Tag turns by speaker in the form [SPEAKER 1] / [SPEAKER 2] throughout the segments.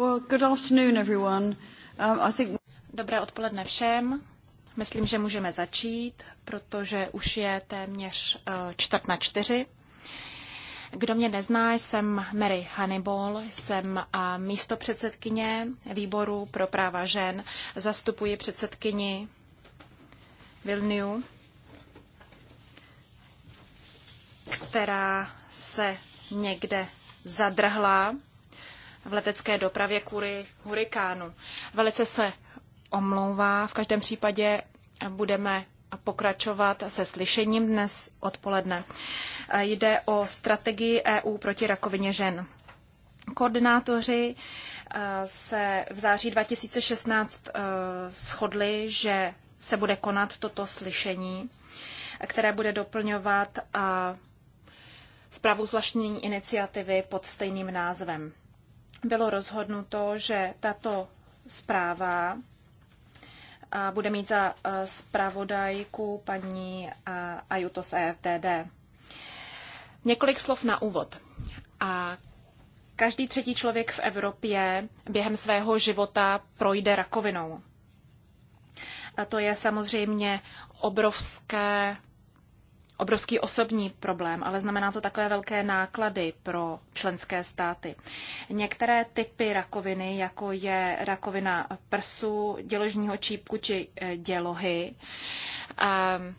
[SPEAKER 1] Well, good afternoon, everyone.
[SPEAKER 2] Um, I think... Dobré odpoledne všem. Myslím, že můžeme začít, protože už je téměř uh, čtvrt na čtyři. Kdo mě nezná, jsem Mary Hannibal, jsem eh, místo předsedkyně výboru pro práva žen, zastupuji předsedkyni Vilniu, která se někde zadrhla v letecké dopravě kvůli hurikánu. Velice se omlouvá. V každém případě budeme pokračovat se slyšením dnes odpoledne. Jde o strategii EU proti rakovině žen. Koordinátoři eh, se v září 2016 eh, shodli, že se bude konat toto slyšení, které bude doplňovat eh, zprávu zvláštní iniciativy pod stejným názvem bylo rozhodnuto, že tato zpráva bude mít za zpravodajku paní Ajuto z EFDD. Několik slov na úvod. A každý třetí člověk v Evropě během svého života projde rakovinou. A to je samozřejmě obrovské obrovský osobní problém, ale znamená to takové velké náklady pro členské státy. Některé typy rakoviny, jako je rakovina prsu, děložního čípku či eh, dělohy, ehm,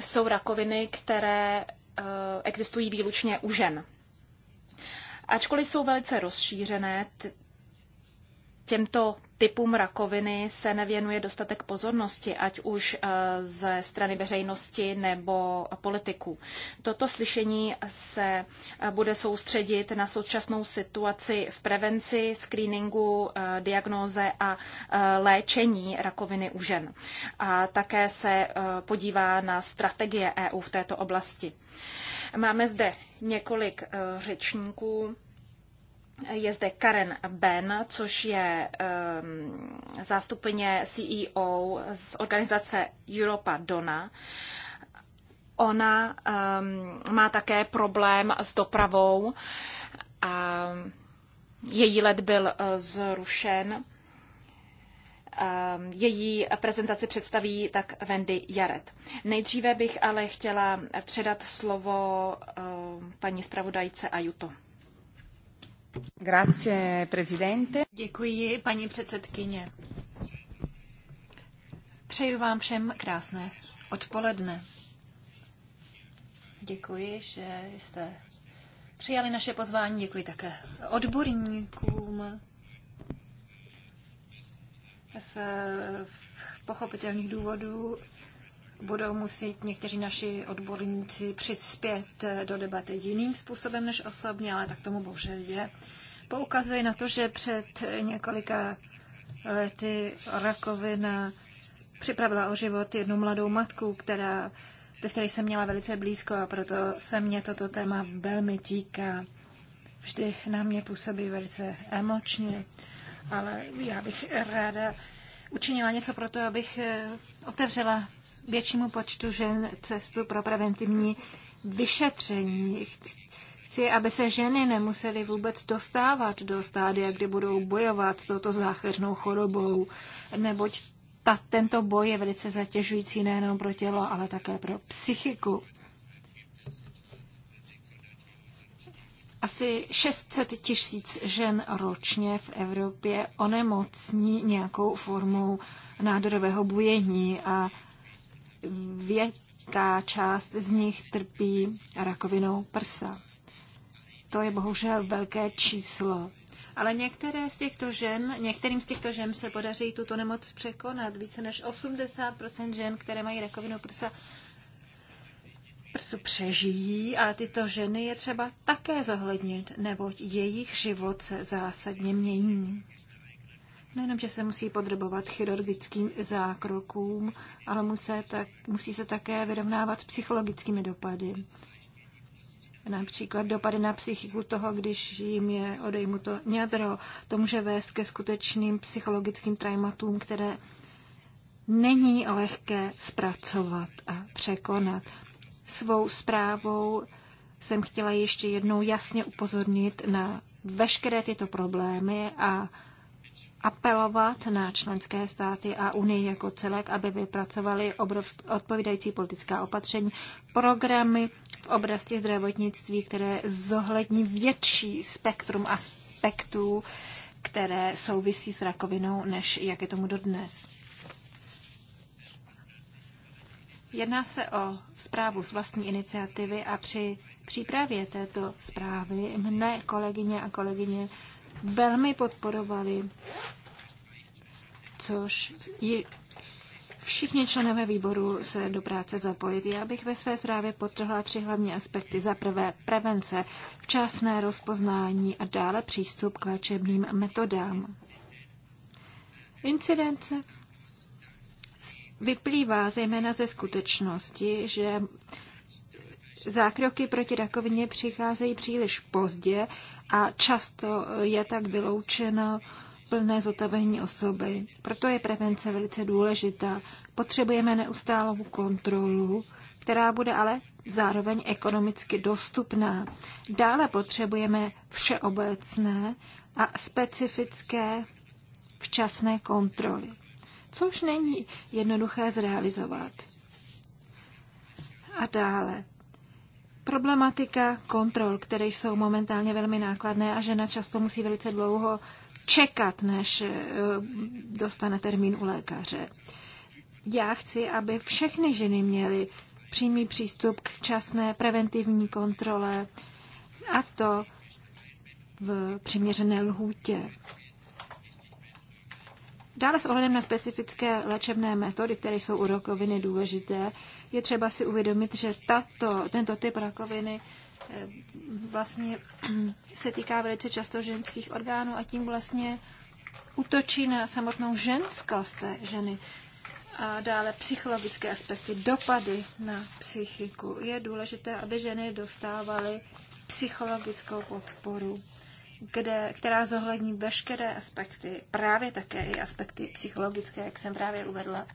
[SPEAKER 2] jsou rakoviny, které eh, existují výlučně u žen. Ačkoliv jsou velice rozšířené, těmto typům rakoviny se nevěnuje dostatek pozornosti, ať už eh, ze strany veřejnosti nebo politiků. Toto slyšení se eh, bude soustředit na současnou situaci v prevenci, screeningu, eh, diagnóze a léčení rakoviny u žen. A také se podívá na strategie EU v této oblasti. Máme zde několik řečníků je zde Karen Ben, což je um, ehm, zástupně CEO z organizace Europa Dona. Ona um, má také problém s dopravou. A její let byl eh, zrušen. Ehm, její prezentaci představí tak Wendy Jaret. Nejdříve bych ale chtěla předat slovo paní zpravodajce Ajuto. Grazie, Děkuji, paní předsedkyně.
[SPEAKER 1] Přeju vám všem krásné odpoledne. Děkuji, že jste přijali naše pozvání. Děkuji také odborníkům z pochopitelných důvodů budou muset někteří naši odborníci přispět eh, do debaty jiným způsobem než osobně, ale tak tomu bohužel je. Poukazuje na to, že před několika lety rakovina připravila o život jednu mladou matku, která, ve které jsem měla velice blízko a proto se mě toto téma velmi týká. Vždy na mě působí velice emočně, ale já bych ráda učinila něco pro to, abych eh, otevřela většímu počtu žen cestu pro preventivní vyšetření. Chci, aby se ženy nemusely vůbec dostávat do stádia, kdy budou bojovat s touto záchrnou chorobou, neboť ta, tento boj je velice zatěžující nejenom pro tělo, ale také pro psychiku. Asi 600 tisíc žen ročně v Evropě onemocní nějakou formou nádorového bujení a věká část z nich trpí rakovinou prsa. To je bohužel velké číslo. Ale některé z těchto žen, některým z těchto žen se podaří tuto nemoc překonat. Více než 80% žen, které mají rakovinu prsa, prsu přežijí, ale tyto ženy je třeba také zohlednit, neboť jejich život se zásadně mění. Nejenom, že se musí podrobovat chirurgickým zákrokům, ale musí, tak, musí se také vyrovnávat s psychologickými dopady. Například dopady na psychiku toho, když jim je odejmuto ňadro, to může vést ke skutečným psychologickým traumatům, které není lehké zpracovat a překonat. Svou zprávou jsem chtěla ještě jednou jasně upozornit na veškeré tyto problémy a apelovat na členské státy a Unii jako celek, aby vypracovali odpovídající politická opatření, programy v oblasti zdravotnictví, které zohlední větší spektrum aspektů, které souvisí s rakovinou, než jak je tomu dodnes. Jedná se o zprávu z vlastní iniciativy a při přípravě této zprávy mne kolegyně a kolegyně velmi podporovali, což je všichni členové výboru se do práce zapojit. Já bych ve své zprávě potrhla tři hlavní aspekty. Za prvé prevence, včasné rozpoznání a dále přístup k léčebným metodám. Incidence vyplývá zejména ze skutečnosti, že zákroky proti rakovině přicházejí příliš pozdě a často je tak vyloučeno plné zotavení osoby. Proto je prevence velice důležitá. Potřebujeme neustálou kontrolu, která bude ale zároveň ekonomicky dostupná. Dále potřebujeme všeobecné a specifické včasné kontroly, což není jednoduché zrealizovat. A dále Problematika kontrol, které jsou momentálně velmi nákladné a žena často musí velice dlouho čekat, než eh, dostane termín u lékaře. Já chci, aby všechny ženy měly přímý přístup k časné preventivní kontrole a to v přiměřené lhůtě. Dále s ohledem na specifické léčebné metody, které jsou u rokoviny důležité, je třeba si uvědomit, že tato, tento typ rakoviny eh, vlastně mm, se týká velice často ženských orgánů a tím vlastně útočí na samotnou ženskost té ženy. A dále psychologické aspekty, dopady na psychiku. Je důležité, aby ženy dostávaly psychologickou podporu, kde, která zohlední veškeré aspekty, právě také i aspekty psychologické, jak jsem právě uvedla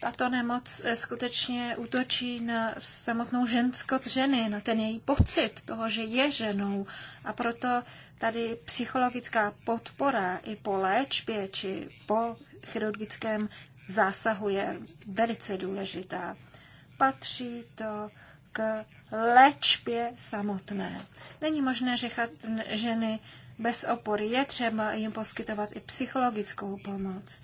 [SPEAKER 1] tato nemoc eh, skutečně útočí na samotnou ženskost ženy, na ten její pocit toho, že je ženou. A proto tady psychologická podpora i po léčbě či po chirurgickém zásahu je velice důležitá. Patří to k léčbě samotné. Není možné že ženy bez opory. Je třeba jim poskytovat i psychologickou pomoc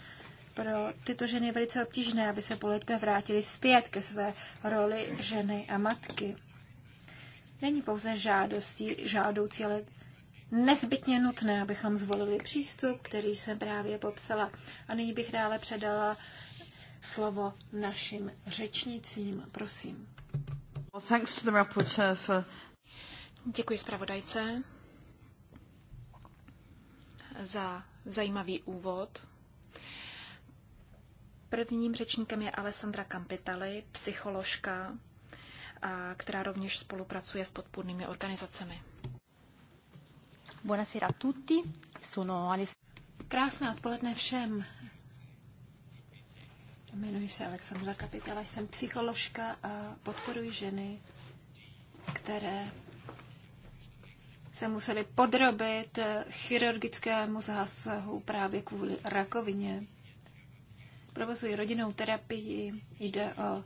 [SPEAKER 1] pro tyto ženy velice obtížné, aby se po letech vrátili zpět ke své roli ženy a matky. Není pouze žádostí, žádoucí, ale nezbytně nutné, abychom zvolili přístup, který jsem právě popsala. A nyní bych dále předala slovo našim řečnicím. Prosím.
[SPEAKER 2] Děkuji zpravodajce za zajímavý úvod Prvním řečníkem je Alessandra Campitali, psycholožka, která rovněž spolupracuje s podpůrnými organizacemi. Buonasera a tutti, sono Alessandra. Krásné odpoledne všem.
[SPEAKER 1] Jmenuji se Alexandra Kapitala, jsem psycholožka a podporuji ženy, které se museli podrobit chirurgickému zásahu právě kvůli rakovině provozují rodinnou terapii, jde o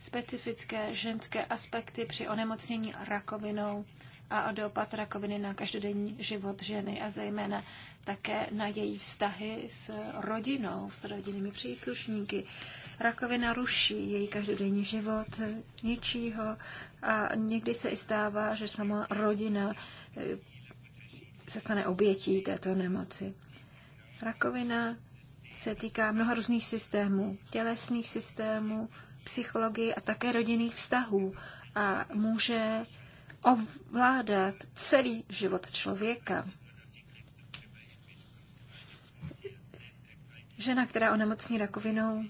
[SPEAKER 1] specifické ženské aspekty při onemocnění rakovinou a o dopad rakoviny na každodenní život ženy a zejména také na její vztahy s rodinou, s rodinnými příslušníky. Rakovina ruší její každodenní život, ničího a někdy se i stává, že sama rodina eh, se stane obětí této nemoci. Rakovina se týká mnoha různých systémů, tělesných systémů, psychologie a také rodinných vztahů a může ovládat celý život člověka. Žena, která onemocní rakovinou,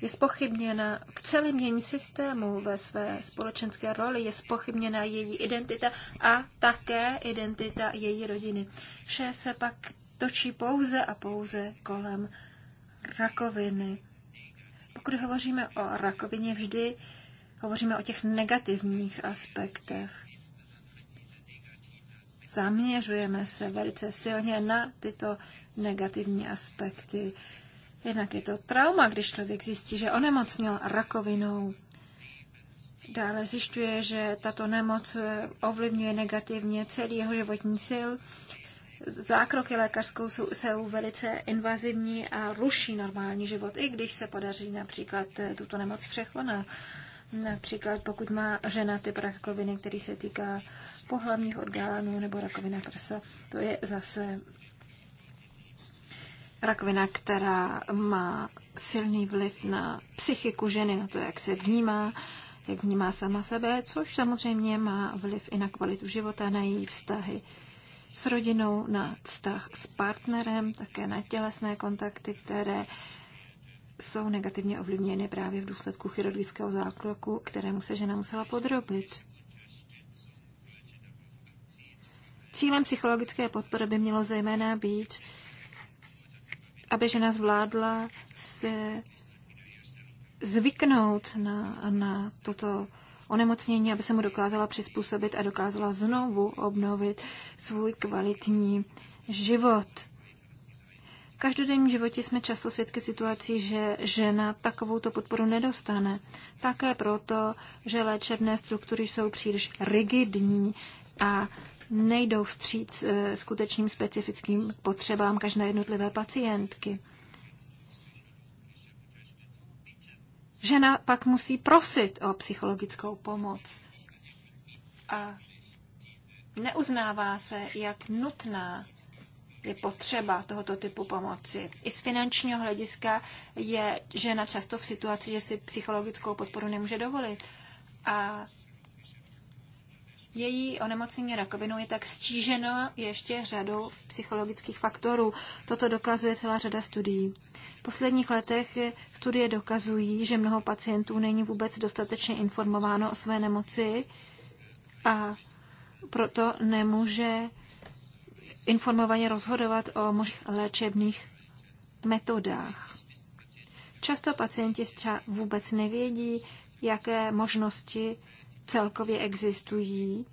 [SPEAKER 1] je spochybněna v celém jejím systému ve své společenské roli, je spochybněna její identita a také identita její rodiny. Vše se pak točí pouze a pouze kolem rakoviny. Pokud hovoříme o rakovině, vždy hovoříme o těch negativních aspektech. Zaměřujeme se velice silně na tyto negativní aspekty. Jednak je to trauma, když člověk zjistí, že onemocnil rakovinou. Dále zjišťuje, že tato nemoc ovlivňuje negativně celý jeho životní styl, zákroky lékařskou jsou, jsou velice invazivní a ruší normální život, i když se podaří například eh, tuto nemoc překonat. Například pokud má žena ty rakoviny, který se týká pohlavních orgánů nebo rakovina prsa, to je zase rakovina, která má silný vliv na psychiku ženy, na to, jak se vnímá, jak vnímá sama sebe, což samozřejmě má vliv i na kvalitu života, na její vztahy s rodinou, na vztah s partnerem, také na tělesné kontakty, které jsou negativně ovlivněny právě v důsledku chirurgického zákroku, kterému se žena musela podrobit. Cílem psychologické podpory by mělo zejména být, aby žena zvládla se zvyknout na, na toto onemocnění, aby se mu dokázala přizpůsobit a dokázala znovu obnovit svůj kvalitní život. V každodenním životě jsme často svědky situací, že žena takovouto podporu nedostane. Také proto, že léčebné struktury jsou příliš rigidní a nejdou vstříc eh, skutečným specifickým potřebám každé jednotlivé pacientky. Žena pak musí prosit o psychologickou pomoc. A neuznává se, jak nutná je potřeba tohoto typu pomoci. I z finančního hlediska je žena často v situaci, že si psychologickou podporu nemůže dovolit. A její onemocnění rakovinou je tak stíženo ještě řadou psychologických faktorů. Toto dokazuje celá řada studií. V posledních letech studie dokazují, že mnoho pacientů není vůbec dostatečně informováno o své nemoci a proto nemůže informovaně rozhodovat o možných léčebných metodách. Často pacienti vůbec nevědí, jaké možnosti celkově existují,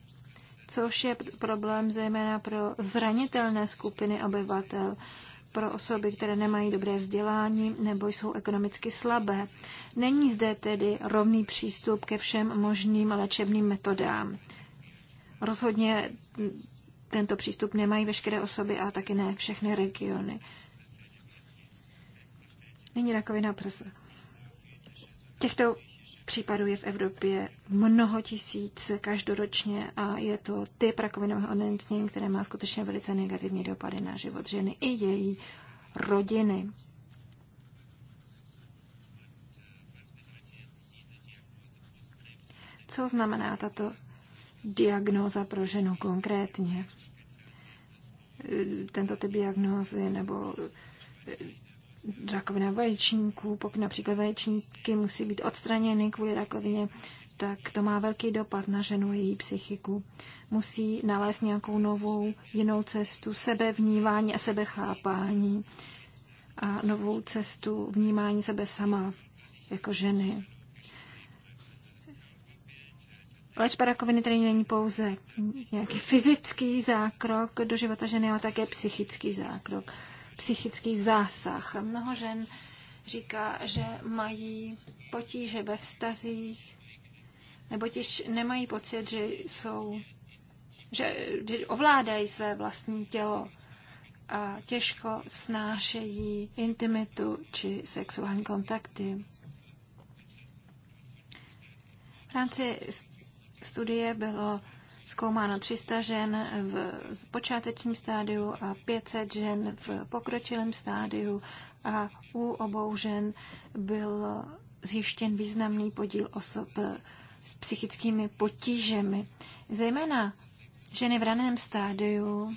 [SPEAKER 1] což je problém zejména pro zranitelné skupiny obyvatel, pro osoby, které nemají dobré vzdělání nebo jsou ekonomicky slabé. Není zde tedy rovný přístup ke všem možným léčebným metodám. Rozhodně tento přístup nemají veškeré osoby a taky ne všechny regiony. Není rakovina prsa. Těchto Případů je v Evropě mnoho tisíc každoročně a je to typ rakovinového onemocnění, které má skutečně velice negativní dopady na život ženy i její rodiny. Co znamená tato diagnóza pro ženu konkrétně? Tento typ diagnózy nebo rakovina vaječníků, pokud například vaječníky musí být odstraněny kvůli rakovině, tak to má velký dopad na ženu a její psychiku. Musí nalézt nějakou novou, jinou cestu sebevnívání a sebechápání a novou cestu vnímání sebe sama jako ženy. Léčba rakoviny tedy není pouze nějaký fyzický zákrok do života ženy, ale také psychický zákrok psychický zásah. Mnoho žen říká, že mají potíže ve vztazích, nebo těž nemají pocit, že jsou, že, že ovládají své vlastní tělo a těžko snášejí intimitu či sexuální kontakty. V rámci studie bylo zkoumáno 300 žen v počátečním stádiu a 500 žen v pokročilém stádiu a u obou žen byl zjištěn významný podíl osob s psychickými potížemi. Zejména ženy v raném stádiu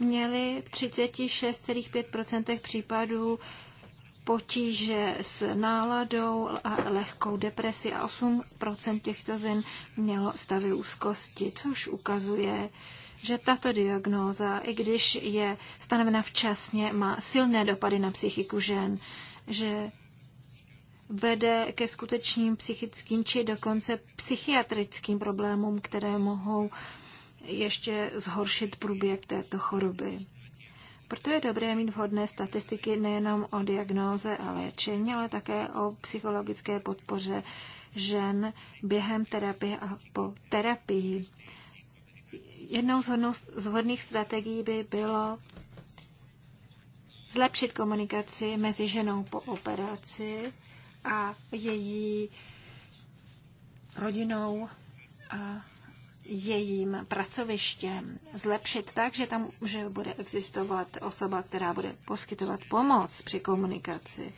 [SPEAKER 1] měly v 36,5 případů potíže s náladou a lehkou depresi a 8% těchto žen mělo stavy úzkosti, což ukazuje, že tato diagnóza, i když je stanovena včasně, má silné dopady na psychiku žen, že vede ke skutečným psychickým či dokonce psychiatrickým problémům, které mohou ještě zhoršit průběh této choroby. Proto je dobré mít vhodné statistiky nejenom o diagnóze a léčení, ale také o psychologické podpoře žen během terapie a po terapii. Jednou z vhodných strategií by bylo zlepšit komunikaci mezi ženou po operaci a její rodinou a jejím pracovištěm zlepšit tak, že tam už bude existovat osoba, která bude poskytovat pomoc při komunikaci.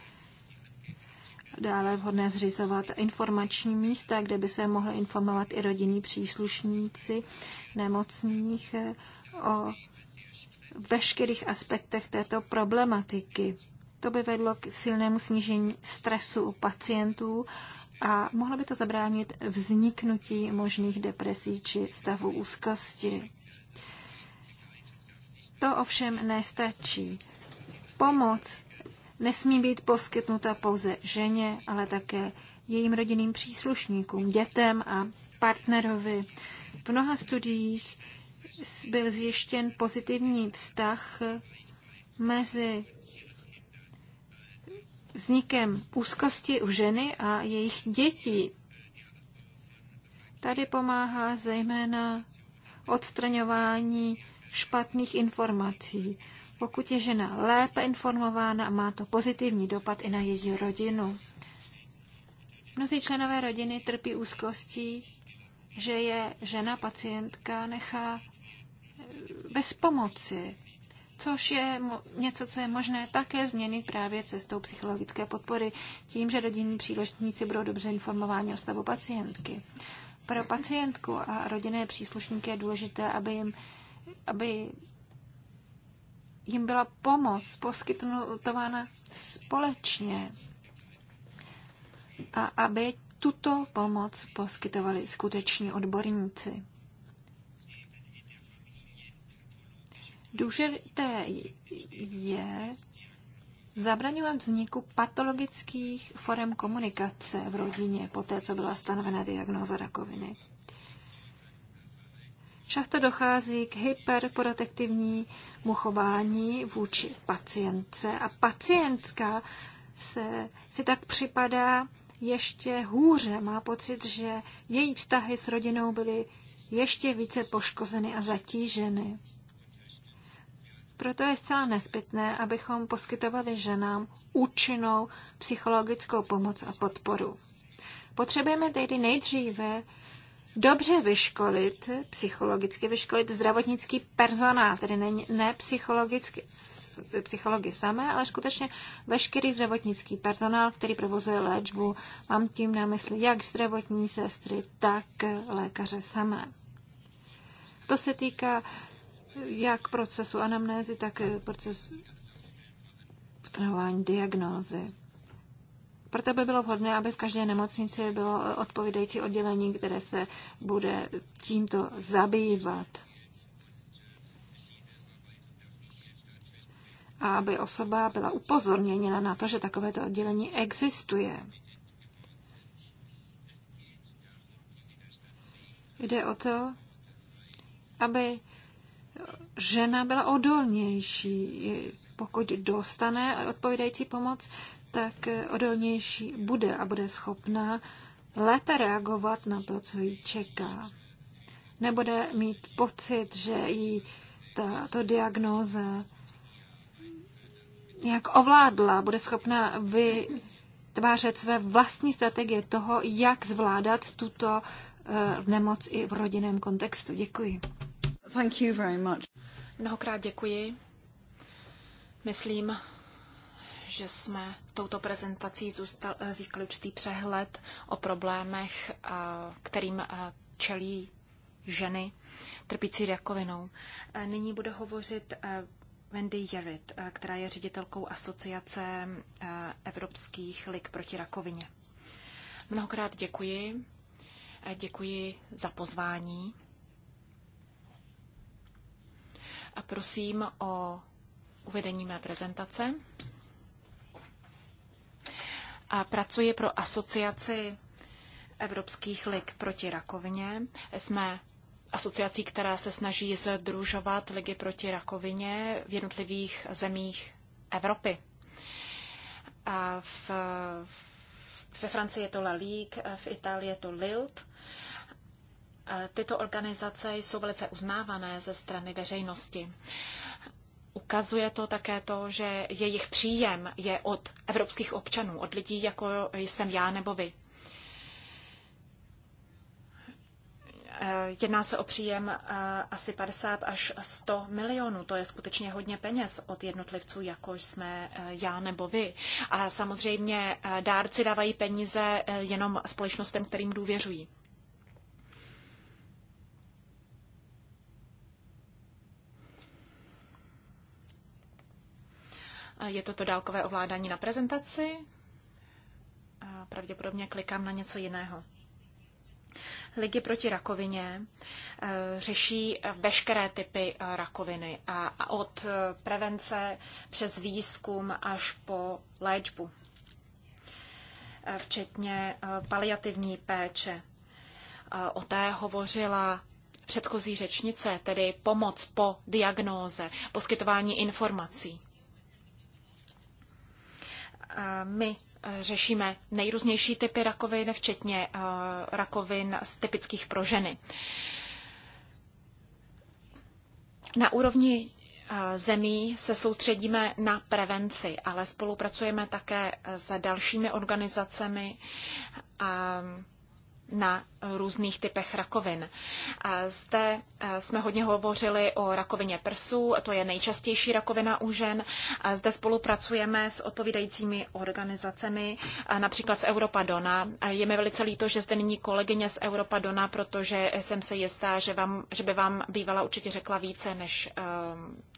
[SPEAKER 1] Dále vhodné zřizovat informační místa, kde by se mohli informovat i rodinní příslušníci nemocných eh, o veškerých aspektech této problematiky. To by vedlo k silnému snížení stresu u pacientů a mohlo by to zabránit vzniknutí možných depresí či stavu úzkosti. To ovšem nestačí. Pomoc nesmí být poskytnuta pouze ženě, ale také jejím rodinným příslušníkům, dětem a partnerovi. V mnoha studiích byl zjištěn pozitivní vztah mezi vznikem úzkosti u ženy a jejich dětí. Tady pomáhá zejména odstraňování špatných informací. Pokud je žena lépe informována, má to pozitivní dopad i na její rodinu. Mnozí členové rodiny trpí úzkostí, že je žena pacientka nechá bez pomoci což je něco, co je možné také změnit právě cestou psychologické podpory, tím, že rodinní příležitníci budou dobře informováni o stavu pacientky. Pro pacientku a rodinné příslušníky je důležité, aby jim, aby jim byla pomoc poskytnutována společně a aby tuto pomoc poskytovali skuteční odborníci. Důležité je zabraňovat vzniku patologických forem komunikace v rodině po té, co byla stanovena diagnóza rakoviny. Často dochází k hyperprotektivnímu chování vůči pacientce a pacientka se, si tak připadá ještě hůře. Má pocit, že její vztahy s rodinou byly ještě více poškozeny a zatíženy. Proto je zcela nezbytné, abychom poskytovali ženám účinnou psychologickou pomoc a podporu. Potřebujeme tedy nejdříve dobře vyškolit, psychologicky vyškolit zdravotnický personál, tedy ne, ne psychologicky, psychologi samé, ale skutečně veškerý zdravotnický personál, který provozuje léčbu. Mám tím na mysli jak zdravotní sestry, tak lékaře samé. To se týká jak procesu anamnézy, tak procesu stanovování diagnózy. Proto by bylo vhodné, aby v každé nemocnici bylo odpovídající oddělení, které se bude tímto zabývat. A aby osoba byla upozorněna na to, že takovéto oddělení existuje. Jde o to, aby žena byla odolnější. Pokud dostane odpovídající pomoc, tak odolnější bude a bude schopná lépe reagovat na to, co ji čeká. Nebude mít pocit, že jí tato diagnóza jak ovládla, bude schopná vytvářet své vlastní strategie toho, jak zvládat tuto eh, nemoc
[SPEAKER 2] i v rodinném kontextu. Děkuji. Thank you very much. Mnohokrát děkuji. Myslím, že jsme touto prezentací zůstal, získali určitý přehled o problémech, eh, kterým eh, čelí ženy trpící rakovinou. Eh, nyní bude hovořit Wendy Jarrett, která je ředitelkou Asociace evropských lik proti rakovině. Mnohokrát děkuji. Děkuji za pozvání. a prosím o uvedení mé prezentace. A pracuji pro asociaci Evropských lig proti rakovině. Jsme asociací, která se snaží združovat ligy proti rakovině v jednotlivých zemích Evropy. A v, ve Francii je to La Ligue, v Itálii je to Lilt Tyto organizace jsou velice uznávané ze strany veřejnosti. Ukazuje to také to, že jejich příjem je od evropských občanů, od lidí, jako jsem já nebo vy. Jedná se o příjem eh, asi 50 až 100 milionů. To je skutečně hodně peněz od jednotlivců, jako jsme eh, já nebo vy. A samozřejmě eh, dárci dávají peníze jenom společnostem, kterým důvěřují. Je to to dálkové ovládání na prezentaci. A pravděpodobně klikám na něco jiného. Ligy proti rakovině e, řeší veškeré typy e, rakoviny a od e, prevence přes výzkum až po léčbu, včetně paliativní péče. O té hovořila předchozí řečnice, tedy pomoc po diagnóze, poskytování informací my eh, řešíme nejrůznější typy rakovin, včetně eh, rakovin z typických pro ženy. Na úrovni eh, zemí se soustředíme na prevenci, ale spolupracujeme také s dalšími organizacemi, na různých typech rakovin. Zde e, jsme hodně hovořili o rakovině prsů, to je nejčastější rakovina u žen. Zde spolupracujeme s odpovídajícími organizacemi, například s Europa Dona. Je mi velice líto, že zde není kolegyně z Europa Dona, protože jsem se jistá, že, vám, že by vám bývala určitě řekla více, než e,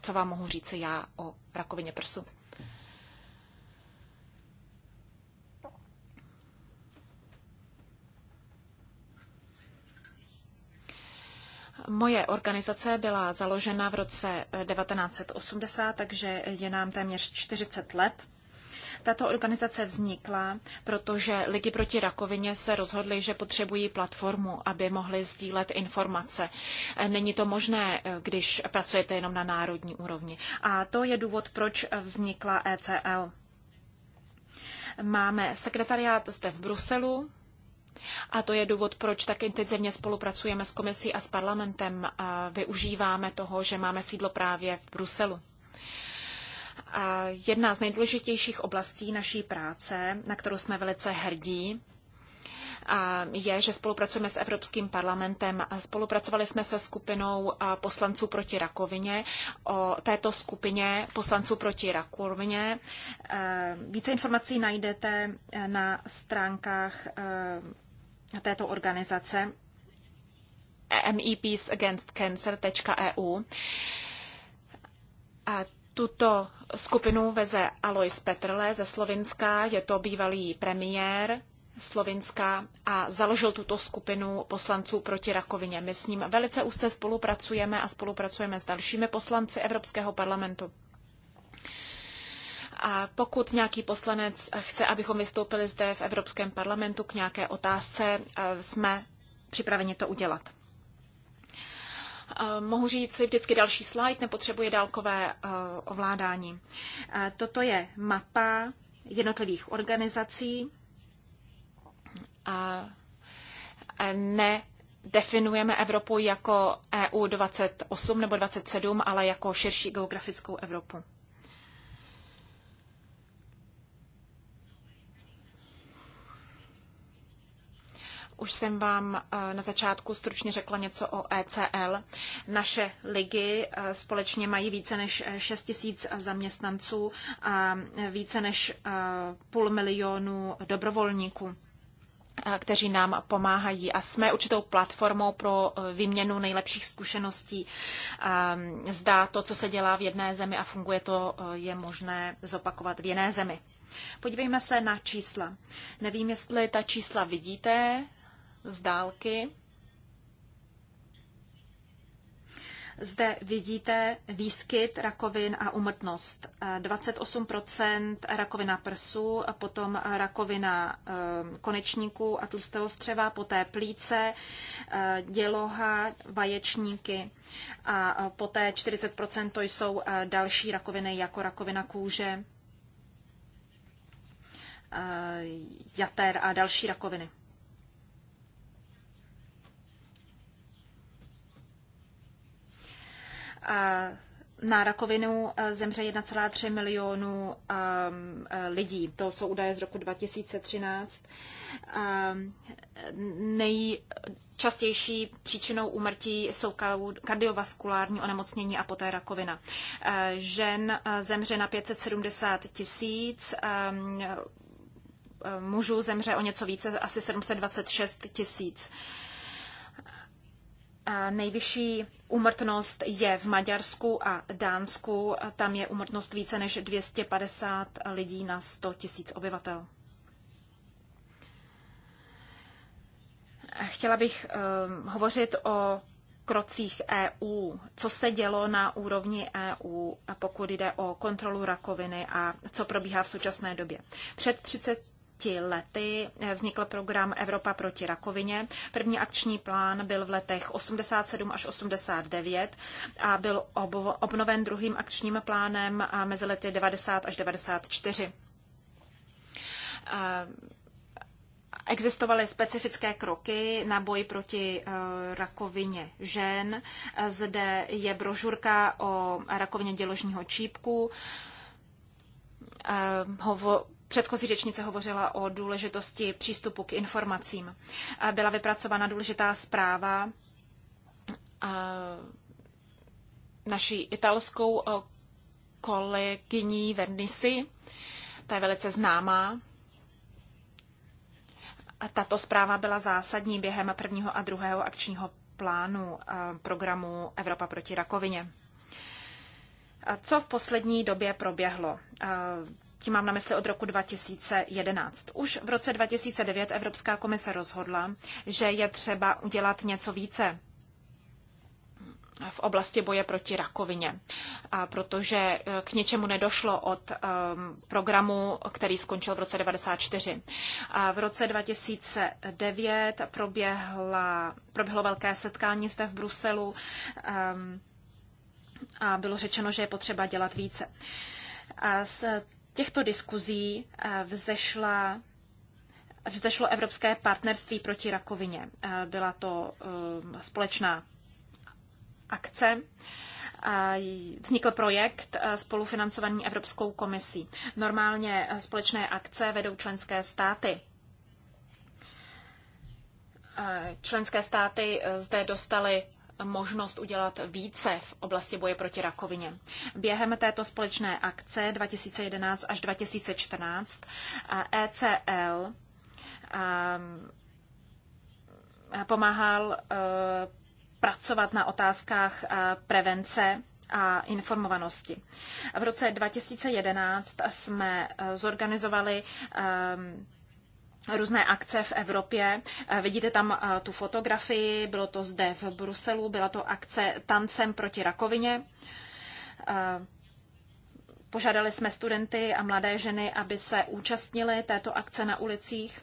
[SPEAKER 2] co vám mohu říci já o rakovině prsu. Moje organizace byla založena v roce 1980, eh, takže je nám téměř 40 let. Tato organizace vznikla, protože lidi proti rakovině se rozhodli, že potřebují platformu, aby mohli sdílet informace. Eh, není to možné, eh, když pracujete jenom na národní úrovni. A to je důvod, proč vznikla ECL. Máme sekretariát zde v Bruselu, a to je důvod, proč tak intenzivně spolupracujeme s komisí a s parlamentem. A využíváme toho, že máme sídlo právě v Bruselu. A jedna z nejdůležitějších oblastí naší práce, na kterou jsme velice hrdí, je, že spolupracujeme s Evropským parlamentem. Spolupracovali jsme se skupinou poslanců proti rakovině. O této skupině poslanců proti rakovině více informací najdete e, na stránkách e, této organizace mepeaceagainstcancer.eu. E a tuto skupinu veze Alois Petrle ze Slovinska, je to bývalý premiér Slovinska a založil tuto skupinu poslanců proti rakovině. My s ním velice úzce spolupracujeme a spolupracujeme s dalšími poslanci Evropského parlamentu. Pokud nějaký poslanec chce, abychom vystoupili zde v Evropském parlamentu k nějaké otázce, eh, jsme připraveni to udělat. Eh, mohu říct si vždycky další slide, nepotřebuje dálkové eh, ovládání. Toto je mapa jednotlivých organizací. Ne definujeme Evropu jako EU 28 nebo 27, ale jako širší geografickou Evropu. Už jsem vám eh, na začátku stručně řekla něco o ECL. Naše ligy eh, společně mají více než 6 eh, tisíc zaměstnanců a více než půl milionu dobrovolníků kteří nám pomáhají a jsme určitou platformou pro výměnu nejlepších zkušeností. Ehm, Zdá to, co se dělá v jedné zemi a funguje to, je možné zopakovat v jiné zemi. Podívejme se na čísla. Nevím, jestli ta čísla vidíte, z dálky. Zde vidíte výskyt rakovin a umrtnost. 28 rakovina prsu, potom rakovina ehm, konečníků a tlustého střeva, poté plíce, ehm, děloha, vaječníky a eh, poté 40 to jsou eh, další rakoviny jako rakovina kůže, ehm, jater a další rakoviny. na rakovinu e, zemře 1,3 milionu e, e, lidí. To jsou údaje z roku 2013. Nejčastější příčinou úmrtí jsou kardiovaskulární onemocnění a poté rakovina. Žen zemře na 570 tisíc, mužů zemře o něco více, asi 726 tisíc. Nejvyšší úmrtnost je v Maďarsku a Dánsku. Tam je úmrtnost více než 250 lidí na 100 tisíc obyvatel. Chtěla bych um, hovořit o krocích EU. Co se dělo na úrovni EU, pokud jde o kontrolu rakoviny a co probíhá v současné době? Před 30 lety vznikl program Evropa proti rakovině. První akční plán byl v letech 87 až 89 a byl obnoven druhým akčním plánem mezi lety 90 až 94 eh, existovaly specifické kroky na boj proti eh, rakovině žen. Zde je brožurka o rakovině děložního čípku. Eh, hovo, Předchozí řečnice hovořila o důležitosti přístupu k informacím. Byla vypracována důležitá zpráva naší italskou kolegyní Vernisi. Ta je velice známá. Tato zpráva byla zásadní během prvního a druhého akčního plánu programu Evropa proti rakovině. Co v poslední době proběhlo? tím mám na mysli od roku 2011. Už v roce 2009 Evropská komise rozhodla, že je třeba udělat něco více v oblasti boje proti rakovině, protože eh, k něčemu nedošlo od ehm, programu, který skončil v roce 1994. V roce 2009 proběhla, proběhlo velké setkání zde v Bruselu ehm, a bylo řečeno, že je potřeba dělat více. A těchto diskuzí eh, vzešla vzešlo Evropské partnerství proti rakovině. Eh, byla to eh, společná akce. Vznikl projekt spolufinancovaný Evropskou komisí. Normálně společné akce vedou členské státy. Členské státy zde dostaly možnost udělat více v oblasti boje proti rakovině. Během této společné akce 2011 až 2014 ECL um, pomáhal uh, pracovat na otázkách uh, prevence a informovanosti. V roce 2011 jsme uh, zorganizovali um, různé akce v Evropě. Eh, vidíte tam eh, tu fotografii, bylo to zde v Bruselu, byla to akce Tancem proti rakovině. Eh, požádali jsme studenty a mladé ženy, aby se účastnili této akce na ulicích.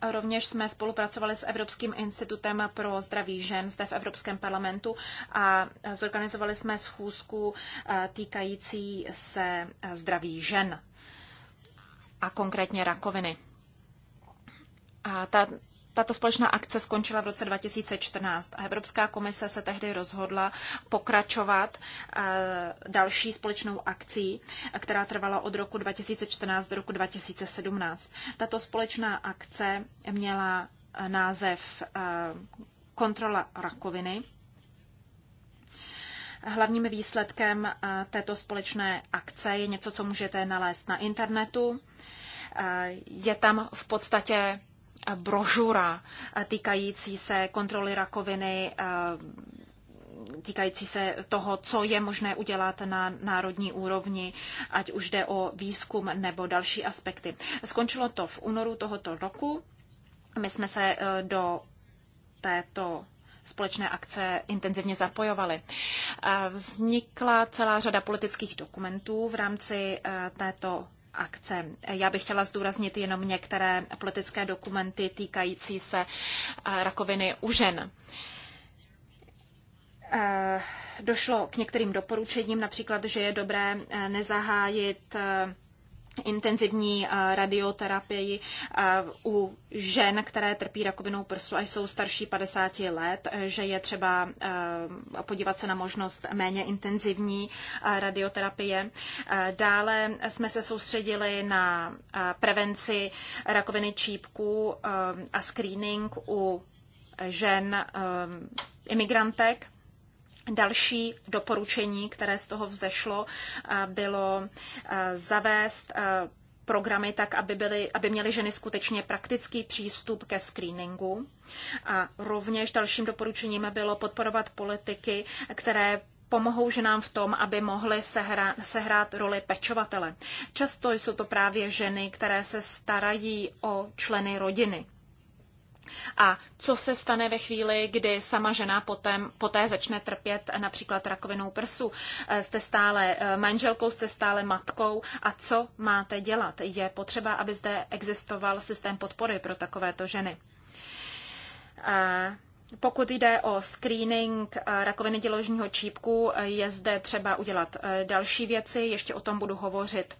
[SPEAKER 2] A rovněž jsme spolupracovali s Evropským institutem pro zdraví žen zde v Evropském parlamentu a zorganizovali jsme schůzku týkající se zdraví žen a konkrétně rakoviny. A ta, tato společná akce skončila v roce 2014 a Evropská komise se tehdy rozhodla pokračovat eh, další společnou akcí, která trvala od roku 2014 do roku 2017. Tato společná akce měla eh, název eh, Kontrola rakoviny. Hlavním výsledkem této společné akce je něco, co můžete nalézt na internetu. Je tam v podstatě brožura týkající se kontroly rakoviny, týkající se toho, co je možné udělat na národní úrovni, ať už jde o výzkum nebo další aspekty. Skončilo to v únoru tohoto roku. My jsme se e, do této společné akce intenzivně zapojovali. E, vznikla celá řada politických dokumentů v rámci e, této akce. Já bych chtěla zdůraznit jenom některé politické dokumenty týkající se eh, rakoviny u žen. Eh, došlo k některým doporučením, například, že je dobré eh, nezahájit intenzivní eh, radioterapii eh, u žen, které trpí rakovinou prsu a jsou starší 50 let, eh, že je třeba podívat se na možnost méně intenzivní radioterapie. Dále jsme se soustředili na prevenci rakoviny čípků a screening u žen imigrantek. Další doporučení, které z toho vzešlo, eh, bylo eh, zavést eh, programy tak, aby, byly, aby měly ženy skutečně praktický přístup ke screeningu. A rovněž dalším doporučením bylo podporovat politiky, které pomohou ženám v tom, aby mohly sehrát, sehrát roli pečovatele. Často jsou to právě ženy, které se starají o členy rodiny. A co se stane ve chvíli, kdy sama žena potom, poté začne trpět například rakovinou prsu? Eh, jste stále eh, manželkou, jste stále matkou a co máte dělat? Je potřeba, aby zde existoval systém podpory pro takovéto ženy. Eh, pokud jde o screening rakoviny děložního čípku, je zde třeba udělat další věci, ještě o tom budu hovořit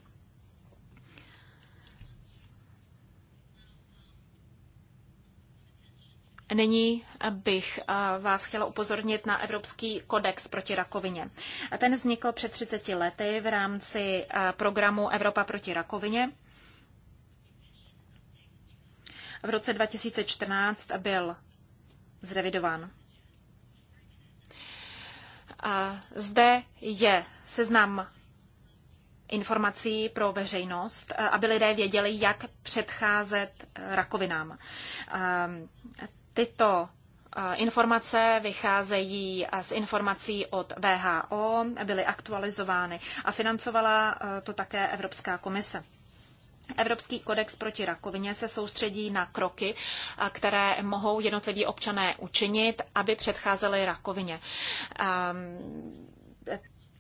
[SPEAKER 2] Nyní bych eh, vás chtěla upozornit na Evropský kodex proti rakovině. Ten vznikl před 30 lety v rámci eh, programu Evropa proti rakovině. V roce 2014 byl zrevidován. A zde je seznam informací pro veřejnost, eh, aby lidé věděli, jak předcházet rakovinám. Ehm, Tyto eh, informace vycházejí eh, z informací od VHO, byly aktualizovány a financovala eh, to také Evropská komise. Evropský kodex proti rakovině se soustředí na kroky, které mohou jednotliví občané učinit, aby předcházeli rakovině. Ehm,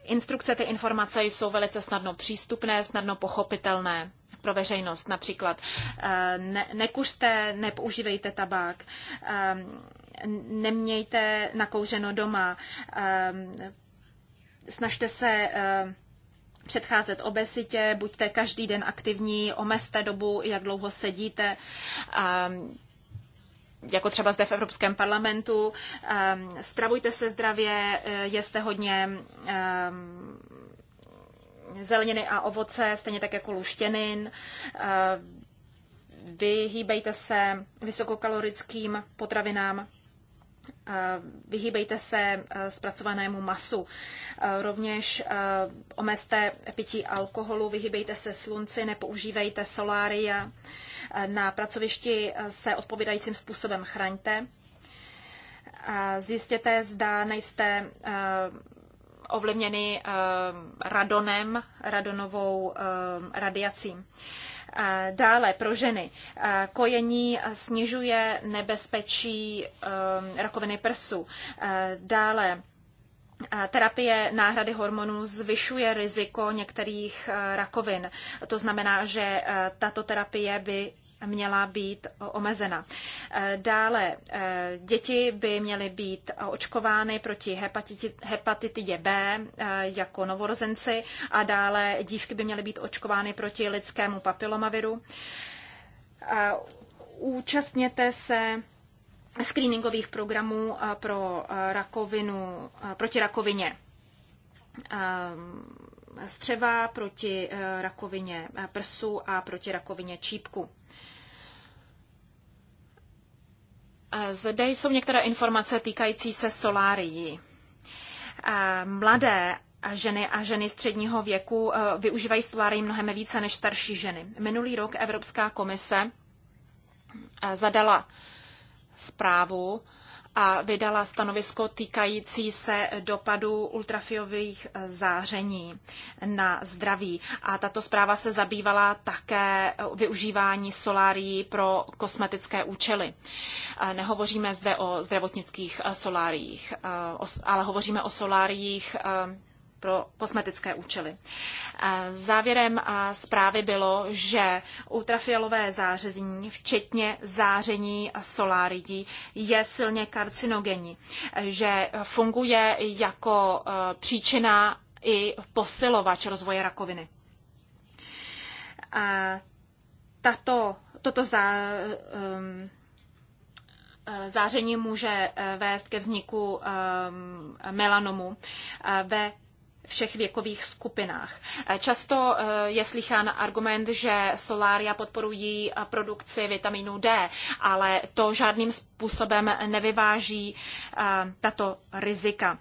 [SPEAKER 2] instrukce, ty informace jsou velice snadno přístupné, snadno pochopitelné pro veřejnost, například eh, ne, nekuřte, nepoužívejte tabák, eh, nemějte nakouřeno doma, eh, snažte se předcházet obesitě, buďte každý den aktivní, omezte dobu, jak dlouho sedíte, jako třeba zde v Evropském parlamentu. Stravujte se zdravě, jeste hodně zeleniny a ovoce, stejně tak jako luštěnin. Eh, vyhýbejte se vysokokalorickým potravinám, eh, vyhýbejte se eh, zpracovanému masu. Rovněž omezte pití alkoholu, vyhýbejte se slunci, nepoužívejte solária. Na pracovišti se odpovídajícím způsobem chraňte. Zjistěte, zda nejste ovlivněny eh, radonem, radonovou eh, radiací. Eh, dále pro ženy. Kojení snižuje nebezpečí rakoviny prsu. Dále Terapie náhrady hormonů zvyšuje riziko některých rakovin. To znamená, že tato terapie by měla být omezena. Eh, dále eh, děti by měly být očkovány proti hepatitidě B eh, jako novorozenci a dále dívky by měly být očkovány proti lidskému papilomaviru. Účastněte se screeningových programů pro rakovinu, proti rakovině střeva, proti eh, rakovině eh, prsu a proti rakovině čípku. Eh, zde jsou některé informace týkající se solárií. Mladé ženy a ženy středního věku využívají solárii mnohem více než starší ženy. Minulý rok Evropská komise zadala zprávu a vydala stanovisko týkající se dopadu ultrafiových eh, záření na zdraví. A tato zpráva se zabývala také eh, využívání solárií pro kosmetické účely. Nehovoříme zde o zdravotnických eh, soláriích, ale hovoříme o soláriích pro kosmetické účely. E, závěrem e, zprávy bylo, že ultrafialové záření, včetně záření soláridí, je silně karcinogenní, že funguje jako e, příčina i posilovač rozvoje rakoviny. Tato, toto zá, um, záření může vést ke vzniku um, melanomu ve všech věkových skupinách. Často eh, je slychán argument, že solária podporují eh, produkci vitamínu D, ale to žádným způsobem nevyváží eh, tato rizika.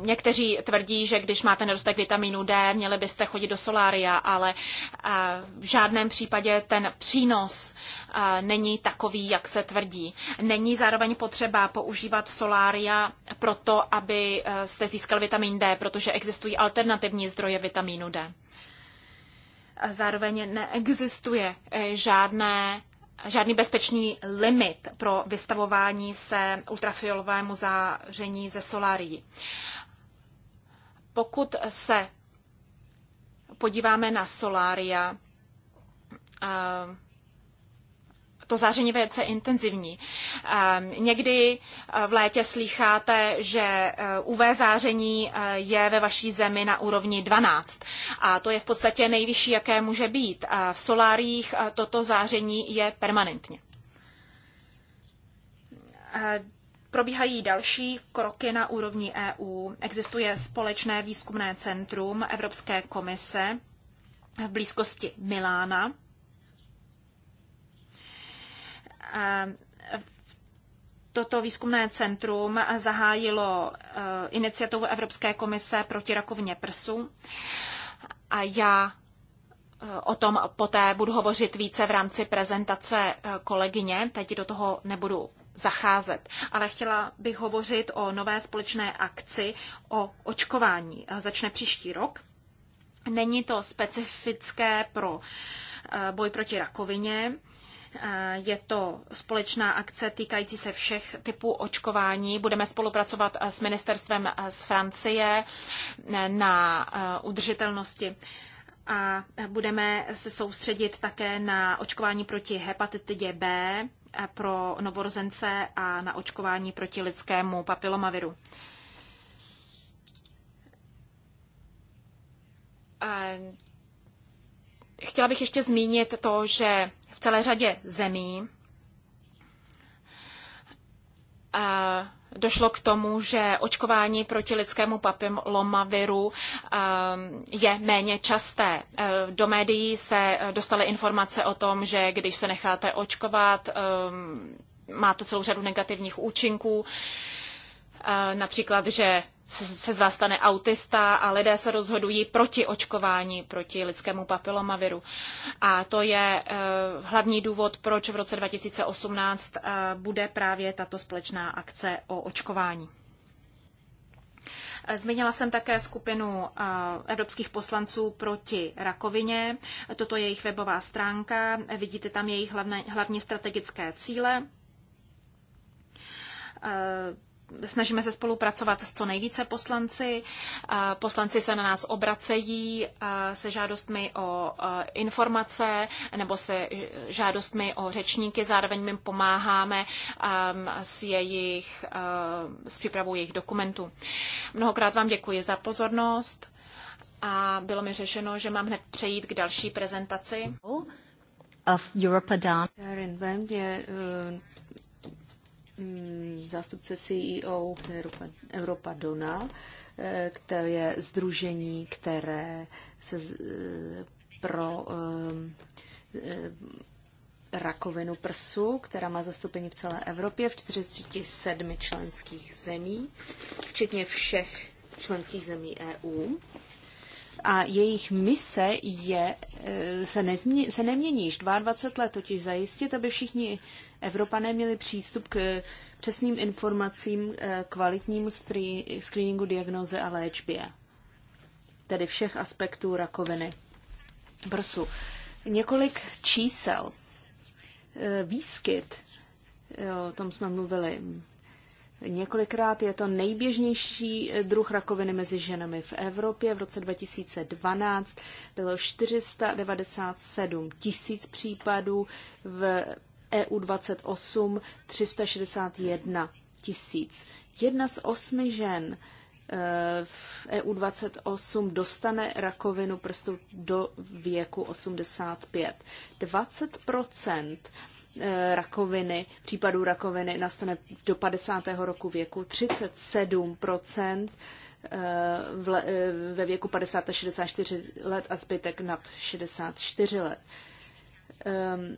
[SPEAKER 2] Někteří tvrdí, že když máte nedostatek vitamínu D, měli byste chodit do solária, ale v žádném případě ten přínos není takový, jak se tvrdí. Není zároveň potřeba používat solária proto, aby jste získal vitamin D, protože existují alternativní zdroje vitamínu D. Zároveň neexistuje e, žádné žádný bezpečný limit pro vystavování se ultrafialovému záření ze solárií. Pokud se podíváme na solária, eh, to záření velice intenzivní. Ehm, někdy eh, v létě slycháte, že eh, UV záření eh, je ve vaší zemi na úrovni 12 a to je v podstatě nejvyšší, jaké může být. V soláriích toto záření je permanentně. Ehm, probíhají další kroky na úrovni EU. Existuje společné výzkumné centrum Evropské komise v blízkosti Milána toto výzkumné centrum zahájilo eh, iniciativu Evropské komise proti rakovině prsu. A já eh, o tom poté budu hovořit více v rámci prezentace eh, kolegyně. Teď do toho nebudu zacházet. Ale chtěla bych hovořit o nové společné akci o očkování. Začne příští rok. Není to specifické pro boj proti rakovině, Eh, je to společná akce týkající se všech typů očkování. Budeme spolupracovat eh, s ministerstvem eh, z Francie na udržitelnosti a budeme se soustředit také na očkování proti hepatitidě B pro novorozence a na očkování proti lidskému papilomaviru. Chtěla bych ještě zmínit to, že v celé řadě zemí došlo k tomu, že očkování proti lidskému papilomaviru ehm, je méně časté. Ehm, do médií se eh, dostaly informace o tom, že když se necháte očkovat, ehm, má to celou řadu negativních účinků, například, že se zastane autista a lidé se rozhodují proti očkování proti lidskému papilomaviru. A to je eh, hlavní důvod, proč v roce 2018 eh, bude právě tato společná akce o očkování. Eh, zmínila jsem také skupinu evropských poslanců proti rakovině. Toto je jejich webová stránka. Vidíte tam jejich hlavní strategické cíle snažíme se spolupracovat s co nejvíce poslanci. Poslanci se na nás obracejí se žádostmi o informace nebo se e, žádostmi o řečníky. Zároveň my pomáháme s jejich, s přípravou jejich dokumentů. Mnohokrát vám děkuji za pozornost a bylo mi řešeno, že mám hned přejít k další prezentaci.
[SPEAKER 3] Of Europa Down.
[SPEAKER 2] Mm, zástupce
[SPEAKER 3] CEO Europa, Europa Dona, eh, které je združení, které se eh, pro eh, rakovinu prsu, která má zastoupení v celé Evropě v 47 členských zemí, včetně všech členských zemí EU a jejich mise je, e, se, nezmě, se nemění již 22 let, totiž zajistit, aby všichni Evropané měli přístup k přesným informacím, e, kvalitnímu screeningu, diagnoze a léčbě, tedy všech aspektů rakoviny prsu. Několik čísel. E, výskyt, o tom jsme mluvili, Několikrát je to nejběžnější druh rakoviny mezi ženami v Evropě. V roce 2012 bylo 497 tisíc případů, v EU 28 361 tisíc. Jedna z osmi žen eh, v EU 28 dostane rakovinu prstu do věku 85. 20 Eh, rakoviny, případů rakoviny nastane do 50. roku věku, 37 eh, eh, ve věku 50 až 64 let a zbytek nad 64 let. Ehm,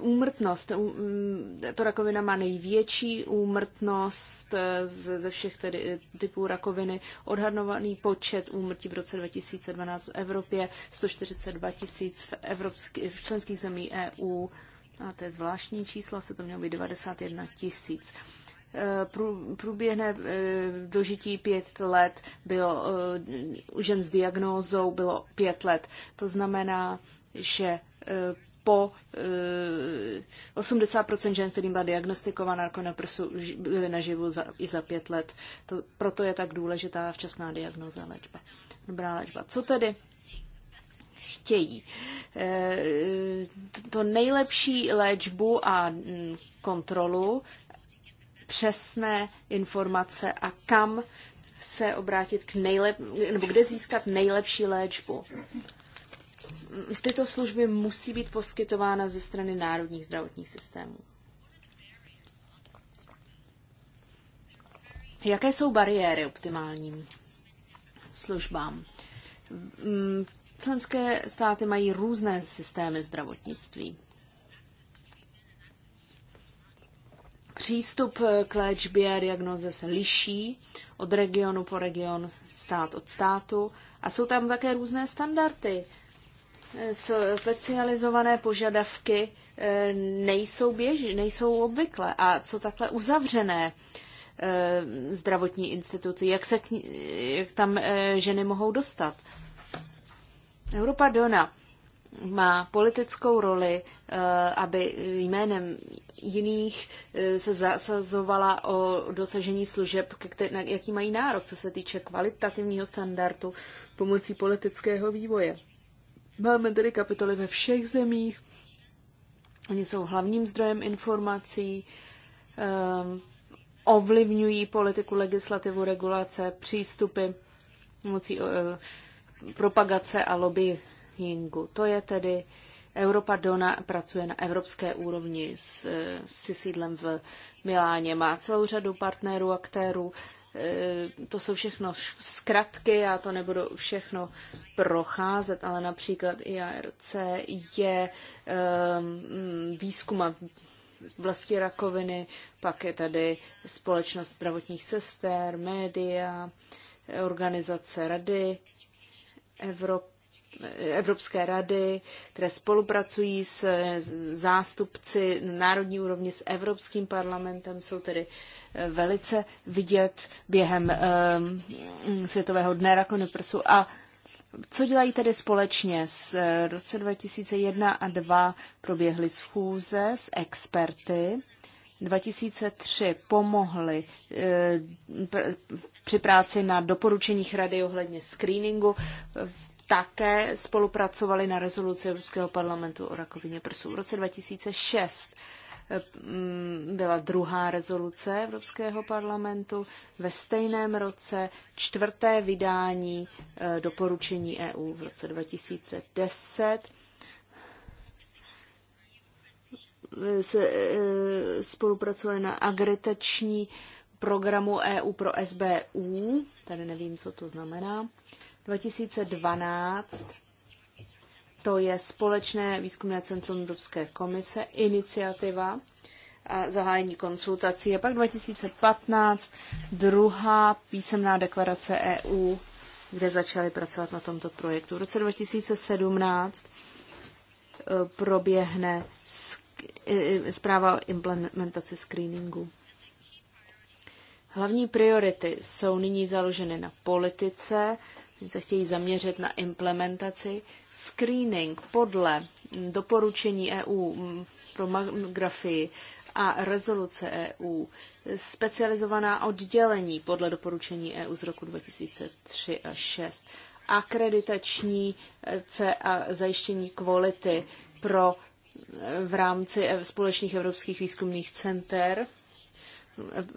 [SPEAKER 3] úmrtnost. Mm, to rakovina má největší úmrtnost ze všech tedy typů rakoviny. Odhadovaný počet úmrtí v roce 2012 v Evropě 142 tisíc v, evropský, v členských zemí EU a to je zvláštní číslo, se to mělo být 91 tisíc. E, průběhné e, dožití pět let, bylo e, u žen s diagnózou bylo pět let. To znamená, že po 80% žen, kterým byla diagnostikována rakovina prsu, byly naživu za, i za pět let. To, proto je tak důležitá včasná diagnoza léčba. Dobrá léčba. Co tedy chtějí. Eh, to nejlepší léčbu a mm, kontrolu, přesné informace a kam se obrátit k nejlep, nebo kde získat nejlepší léčbu. Tyto služby musí být poskytována ze strany národních zdravotních systémů. Jaké jsou bariéry optimálním službám? Mm, Členské státy mají různé systémy zdravotnictví. Přístup k léčbě a diagnoze se liší od regionu po region, stát od státu a jsou tam také různé standardy. Specializované požadavky eh, nejsou, běž, nejsou obvykle a co takhle uzavřené eh, zdravotní instituce, jak se k, jak tam eh, ženy mohou dostat. Europa Dona má politickou roli, eh, aby jménem jiných eh, se zasazovala o dosažení služeb, jaký mají nárok, co se týče kvalitativního standardu pomocí politického vývoje. Máme tedy kapitoly ve všech zemích, oni jsou hlavním zdrojem informací, eh, ovlivňují politiku, legislativu, regulace, přístupy pomocí propagace a lobbyingu. To je tedy Europa Dona pracuje na evropské úrovni s, e, s sídlem v Miláně. Má celou řadu partnerů, aktérů. E, to jsou všechno zkratky, já to nebudu všechno procházet, ale například IARC je e, výzkum a vlasti rakoviny, pak je tady společnost zdravotních sester, média, organizace rady Evropy Evropské rady, které spolupracují s zástupci národní úrovni s Evropským parlamentem, jsou tedy eh, velice vidět během um, Světového dne rakony A co dělají tedy společně? S eh, roce 2001 a 2 proběhly schůze s experty 2003 pomohly eh, při práci na doporučeních rady ohledně screeningu. Také spolupracovali na rezoluci Evropského parlamentu o rakovině prsu. V roce 2006 eh, byla druhá rezoluce Evropského parlamentu, ve stejném roce čtvrté vydání eh, doporučení EU v roce 2010 se e, spolupracovali na agretační programu EU pro SBU, tady nevím, co to znamená, 2012, to je Společné výzkumné centrum Evropské komise, iniciativa a zahájení konsultací. A pak 2015, druhá písemná deklarace EU, kde začali pracovat na tomto projektu. V roce 2017 e, proběhne Eh, zpráva o implementaci screeningu. Hlavní priority jsou nyní založeny na politice, se chtějí zaměřit na implementaci. Screening podle doporučení EU mm, pro mamografii a rezoluce EU, specializovaná oddělení podle doporučení EU z roku 2003 a 6, akreditační eh, a zajištění kvality pro v rámci e- společných evropských výzkumných center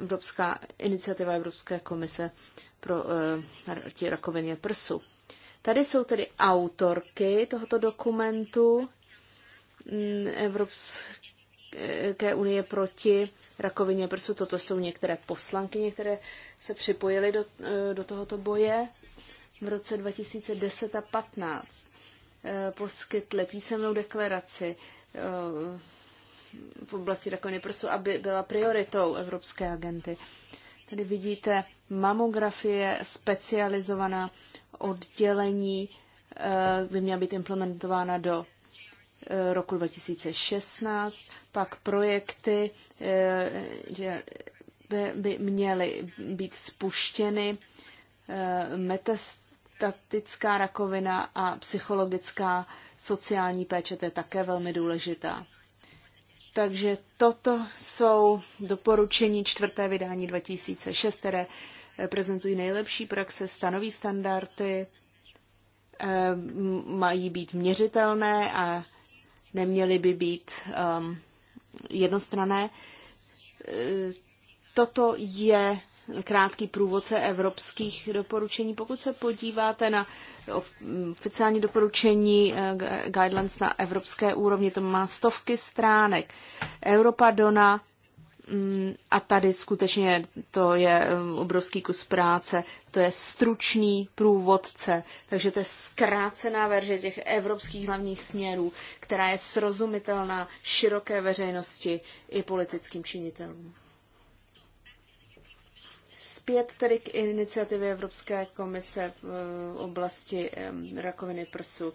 [SPEAKER 3] Evropská iniciativa Evropské komise pro e, rakovině prsu. Tady jsou tedy autorky tohoto dokumentu mm, Evropské unie proti rakovině prsu. Toto jsou některé poslanky, které se připojily do, e, do tohoto boje v roce 2010 a 15. E, poskytly písemnou deklaraci Eh, v oblasti takového prsu, aby byla prioritou evropské agenty. Tady vidíte mamografie, specializovaná oddělení, eh, by měla být implementována do eh, roku 2016, pak projekty by měly být spuštěny metas, metastatická rakovina a psychologická sociální péče, to je také velmi důležitá. Takže toto jsou doporučení čtvrté vydání 2006, které eh, prezentují nejlepší praxe, stanoví standardy, eh, mají být měřitelné a neměly by být um, ehm, jednostrané. Eh, toto je krátký průvodce evropských doporučení. Pokud se podíváte na oficiální doporučení eh, guidelines na evropské úrovni, to má stovky stránek. dona mm, a tady skutečně to je eh, obrovský kus práce, to je stručný průvodce, takže to je zkrácená verze těch evropských hlavních směrů, která je srozumitelná široké veřejnosti i politickým činitelům. Zpět tedy k iniciativě Evropské komise v eh, oblasti rakoviny prsu.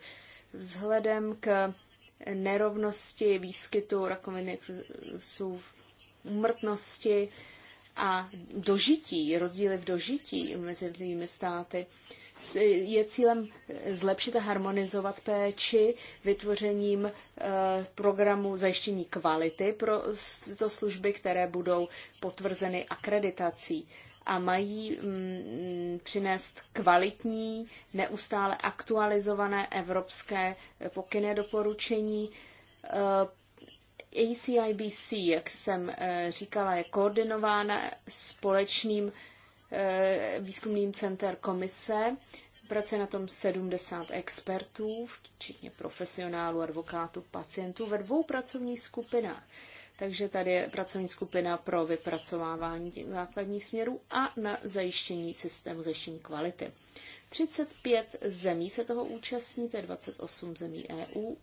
[SPEAKER 3] Vzhledem k nerovnosti výskytu rakoviny prsu, umrtnosti a dožití, rozdíly v dožití mezi jednotlivými státy, je cílem zlepšit a harmonizovat péči vytvořením eh, programu zajištění kvality pro tyto služby, které budou potvrzeny akreditací a mají mm, přinést kvalitní, neustále aktualizované evropské pokyny doporučení. Eh, ACIBC, jak jsem eh, říkala, je koordinována společným eh, výzkumným center komise. Pracuje na tom 70 expertů, včetně profesionálů, advokátů, pacientů ve dvou pracovních skupinách. Takže tady je pracovní skupina pro vypracovávání těch základních směrů a na zajištění systému, zajištění kvality. 35 zemí se toho účastní, to je 28 zemí EU,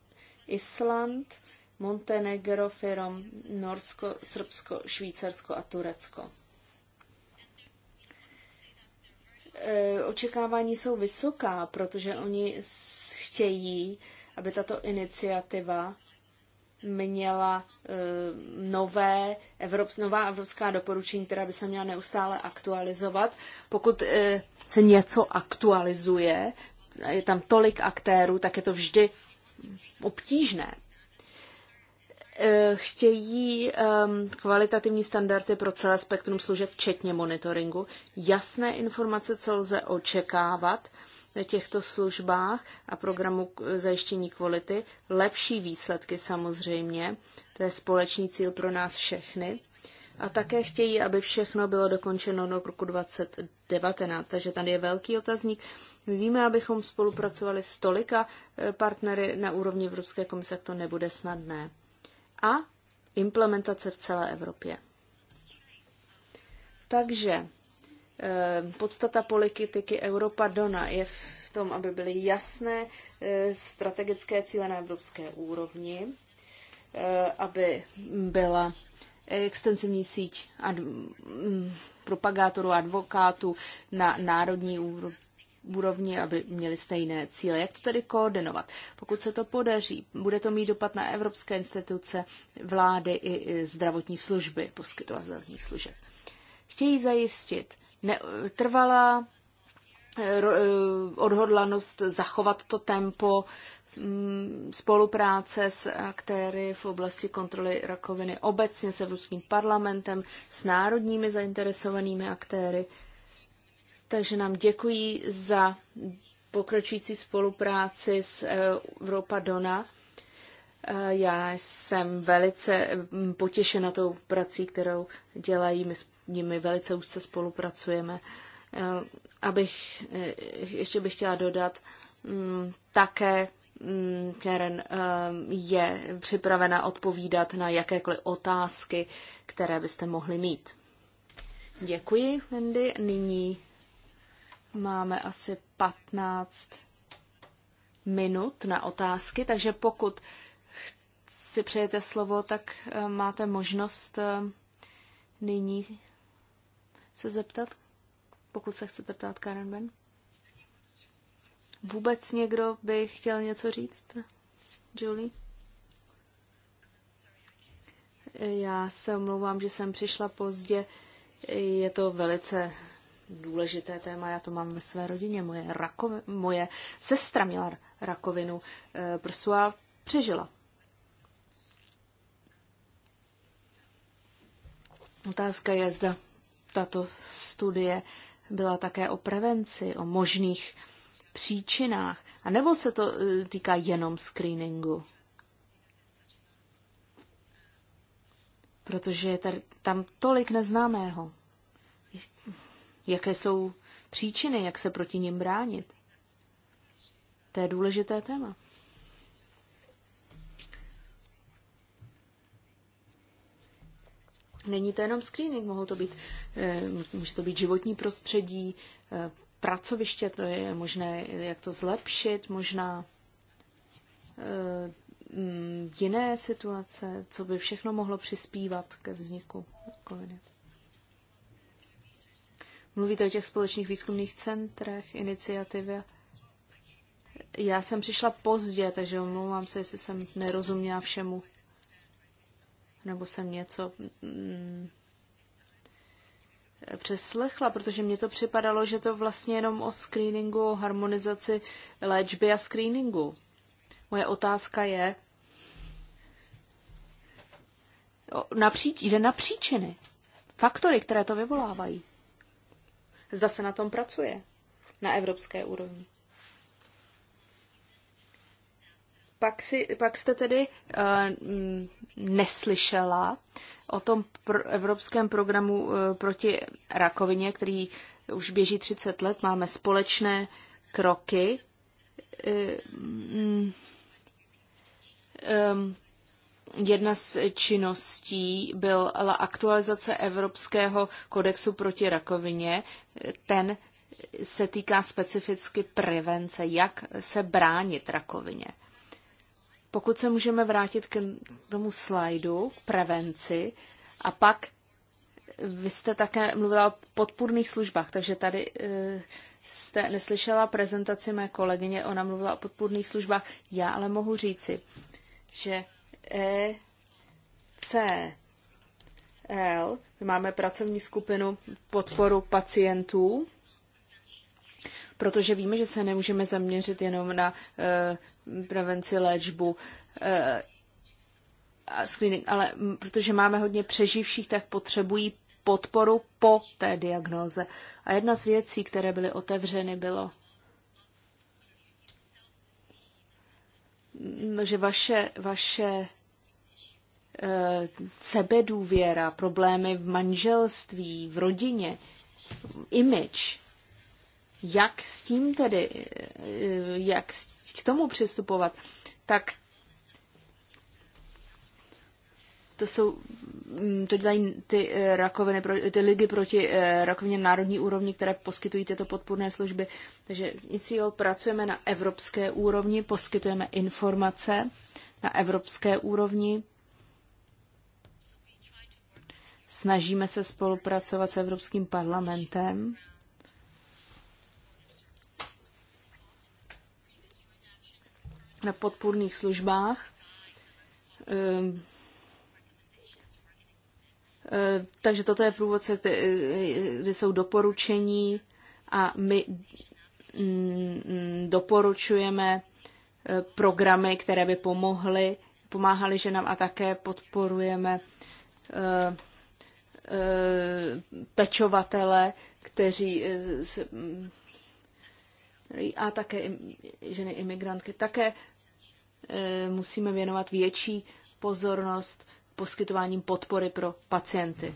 [SPEAKER 3] Island, Montenegro, Firom, Norsko, Srbsko, Švýcarsko a Turecko. E, očekávání jsou vysoká, protože oni chtějí, aby tato iniciativa měla e, nové Evrop, nová evropská doporučení, která by se měla neustále aktualizovat. Pokud e, se něco aktualizuje, je tam tolik aktérů, tak je to vždy obtížné. E, chtějí ehm, kvalitativní standardy pro celé spektrum služeb, včetně monitoringu, jasné informace, co lze očekávat, těchto službách a programu zajištění kvality. Lepší výsledky samozřejmě, to je společný cíl pro nás všechny. A také chtějí, aby všechno bylo dokončeno do roku 2019, takže tady je velký otazník. My víme, abychom spolupracovali s tolika e, partnery na úrovni Evropské komise, to nebude snadné. A implementace v celé Evropě. Takže Ehm, podstata politiky Europa Dona je v tom, aby byly jasné eh, strategické cíle na evropské úrovni, eh, aby byla extensivní síť ad, mm, propagátorů, advokátů na národní úrovni, aby měli stejné cíle. Jak to tedy koordinovat? Pokud se to podaří, bude to mít dopad na evropské instituce, vlády i zdravotní služby, poskytovat služeb. Chtějí zajistit, trvalá eh, eh, odhodlanost zachovat to tempo mm, spolupráce s aktéry v oblasti kontroly rakoviny obecně s Evropským parlamentem, s národními zainteresovanými aktéry. Takže nám děkuji za pokračující spolupráci s eh, Evropa Dona. Já jsem velice mm, potěšena tou prací, kterou dělají. My nimi velice úzce spolupracujeme. Eh, abych, eh, ještě bych chtěla dodat, mm, také mm, Karen eh, je připravena odpovídat na jakékoliv otázky, které byste mohli mít. Děkuji, Wendy. Nyní máme asi 15 minut na otázky, takže pokud si přejete slovo, tak máte možnost nyní se zeptat, pokud se chcete ptát Karen Ben? Vůbec někdo by chtěl něco říct? Julie? Já se omlouvám, že jsem přišla pozdě. Je to velice důležité téma, já to mám ve své rodině. Moje, rakovi, moje sestra měla rakovinu eh, prsu a přežila. Otázka je, zda tato studie byla také o prevenci, o možných příčinách, a nebo se to e, týká jenom screeningu? Protože je tady, tam tolik neznámého. Jaké jsou příčiny, jak se proti ním bránit? To je důležité téma. Není to jenom screening, mohou to být Eh, může to být životní prostředí, eh, pracoviště, to je možné, jak to zlepšit, možná eh, mm, jiné situace, co by všechno mohlo přispívat ke vzniku covidu. Mluvíte o těch společných výzkumných centrech, iniciativě. Já jsem přišla pozdě, takže omlouvám se, jestli jsem nerozuměla všemu. Nebo jsem něco mm, přeslechla, protože mně to připadalo, že to vlastně jenom o screeningu, o harmonizaci léčby a screeningu. Moje otázka je, napříč, jde na příčiny, faktory, které to vyvolávají. Zda se na tom pracuje na evropské úrovni. Pak, si, pak jste tedy uh, neslyšela o tom pro evropském programu uh, proti rakovině, který už běží 30 let. Máme společné kroky. um, um, Jedna z činností byla aktualizace Evropského kodexu proti rakovině. Ten se týká specificky prevence, jak se bránit rakovině. Pokud se můžeme vrátit k tomu slajdu, k prevenci, a pak vy jste také mluvila o podpůrných službách, takže tady eh, jste neslyšela prezentaci mé kolegyně, ona mluvila o podpůrných službách. Já ale mohu říci, že ECL, máme pracovní skupinu podporu pacientů, protože víme, že se nemůžeme zaměřit jenom na eh, prevenci léčbu eh, a screening, ale protože máme hodně přeživších, tak potřebují podporu po té diagnóze. A jedna z věcí, které byly otevřeny, bylo, že vaše, vaše e, sebedůvěra, problémy v manželství, v rodině, image, jak s tím tedy, eh, jak k tomu přistupovat, tak to jsou, mm, to dělají ty eh, rakoviny, ty ligy proti eh, rakovině národní úrovni, které poskytují tyto podpůrné služby. Takže ICL pracujeme na evropské úrovni, poskytujeme informace na evropské úrovni. Snažíme se spolupracovat s Evropským parlamentem. na podpůrných službách. Ehm, ehm, takže toto je průvodce, kde eh, eh, jsou doporučení a my mm, doporučujeme eh, programy, které by pomohly, pomáhaly ženám a také podporujeme pečovatele, kteří mm, a také ženy imigrantky. Také Eh, musíme věnovat větší pozornost poskytováním podpory pro pacienty.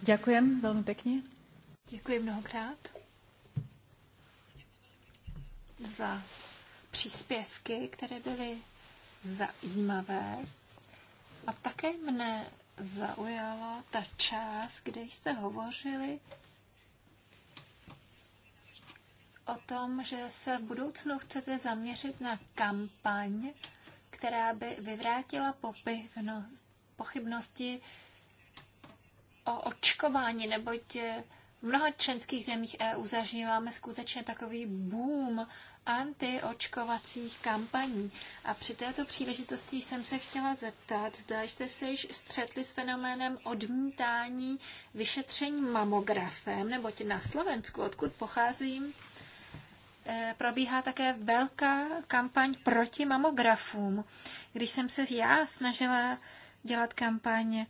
[SPEAKER 3] Děkujem velmi pěkně.
[SPEAKER 1] Děkuji mnohokrát za příspěvky, které byly zajímavé. A také mne zaujala ta část, kde jste hovořili o tom, že se v budoucnu chcete zaměřit na kampaň, která by vyvrátila pochybnosti o očkování, neboť v mnoha členských zemích EU zažíváme skutečně takový boom antiočkovacích kampaní. A při této příležitosti jsem se chtěla zeptat, zda jste se již střetli s fenoménem odmítání vyšetření mamografem, neboť na Slovensku, odkud pocházím, Eh, probíhá také velká kampaň proti mamografům. Když jsem se já snažila dělat kampaň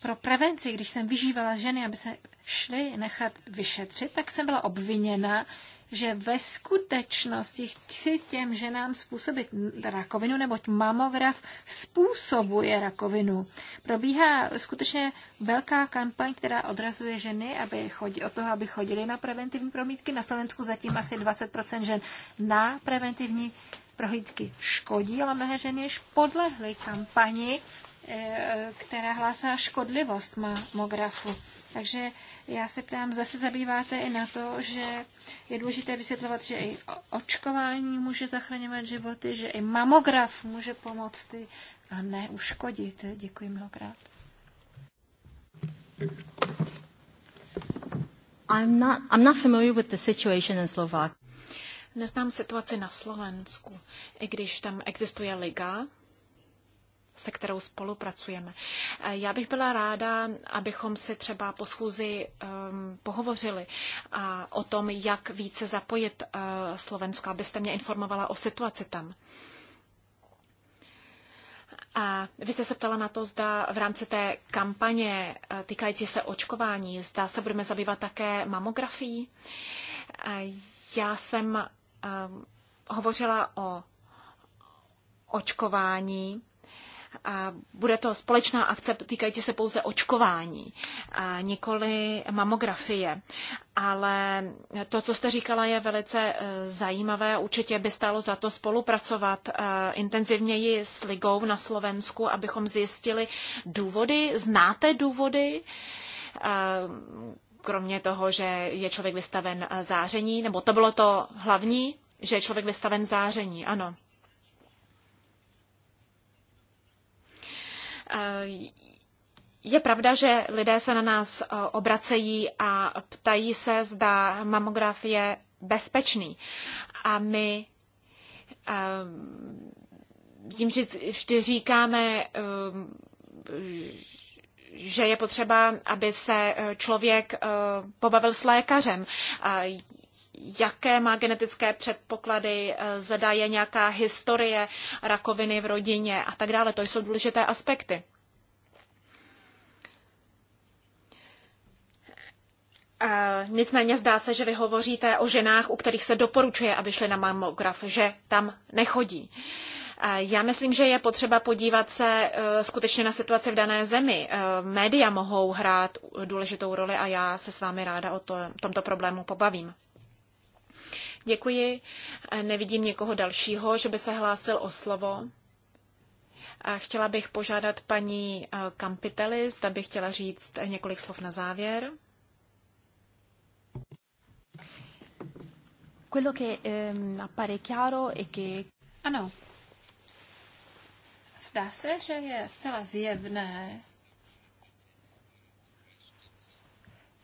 [SPEAKER 1] pro prevenci, když jsem vyžívala ženy, aby se šly nechat vyšetřit, tak jsem byla obviněna, že ve skutečnosti chci těm ženám způsobit rakovinu, neboť mamograf způsobuje rakovinu. Probíhá skutečně velká kampaň, která odrazuje ženy aby chodí, o toho, aby chodili na preventivní promítky. Na Slovensku zatím asi 20% žen na preventivní prohlídky škodí, ale mnohé ženy již podlehly kampani, eh, která hlásá škodlivost mamografu. Takže já se ptám, zase zabýváte i na to, že je důležité vysvětlovat, že i očkování může zachraňovat životy, že i mamograf může pomoct a ne uškodit. Děkuji mnohokrát.
[SPEAKER 3] I'm not, I'm not familiar with the situation in Slovakia.
[SPEAKER 2] Neznám situaci na Slovensku, i když tam existuje liga, se kterou spolupracujeme. Eh, já bych byla ráda, abychom si třeba po schůzi um, pohovořili a o tom, jak více zapojit uh, Slovensko, abyste mě informovala o situaci tam. A vy jste se ptala na to, zda v rámci té kampaně eh, týkající se očkování, zda se budeme zabývat také mamografií. Já jsem um, hovořila o očkování bude to společná akce týkající se pouze očkování, nikoli mamografie. Ale to, co jste říkala, je velice eh, zajímavé. Určitě by stálo za to spolupracovat eh, intenzivněji s Ligou na Slovensku, abychom zjistili důvody. Znáte důvody? Eh, kromě toho, že je člověk vystaven záření, nebo to bylo to hlavní, že je člověk vystaven záření, ano. Eh, je pravda, že lidé se na nás eh, obracejí a ptají se, zda mamograf je bezpečný. A my eh, jim vždy říkáme, že je potřeba, aby se člověk pobavil s lékařem jaké má genetické předpoklady, eh, zda je nějaká historie rakoviny v rodině a tak dále. To jsou důležité aspekty. Eh, nicméně zdá se, že vy hovoříte o ženách, u kterých se doporučuje, aby šly na mamograf, že tam nechodí. Eh, já myslím, že je potřeba podívat se skutečně na situaci v dané zemi. Média mohou hrát důležitou roli a já se s vámi ráda o tomto problému pobavím. Děkuji. Eh, nevidím někoho dalšího, že by se hlásil o slovo. A chtěla bych požádat paní eh, Kampitelis, aby by chtěla říct eh, několik slov na závěr. Quello che ehm, appare chiaro è che... Ano. Zdá se, že je
[SPEAKER 1] zcela zjevné,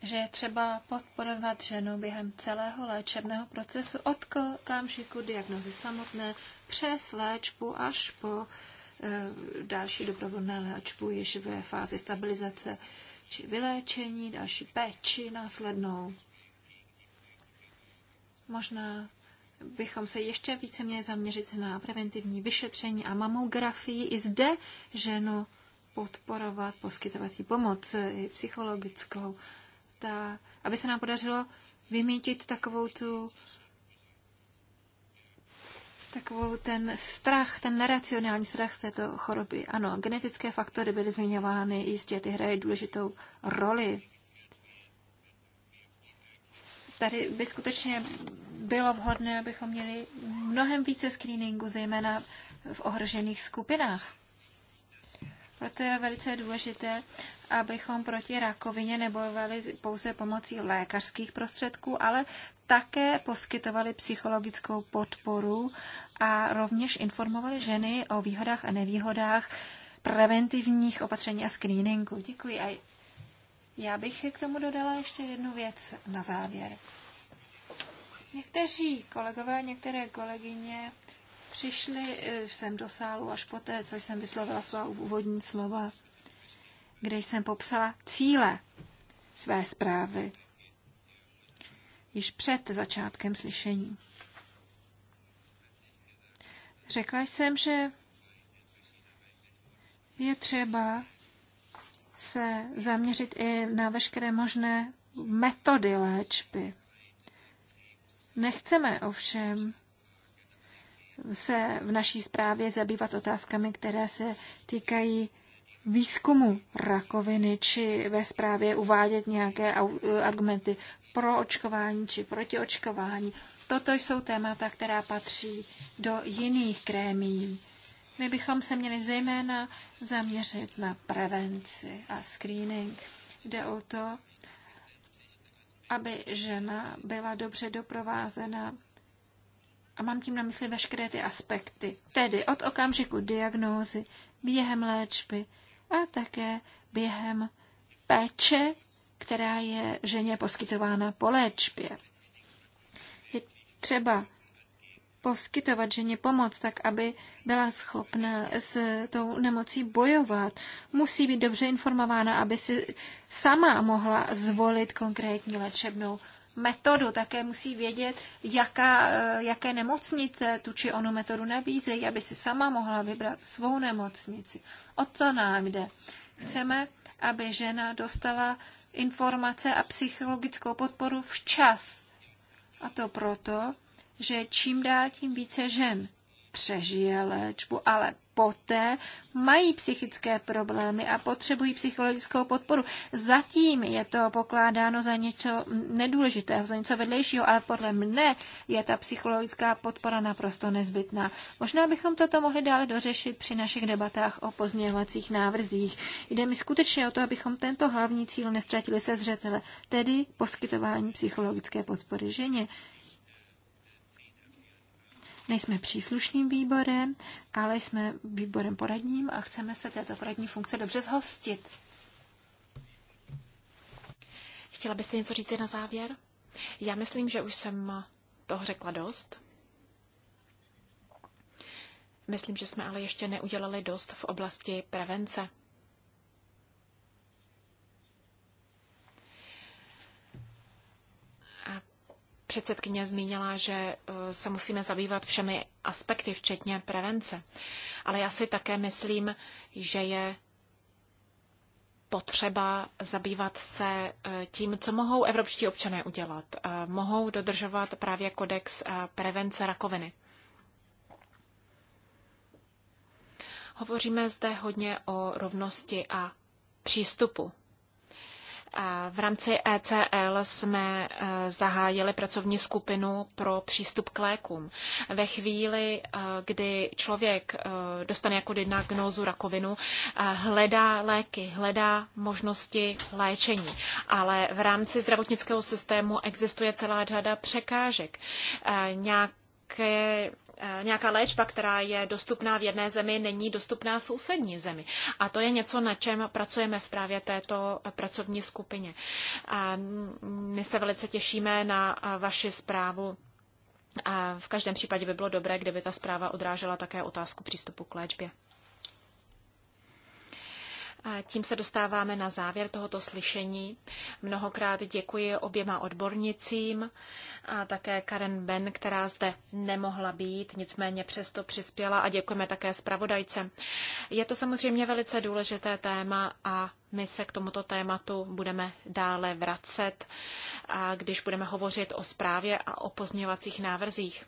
[SPEAKER 1] že je třeba podporovat ženu během celého léčebného procesu od okamžiku diagnozy samotné přes léčbu až po e, další dobrovolné léčbu již ve fázi stabilizace či vyléčení, další péči následnou. Možná bychom se ještě více měli zaměřit na preventivní vyšetření a mamografii. I zde ženu podporovat, poskytovat jí pomoc i psychologickou ta, aby se nám podařilo vymítit takovou tu takovou ten strach, ten neracionální strach z této choroby. Ano, genetické faktory byly zmiňovány, jistě ty hrají důležitou roli. Tady by skutečně bylo vhodné, abychom měli mnohem více screeningu, zejména v ohrožených skupinách. Proto je velice důležité, abychom proti rakovině nebojovali pouze pomocí lékařských prostředků, ale také poskytovali psychologickou podporu a rovněž informovali ženy o výhodách a nevýhodách preventivních opatření a screeningu. Děkuji. A já bych k tomu dodala ještě jednu věc na závěr. Někteří kolegové, některé kolegyně přišli jsem eh, do sálu až poté, co jsem vyslovila svá úvodní slova kde jsem popsala cíle své zprávy již před začátkem slyšení. Řekla jsem, že je třeba se zaměřit i na veškeré možné metody léčby. Nechceme ovšem se v naší zprávě zabývat otázkami, které se týkají výzkumu rakoviny či ve zprávě uvádět nějaké argumenty pro očkování či proti očkování. Toto jsou témata, která patří do jiných krémí. My bychom se měli zejména zaměřit na prevenci a screening. Jde o to, aby žena byla dobře doprovázena a mám tím na mysli veškeré ty aspekty. Tedy od okamžiku diagnózy, během léčby, a také během péče, která je ženě poskytována po léčbě. Je třeba poskytovat ženě pomoc, tak aby byla schopna s tou nemocí bojovat. Musí být dobře informována, aby si sama mohla zvolit konkrétní léčebnou metodu, také musí vědět, jaká, eh, jaké nemocnice tu či onu metodu nabízejí, aby si sama mohla vybrat svou nemocnici. O co nám jde? Chceme, aby žena dostala informace a psychologickou podporu včas. A to proto, že čím dál tím více žen přežije léčbu, ale poté mají psychické problémy a potřebují psychologickou podporu. Zatím je to pokládáno za něco nedůležitého, za něco vedlejšího, ale podle mne je ta psychologická podpora naprosto nezbytná. Možná bychom toto mohli dále dořešit při našich debatách o pozměňovacích návrzích. Jde mi skutečně o to, abychom tento hlavní cíl nestratili se zřetele, tedy poskytování psychologické podpory ženě. Nejsme příslušným výborem, ale jsme výborem poradním a chceme se této
[SPEAKER 2] poradní funkce dobře zhostit. Chtěla byste něco říct na závěr? Já myslím, že už jsem toho řekla dost. Myslím, že jsme ale ještě neudělali dost v oblasti prevence. předsedkyně zmínila, že eh, se musíme zabývat všemi aspekty, včetně prevence. Ale já si také myslím, že je potřeba zabývat se eh, tím, co mohou evropští občané udělat. Eh, mohou dodržovat právě kodex prevence rakoviny. Hovoříme zde hodně o rovnosti a přístupu v rámci ECL jsme e, zahájili pracovní skupinu pro přístup k lékům. Ve chvíli, e, kdy člověk e, dostane jako diagnózu rakovinu, hledá léky, hledá možnosti léčení. Ale v rámci zdravotnického systému existuje celá řada překážek. nějaké Eh, nějaká léčba, která je dostupná v jedné zemi, není dostupná v sousední zemi. A to je něco, na čem pracujeme v právě této pracovní skupině. Mm, my se velice těšíme na eh, vaši zprávu. A v každém případě by bylo dobré, kdyby ta zpráva odrážela také otázku přístupu k léčbě tím se dostáváme na závěr tohoto slyšení. Mnohokrát děkuji oběma odbornicím a také Karen Ben, která zde nemohla být, nicméně přesto přispěla a děkujeme také zpravodajce. Je to samozřejmě velice důležité téma a my se k tomuto tématu budeme dále vracet, a když budeme hovořit o zprávě a o pozměňovacích návrzích.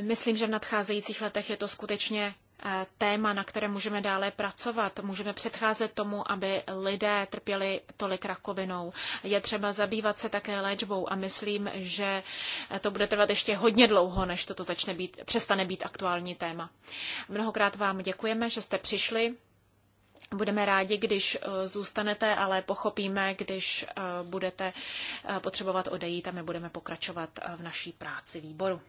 [SPEAKER 2] Myslím, že v nadcházejících letech je to skutečně Eh, téma, na které můžeme dále pracovat. Můžeme předcházet tomu, aby lidé trpěli tolik rakovinou. Je třeba zabývat se také léčbou a myslím, že eh, to bude trvat ještě hodně dlouho, než toto začne být, přestane být aktuální téma. Mnohokrát vám děkujeme, že jste přišli. Budeme rádi, když eh, zůstanete, ale pochopíme, když budete potřebovat odejít a my budeme pokračovat v naší práci výboru.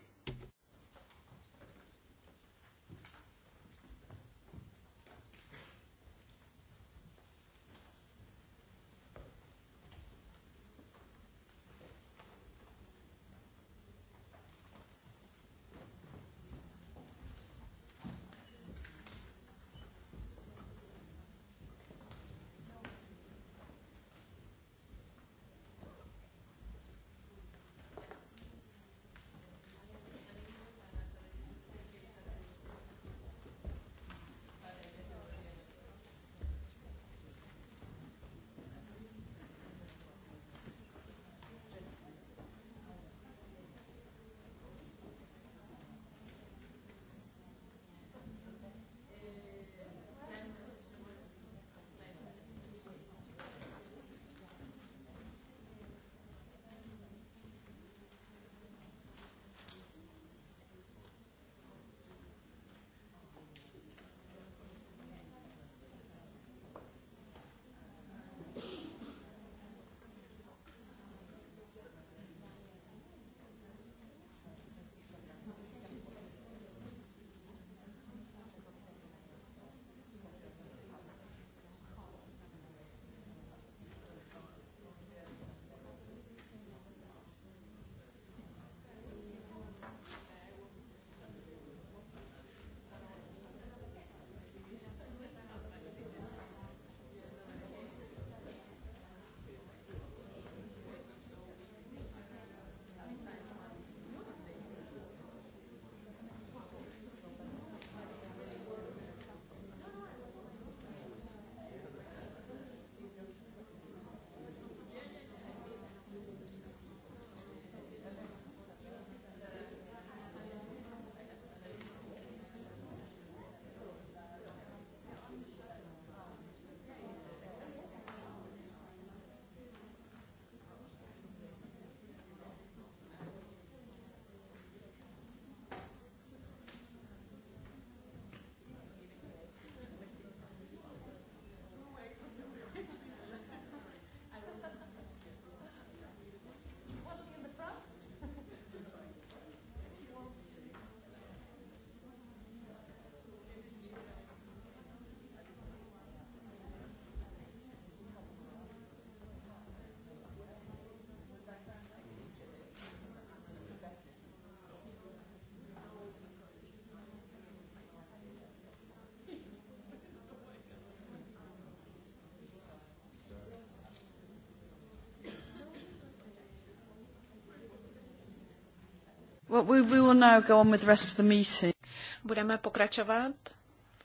[SPEAKER 2] Budeme pokračovat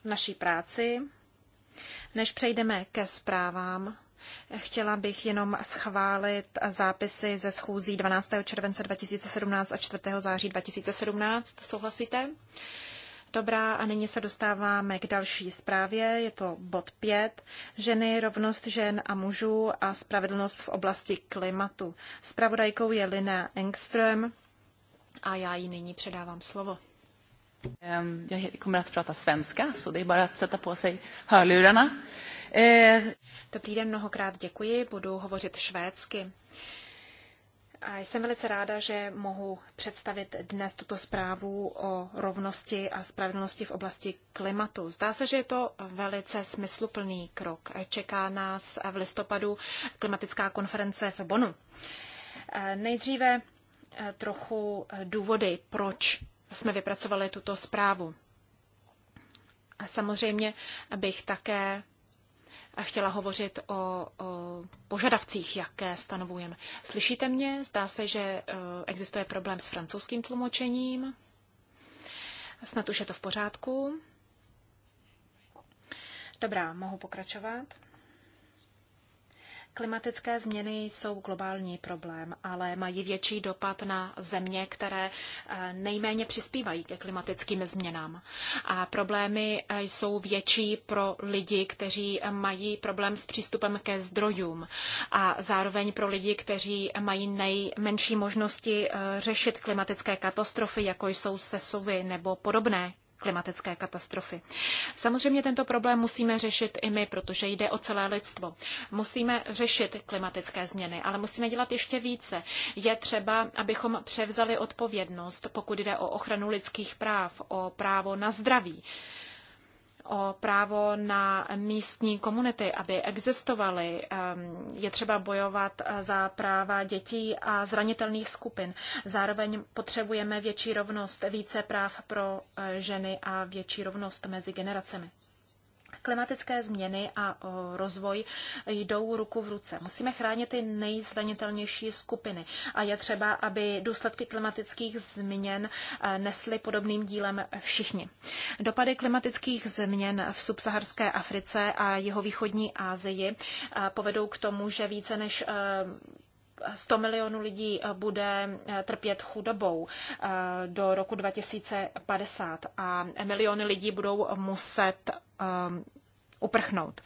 [SPEAKER 2] v naší práci. Než přejdeme ke zprávám, chtěla bych jenom schválit zápisy ze schůzí 12. července 2017 a 4. září 2017. Souhlasíte? Dobrá, a nyní se dostáváme k další zprávě, je to bod 5. Ženy, rovnost žen a mužů a spravedlnost v oblasti klimatu. Spravodajkou je Lina Engström a já jí nyní předávám slovo. Ehm, jag kommer att prata svenska, så det är bara att sätta på sig hörlurarna. Eh, Dobrý den, mnohokrát děkuji, budu hovořit švédsky. A jsem velice ráda, že mohu představit dnes tuto zprávu o rovnosti a spravedlnosti v oblasti klimatu. Zdá se, že je to velice smysluplný krok. Čeká nás v listopadu klimatická konference v Bonu. Eh, nejdříve Eh, trochu eh, důvody, proč jsme vypracovali tuto zprávu. A samozřejmě bych také chtěla hovořit o, o požadavcích, jaké stanovujeme. Slyšíte mě? Zdá se, že eh, existuje problém s francouzským tlumočením. Snad už je to v pořádku. Dobrá, mohu pokračovat. Klimatické změny jsou globální problém, ale mají větší dopad na země, které eh, nejméně přispívají ke klimatickým změnám. A problémy eh, jsou větší pro lidi, kteří eh, mají problém s přístupem ke zdrojům a zároveň pro lidi, kteří mají nejmenší možnosti řešit klimatické katastrofy, jako jsou sesuvy nebo podobné klimatické katastrofy. Samozřejmě tento problém musíme řešit i my, protože jde o celé lidstvo. Musíme řešit klimatické změny, ale musíme dělat ještě více. Je třeba, abychom převzali odpovědnost, pokud jde o ochranu lidských práv, o právo na zdraví o právo na místní komunity, aby existovaly. Ehm, je třeba bojovat eh, za práva dětí a zranitelných skupin. Zároveň potřebujeme větší rovnost, více práv pro eh, ženy a větší rovnost mezi generacemi. Klimatické změny a rozvoj jdou ruku v ruce. Musíme chránit ty nejzranitelnější skupiny a je třeba, aby důsledky klimatických změn e, nesly podobným dílem všichni. Dopady klimatických změn v subsaharské Africe a jeho východní Asii e, povedou k tomu, že více než 100 e, milionů lidí bude trpět chudobou do roku 2050 a miliony lidí budou muset uprchnout.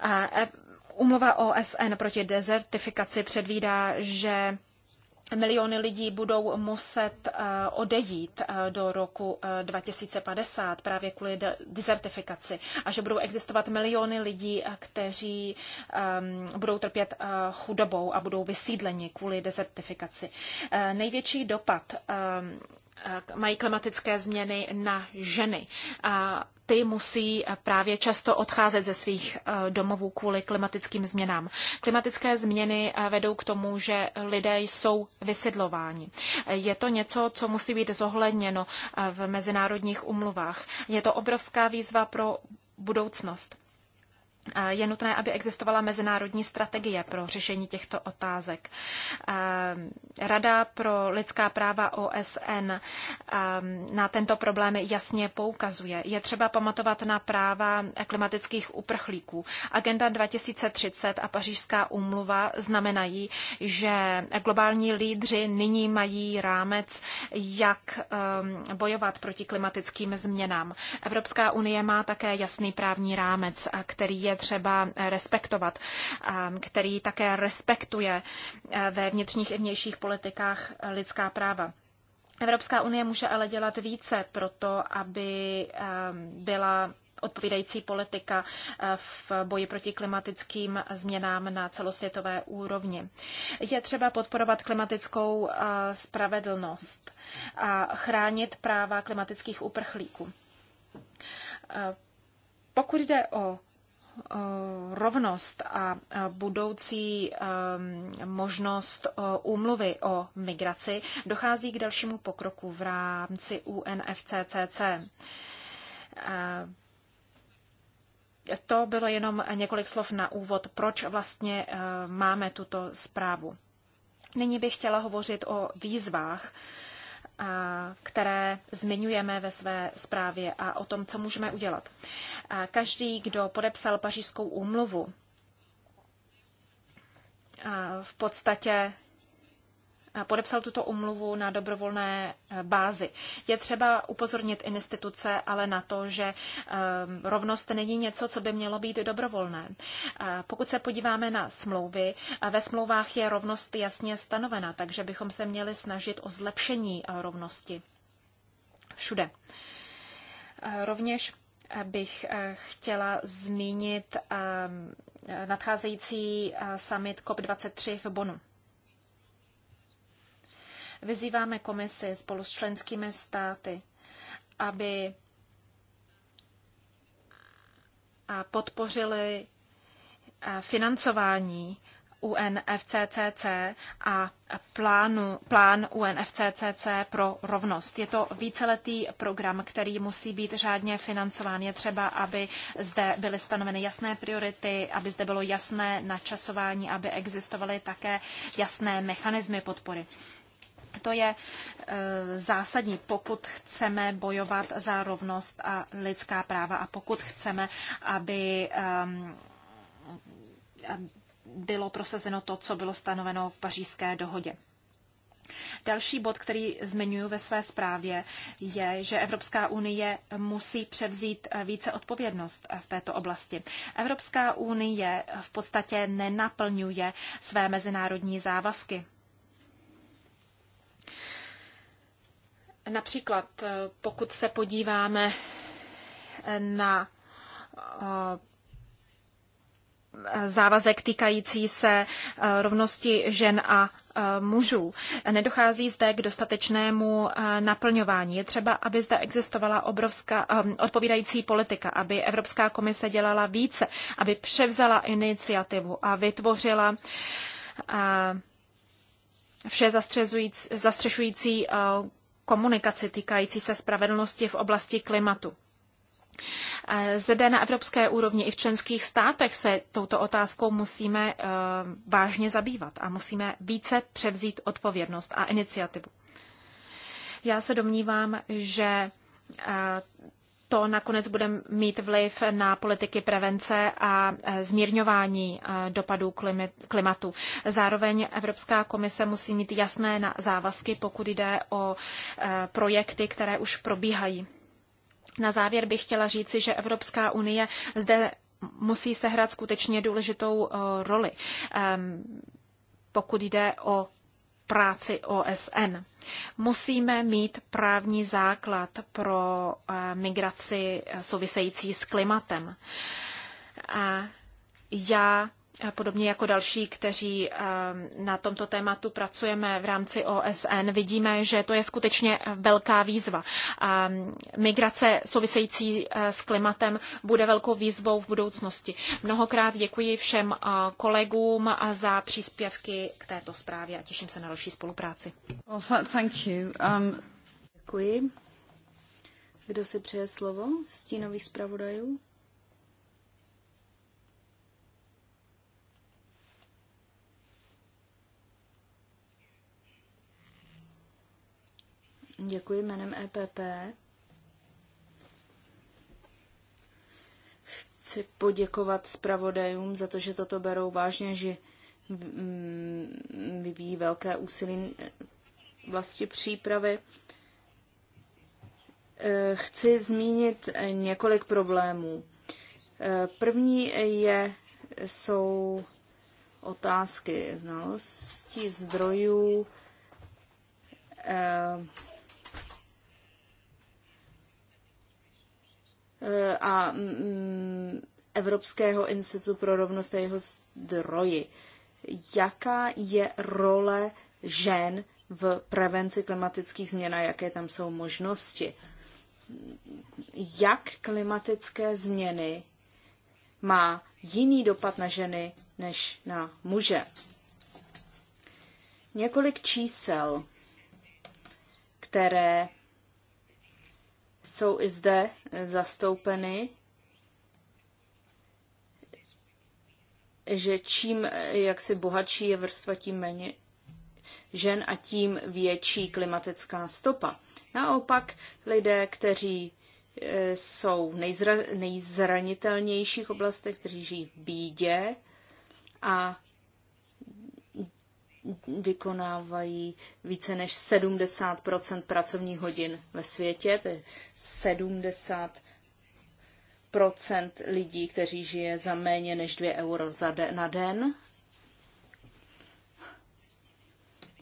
[SPEAKER 2] E, umluva OSN proti dezertifikaci předvídá, že miliony lidí budou muset e, odejít e, do roku 2050 právě kvůli dezertifikaci a že budou existovat miliony lidí, kteří budou trpět chudobou a budou vysídleni kvůli dezertifikaci. Největší dopad mají klimatické změny na ženy. A ty musí eh, právě často odcházet ze svých eh, domovů kvůli klimatickým změnám. Klimatické změny eh, vedou k tomu, že lidé jsou vysidlováni. Je to něco, co musí být zohledněno v mezinárodních umluvách. Je to obrovská výzva pro budoucnost je nutné, aby existovala mezinárodní strategie pro řešení těchto otázek. Rada pro lidská práva OSN na tento problém jasně poukazuje. Je třeba pamatovat na práva klimatických uprchlíků. Agenda 2030 a pařížská úmluva znamenají, že globální lídři nyní mají rámec, jak um, bojovat proti klimatickým změnám. Evropská unie má také jasný právní rámec, který je je třeba respektovat, který také respektuje ve vnitřních i vnějších politikách lidská práva. Evropská unie může ale dělat více pro to, aby byla odpovídající politika v boji proti klimatickým změnám na celosvětové úrovni. Je třeba podporovat klimatickou spravedlnost a chránit práva klimatických uprchlíků. Pokud jde o Eh, rovnost a eh, budoucí eh, možnost úmluvy o migraci dochází k dalšímu pokroku v rámci UNFCCC. To bylo jenom několik slov na úvod, proč vlastně máme tuto zprávu. Nyní bych chtěla hovořit o výzvách, které zmiňujeme ve své zprávě a o tom, co můžeme udělat. Každý, kdo podepsal pařížskou úmluvu, v podstatě podepsal tuto umluvu na dobrovolné eh, bázi. Je třeba upozornit instituce ale na to, že eh, rovnost není něco, co by mělo být dobrovolné. Eh, pokud se podíváme na smlouvy, ve smlouvách je rovnost jasně stanovena, takže bychom se měli snažit o zlepšení rovnosti všude. Rovněž bych chtěla zmínit nadcházející summit COP23 v Bonu. Vyzýváme komisi spolu s členskými státy, aby podpořili financování UNFCCC a plánu, plán UNFCCC pro rovnost. Je to víceletý program, který musí být řádně financován. Je třeba, aby zde byly stanoveny jasné priority, aby zde bylo jasné načasování, aby existovaly také jasné mechanismy podpory. To je e, zásadní, pokud chceme bojovat za rovnost a lidská práva a pokud chceme, aby bylo prosazeno to, co bylo stanoveno v pařížské dohodě. Další bod, který zmiňuji ve své zprávě, je, že Evropská unie musí převzít e, více odpovědnost e, v této oblasti. Evropská unie v podstatě nenaplňuje své mezinárodní závazky Například, eh, pokud se podíváme eh, na eh, závazek týkající se rovnosti žen a mužů. Nedochází zde k dostatečnému naplňování. Je třeba, aby zde existovala obrovská odpovídající politika, aby Evropská komise dělala více, aby převzala iniciativu a vytvořila vše zastřešující komunikaci týkající se spravedlnosti v oblasti klimatu. Eh, Zde na evropské úrovni i v členských státech se touto otázkou musíme eh, vážně zabývat a musíme více převzít odpovědnost a iniciativu. Já se domnívám, že eh, to nakonec bude mít vliv na politiky prevence a e, zmírňování e, dopadů klimatu. Zároveň Evropská komise musí mít jasné závazky, pokud jde o e, projekty, které už probíhají. Na závěr bych chtěla říci, že Evropská unie zde musí sehrát skutečně důležitou roli, pokud jde o práci OSN. Musíme mít právní základ pro eh, migraci související s klimatem. A já podobně jako další, kteří eh, na tomto tématu pracujeme v rámci OSN, vidíme, že to je skutečně velká výzva. Migrace související eh, s klimatem bude velkou výzvou v budoucnosti. Mnohokrát děkuji všem eh, kolegům za příspěvky k této zprávě a těším se na další spolupráci.
[SPEAKER 3] thank you. Um, děkuji. Kdo si přeje slovo? stínový zpravodajů? Děkuji jménem EPP. Chci poděkovat zpravodajům za to, že toto berou vážně, že mm, vyvíjí velké úsilí vlastně přípravy. Eh, chci zmínit několik problémů. Eh, první je, jsou otázky znalostí, zdrojů, eh, Eh, a mm, Evropského institutu pro rovnost a jeho zdroji. Jaká je role žen v prevenci klimatických změn a jaké tam jsou možnosti? Jak klimatické změny má jiný dopad na ženy než na muže? Několik čísel, které jsou i zde eh, zastoupeny, že čím eh, jaksi bohatší je vrstva, tím méně žen a tím větší klimatická stopa. Naopak lidé, kteří eh, jsou v nejzra, nejzranitelnějších oblastech, kteří žijí v bídě a vykonávají více než 70 pracovních hodin ve světě. To je 70 lidí, kteří žije za méně než 2 euro za de- na den.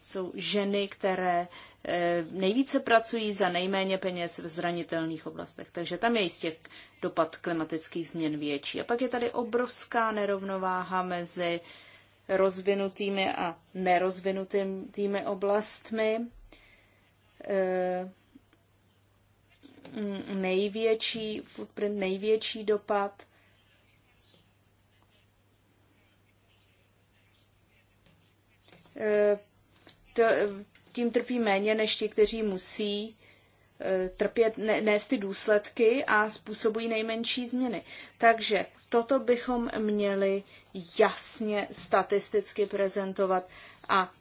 [SPEAKER 3] Jsou ženy, které eh, nejvíce pracují za nejméně peněz v zranitelných oblastech. Takže tam je jistě dopad klimatických změn větší. A pak je tady obrovská nerovnováha mezi eh, rozvinutými a nerozvinutými oblastmi. E, největší, největší dopad e, tím trpí méně než ti, kteří musí Eh, trpět, nést ty důsledky a způsobují nejmenší změny. Takže toto bychom měli jasně statisticky prezentovat a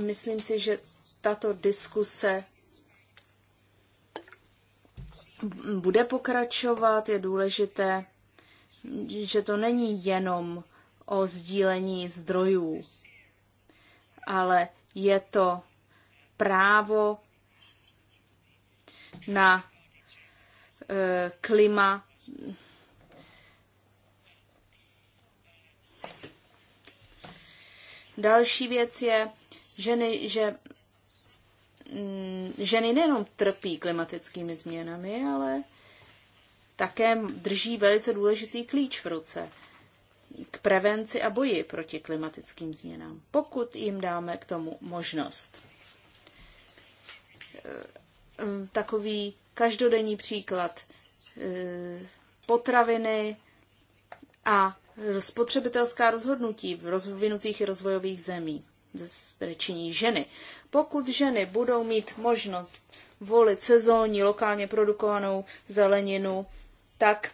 [SPEAKER 3] myslím si, že tato diskuse bude pokračovat, je důležité, že to není jenom o sdílení zdrojů, ale je to právo na e, klima. Další věc je, ženy, že mm, ženy nejenom trpí klimatickými změnami, ale také drží velice důležitý klíč v ruce k prevenci a boji proti klimatickým změnám, pokud jim dáme k tomu možnost. Mm, takový každodenní příklad. E, potraviny a spotřebitelská rozhodnutí v rozvinutých i rozvojových zemí, které činí ženy. Pokud ženy budou mít možnost volit sezónní, lokálně produkovanou zeleninu, tak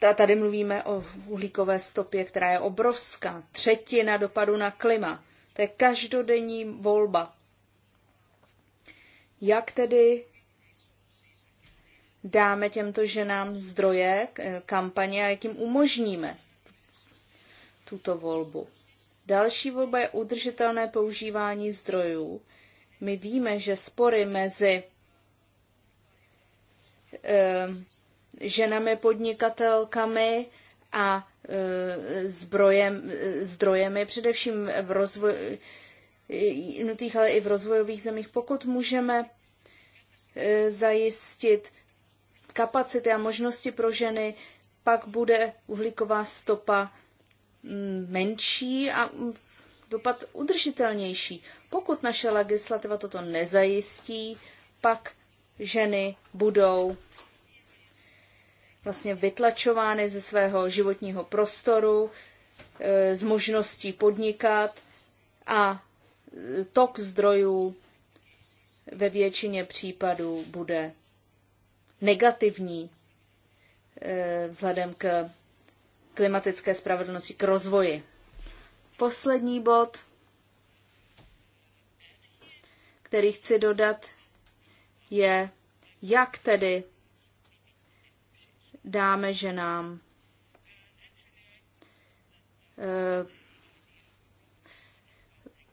[SPEAKER 3] e, tady mluvíme o uhlíkové stopě, která je obrovská. Třetina dopadu na klima. To je každodenní volba jak tedy dáme těmto ženám zdroje, kampaně a jak jim umožníme tuto volbu? Další volba je udržitelné používání zdrojů. My víme, že spory mezi eh, ženami podnikatelkami a eh, zbrojem, eh, zdrojemi, především v rozvoji nutých, ale i v rozvojových zemích. Pokud můžeme e, zajistit kapacity a možnosti pro ženy, pak bude uhlíková stopa mm, menší a mm, dopad udržitelnější. Pokud naše legislativa toto nezajistí, pak ženy budou vlastně vytlačovány ze svého životního prostoru, e, z možností podnikat a tok zdrojů ve většině případů bude negativní eh, vzhledem k klimatické spravedlnosti, k rozvoji. Poslední bod, který chci dodat, je, jak tedy dáme ženám eh,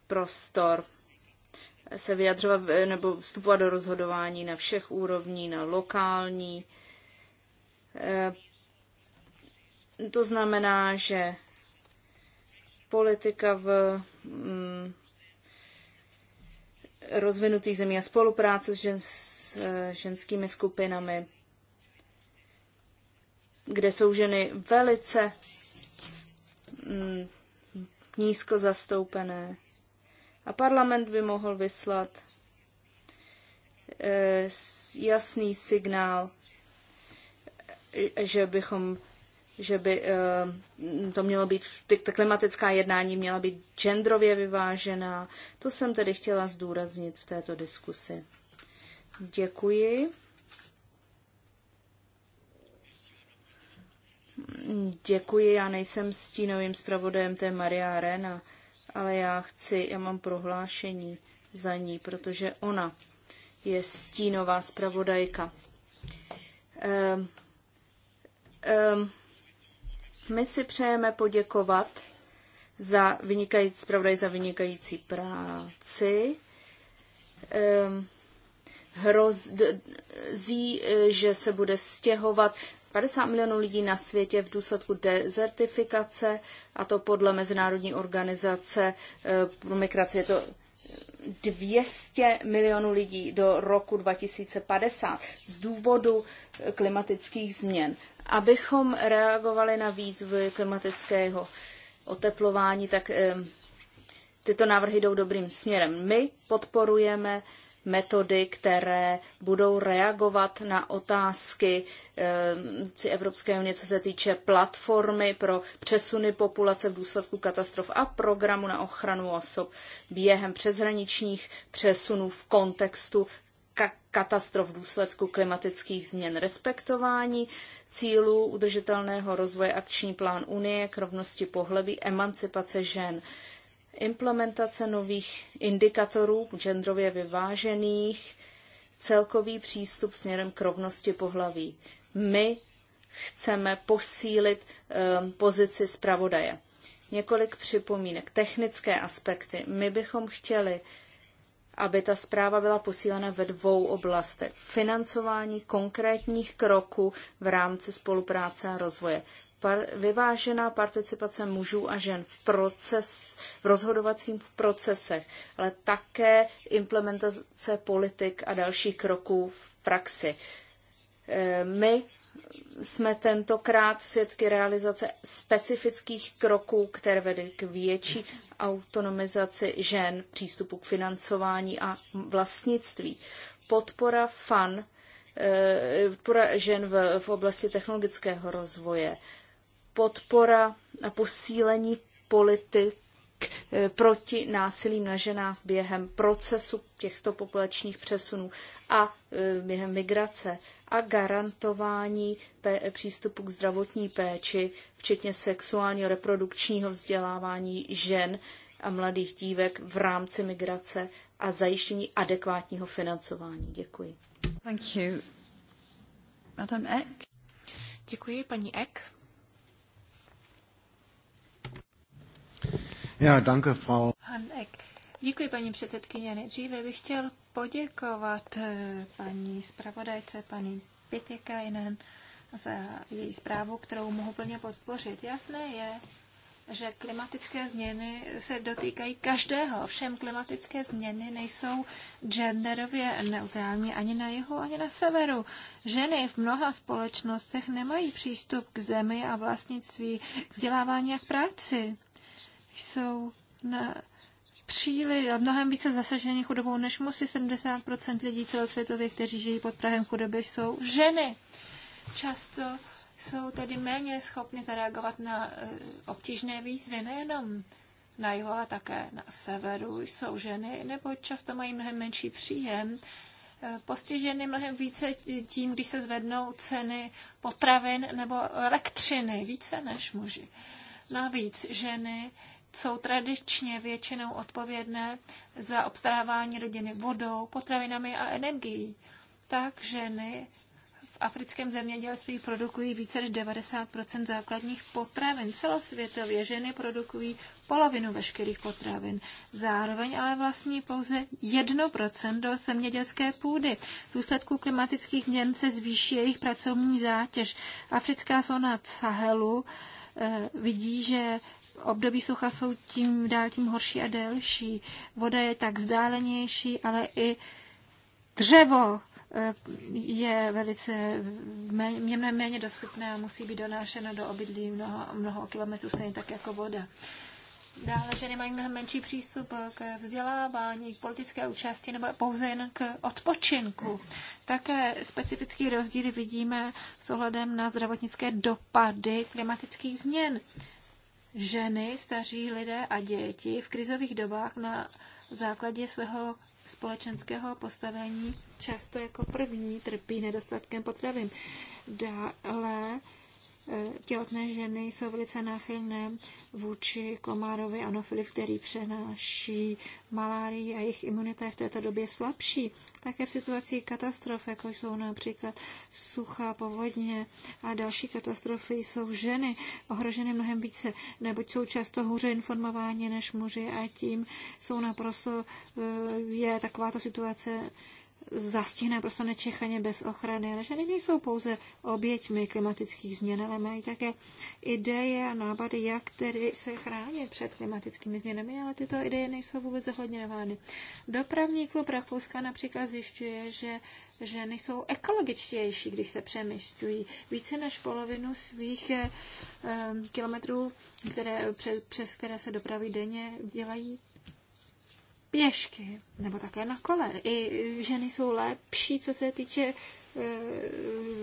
[SPEAKER 3] prostor se vyjadřovat nebo vstupovat do rozhodování na všech úrovní, na lokální. Eh, to znamená, že politika v mm, rozvinutých zemí a spolupráce s, s eh, ženskými skupinami, kde jsou ženy velice mm, nízko zastoupené a parlament by mohl vyslat eh, jasný signál, že bychom že by eh, to mělo být, ta klimatická jednání měla být genderově vyvážená. To jsem tedy chtěla zdůraznit v této diskusi. Děkuji. Děkuji, já nejsem stínovým zpravodajem, to je Maria Arena ale já chci, já mám prohlášení za ní, protože ona je stínová zpravodajka. Um, um, my si přejeme poděkovat za vynikající, zpravodaj za vynikající práci. Um, hrozí, že se bude stěhovat 50 milionů lidí na světě v důsledku dezertifikace, a to podle Mezinárodní organizace eh, pro migraci je to 200 milionů lidí do roku 2050 z důvodu klimatických změn. Abychom reagovali na výzvy klimatického oteplování, tak eh, tyto návrhy jdou dobrým směrem. My podporujeme metody, které budou reagovat na otázky e, Evropské unie, co se týče platformy pro přesuny populace v důsledku katastrof a programu na ochranu osob během přeshraničních přesunů v kontextu katastrof v důsledku klimatických změn, respektování cílů udržitelného rozvoje akční plán Unie k rovnosti pohlaví, emancipace žen implementace nových indikatorů genderově vyvážených, celkový přístup směrem k rovnosti pohlaví. My chceme posílit ehm, pozici zpravodaje. Několik připomínek. Technické aspekty. My bychom chtěli, aby ta zpráva byla posílena ve dvou oblastech. Financování konkrétních kroků v rámci spolupráce a rozvoje par- vyvážená participace mužů a žen v, proces, v rozhodovacím procesech, ale také implementace politik a dalších kroků v praxi. Eh, my jsme tentokrát svědky realizace specifických kroků, které vedly k větší autonomizaci žen, přístupu k financování a vlastnictví. Podpora FAN eh, podpora žen v, v oblasti technologického rozvoje, podpora a posílení politik eh, proti násilím na ženách během procesu těchto populačních přesunů a eh, během migrace a garantování přístupu k zdravotní péči, včetně sexuálního reprodukčního vzdělávání žen a mladých dívek v rámci migrace a zajištění adekvátního financování. Děkuji.
[SPEAKER 1] Thank you. Madam Eck.
[SPEAKER 3] Děkuji, paní Eck.
[SPEAKER 1] Já, danke, Frau. Hanek. Děkuji, paní předsedkyně. Nejdříve bych chtěl poděkovat eh, paní zpravodajce, paní Pitikainen za její zprávu, kterou mohu plně podpořit. Jasné je, že klimatické změny se dotýkají každého. Všem klimatické změny nejsou genderově neutrální ani na jihu, ani na severu. Ženy v mnoha společnostech nemají přístup k zemi a vlastnictví, k vzdělávání a k práci jsou na příliš a mnohem více zasaženi chudobou než musí 70% lidí celosvětově, kteří žijí pod Prahem chudoby, jsou ženy. Často jsou tedy méně schopny zareagovat na eh, obtížné výzvy, nejenom na jihu, ale také na severu jsou ženy, nebo často mají mnohem menší příjem, eh, postiženy mnohem více tím, když se zvednou ceny potravin nebo elektřiny, více než muži. Navíc ženy jsou tradičně většinou odpovědné za obstarávání rodiny vodou, potravinami a energií. Tak ženy v africkém zemědělství produkují více než 90 základních potravin. Celosvětově ženy produkují polovinu veškerých potravin. Zároveň ale vlastní pouze 1 do zemědělské půdy. V důsledku klimatických měn se zvýší jejich pracovní zátěž. Africká zóna Sahelu eh, vidí, že období sucha jsou tím dál tím horší a delší. Voda je tak vzdálenější, ale i dřevo eh, je velice méně, méně dostupné a musí být donášeno do obydlí mnoho, mnoho kilometrů, stejně tak jako voda. Dále ženy mají mnohem menší přístup k vzdělávání, k politické účasti nebo pouze jen k odpočinku. Také specifické rozdíly vidíme s ohledem na zdravotnické dopady klimatických změn ženy, staří lidé a děti v krizových dobách na základě svého společenského postavení často jako první trpí nedostatkem potravin. Dále Eh, těhotné ženy jsou velice náchylné vůči komárovi anofily, který přenáší malárii a jejich imunita je v této době slabší. Také v situaci katastrof, jako jsou například suchá povodně a další katastrofy, jsou ženy ohroženy mnohem více, neboť jsou často hůře informováni než muži a tím jsou naprosto, eh, je takováto situace zastihne prostě nečekaně bez ochrany. Ale ženy nejsou pouze oběťmi klimatických změn, ale mají také ideje a nápady, jak tedy se chránit před klimatickými změnami, ale tyto ideje nejsou vůbec zohledňovány. Dopravní klub Rakouska například zjišťuje, že ženy jsou ekologičtější, když se přemysťují. Více než polovinu svých eh, kilometrů, které, přes, přes které se dopraví denně, dělají pěšky nebo také na kole. I ženy jsou lepší, co se týče e,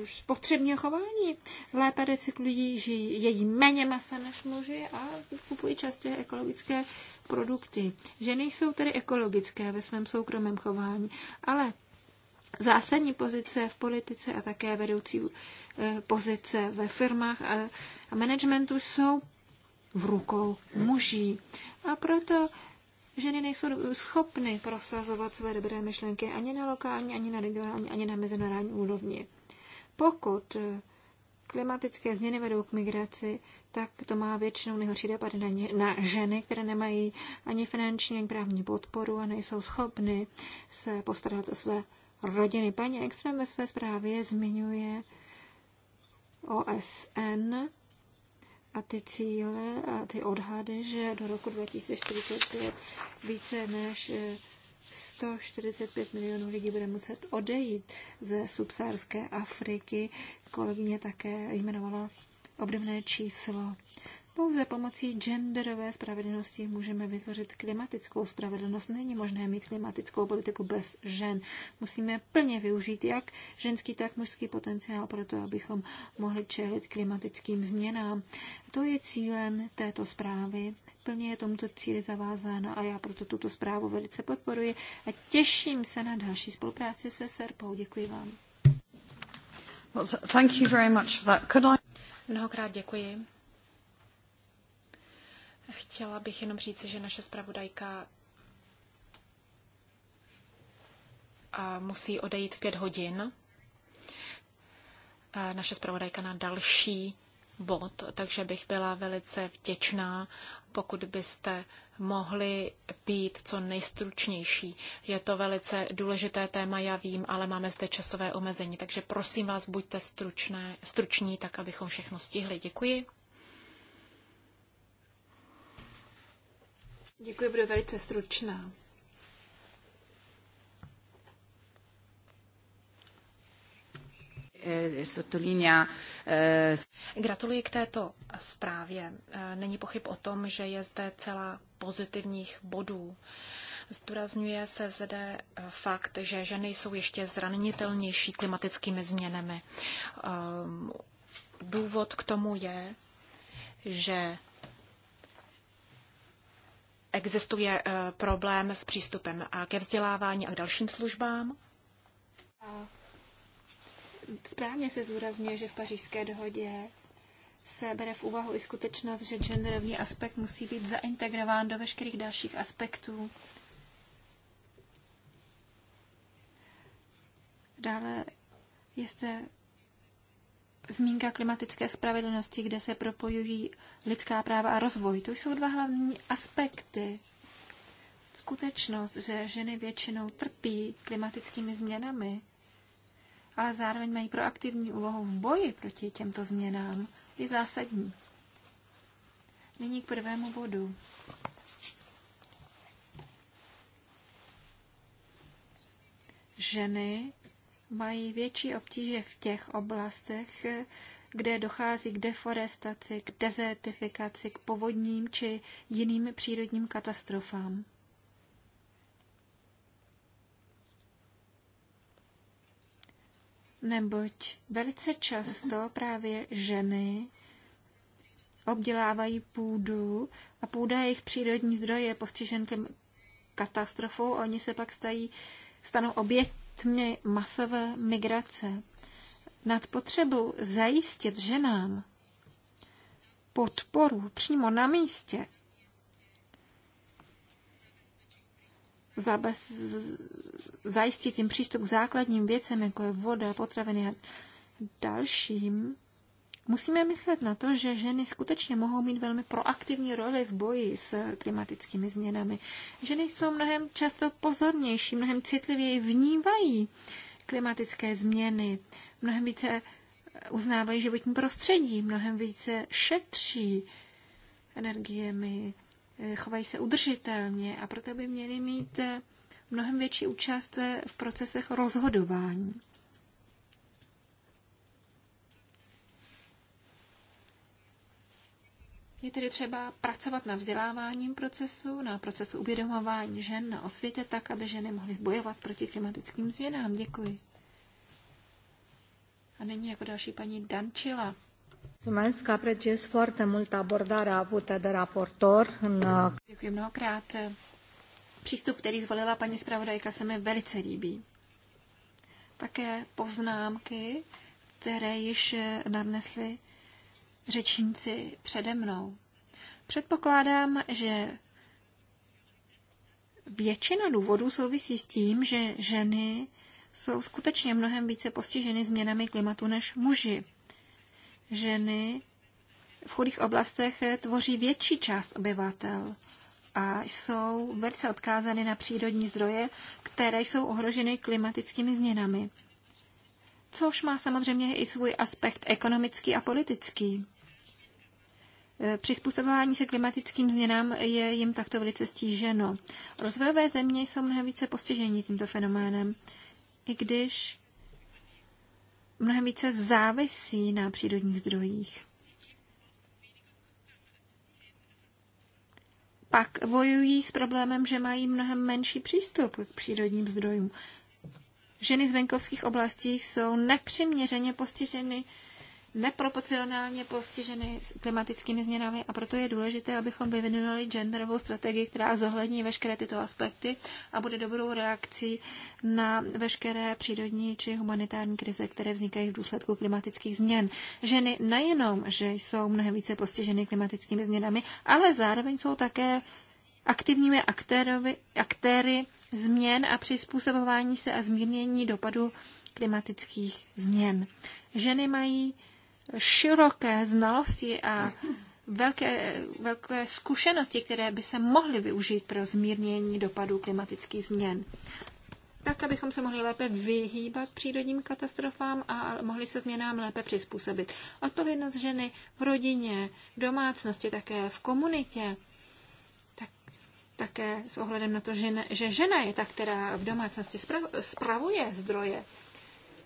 [SPEAKER 1] spotřebního chování. Lépe recyklují, žijí, jedí méně masa než muži a kupují častěji ekologické produkty. Ženy jsou tedy ekologické ve svém soukromém chování, ale zásadní pozice v politice a také vedoucí e, pozice ve firmách a managementu jsou v rukou muží. A proto ženy nejsou schopny prosazovat své dobré myšlenky ani na lokální, ani na regionální, ani na mezinárodní úrovni. Pokud eh, klimatické změny vedou k migraci, tak to má většinou nejhorší dopady na, ně, na ženy, které nemají ani finanční, ani právní podporu a nejsou schopny se postarat o své rodiny. Paní Extrém ve své zprávě zmiňuje OSN a ty cíle a ty odhady, že do roku 2045 více než 145 eh, milionů lidí bude muset odejít ze subsárské Afriky. Kolegyně také jmenovala obdobné číslo. Pouze pomocí genderové spravedlnosti můžeme vytvořit klimatickou spravedlnost. Není možné mít klimatickou politiku bez žen. Musíme plně využít jak ženský, tak mužský potenciál pro to, abychom mohli čelit klimatickým změnám. To je cílem této zprávy. Plně je tomuto cíli zavázána a já proto tuto zprávu velice podporuji a těším se na další spolupráci se Serpou. Děkuji vám. Well, thank you very much for that. Could I...
[SPEAKER 2] Mnohokrát děkuji. Chtěla bych jenom říct, že naše zpravodajka musí odejít v pět hodin. Naše zpravodajka na další bod, takže bych byla velice vděčná, pokud byste mohli být co nejstručnější. Je to velice důležité téma, já vím, ale máme zde časové omezení, takže prosím vás, buďte stručné, struční, tak abychom všechno stihli. Děkuji. Děkuji, budu velice stručná. Eh, eh, Gratuluji k této zprávě. Eh, není pochyb o tom, že je zde celá pozitivních bodů. Zdůrazňuje se zde fakt, že ženy jsou ještě zranitelnější klimatickými změnami. Ehm, důvod k tomu je, že existuje eh, problém s přístupem eh, ke vzdělávání a k dalším službám? Správně
[SPEAKER 1] se zdůrazňuje, že v pařížské dohodě se bere v úvahu i skutečnost, že genderový aspekt musí být zaintegrován do veškerých dalších aspektů. Dále je zde zmínka klimatické spravedlnosti, kde se propojují lidská práva a rozvoj. To jsou dva hlavní aspekty. Skutečnost, že ženy většinou trpí klimatickými změnami, ale zároveň mají proaktivní úlohu v boji proti těmto změnám, je zásadní. Nyní k prvému bodu. Ženy mají větší obtíže v těch oblastech, kde dochází k deforestaci, k dezertifikaci, k povodním či jiným přírodním katastrofám. Neboť velice často právě ženy obdělávají půdu a půda jejich přírodní zdroj je postižen katastrofou. Oni se pak stají, stanou oběť, tmy masové migrace, nad potřebu zajistit ženám podporu přímo na místě, zabez, zajistit jim přístup k základním věcem, jako je voda, potraviny a dalším, Musíme myslet na to, že ženy skutečně mohou mít velmi proaktivní roli v boji s klimatickými změnami. Ženy jsou mnohem často pozornější, mnohem citlivěji vnímají klimatické změny, mnohem více uznávají životní prostředí, mnohem více šetří energiemi, chovají se udržitelně a proto by měly mít mnohem větší účast v procesech rozhodování. Je tedy třeba pracovat na vzděláváním procesu, na procesu uvědomování žen na osvětě, tak, aby ženy mohly bojovat proti klimatickým změnám. Děkuji. A nyní jako další paní Dančila. Uh, Děkuji mnohokrát. Přístup, který zvolila paní zpravodajka, se mi velice líbí. Také poznámky, které již nadnesly řečníci přede mnou. Předpokládám, že většina důvodů souvisí s tím, že ženy jsou skutečně mnohem více postiženy změnami klimatu než muži. Ženy v chudých oblastech tvoří větší část obyvatel a jsou velice odkázány na přírodní zdroje, které jsou ohroženy klimatickými změnami což má samozřejmě i svůj aspekt ekonomický a politický. E, přizpůsobování se klimatickým změnám je jim takto velice stíženo. Rozvojové země jsou mnohem více postižení tímto fenoménem, i když mnohem více závisí na přírodních zdrojích. Pak bojují s problémem, že mají mnohem menší přístup k přírodním zdrojům ženy z venkovských oblastí jsou nepřiměřeně postiženy neproporcionálně postiženy klimatickými změnami a proto je důležité, abychom vyvinuli genderovou strategii, která zohlední veškeré tyto aspekty a bude dobrou reakcí na veškeré přírodní či humanitární krize, které vznikají v důsledku klimatických změn. Ženy nejenom, že jsou mnohem více postiženy klimatickými změnami, ale zároveň jsou také aktivními aktérovi, aktéry změn a přizpůsobování se a zmírnění dopadu klimatických změn. Ženy mají široké znalosti a velké, velké zkušenosti, které by se mohly využít pro zmírnění dopadů klimatických změn. Tak, abychom se mohli lépe vyhýbat přírodním katastrofám a mohli se změnám lépe přizpůsobit. Odpovědnost ženy v rodině, v domácnosti, také v komunitě také s ohledem na to, že, ne, že žena je ta, která v domácnosti spravuje zdroje.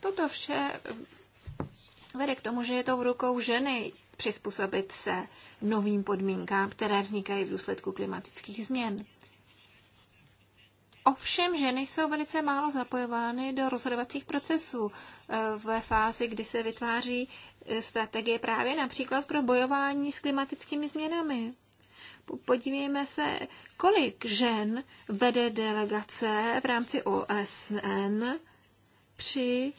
[SPEAKER 1] Toto vše vede k tomu, že je to v rukou ženy přizpůsobit se novým podmínkám, které vznikají v důsledku klimatických změn. Ovšem, ženy jsou velice málo zapojovány do rozhodovacích procesů eh, ve fázi, kdy se vytváří eh, strategie právě například pro bojování s klimatickými změnami. Podívejme se, kolik žen vede delegace v rámci OSN při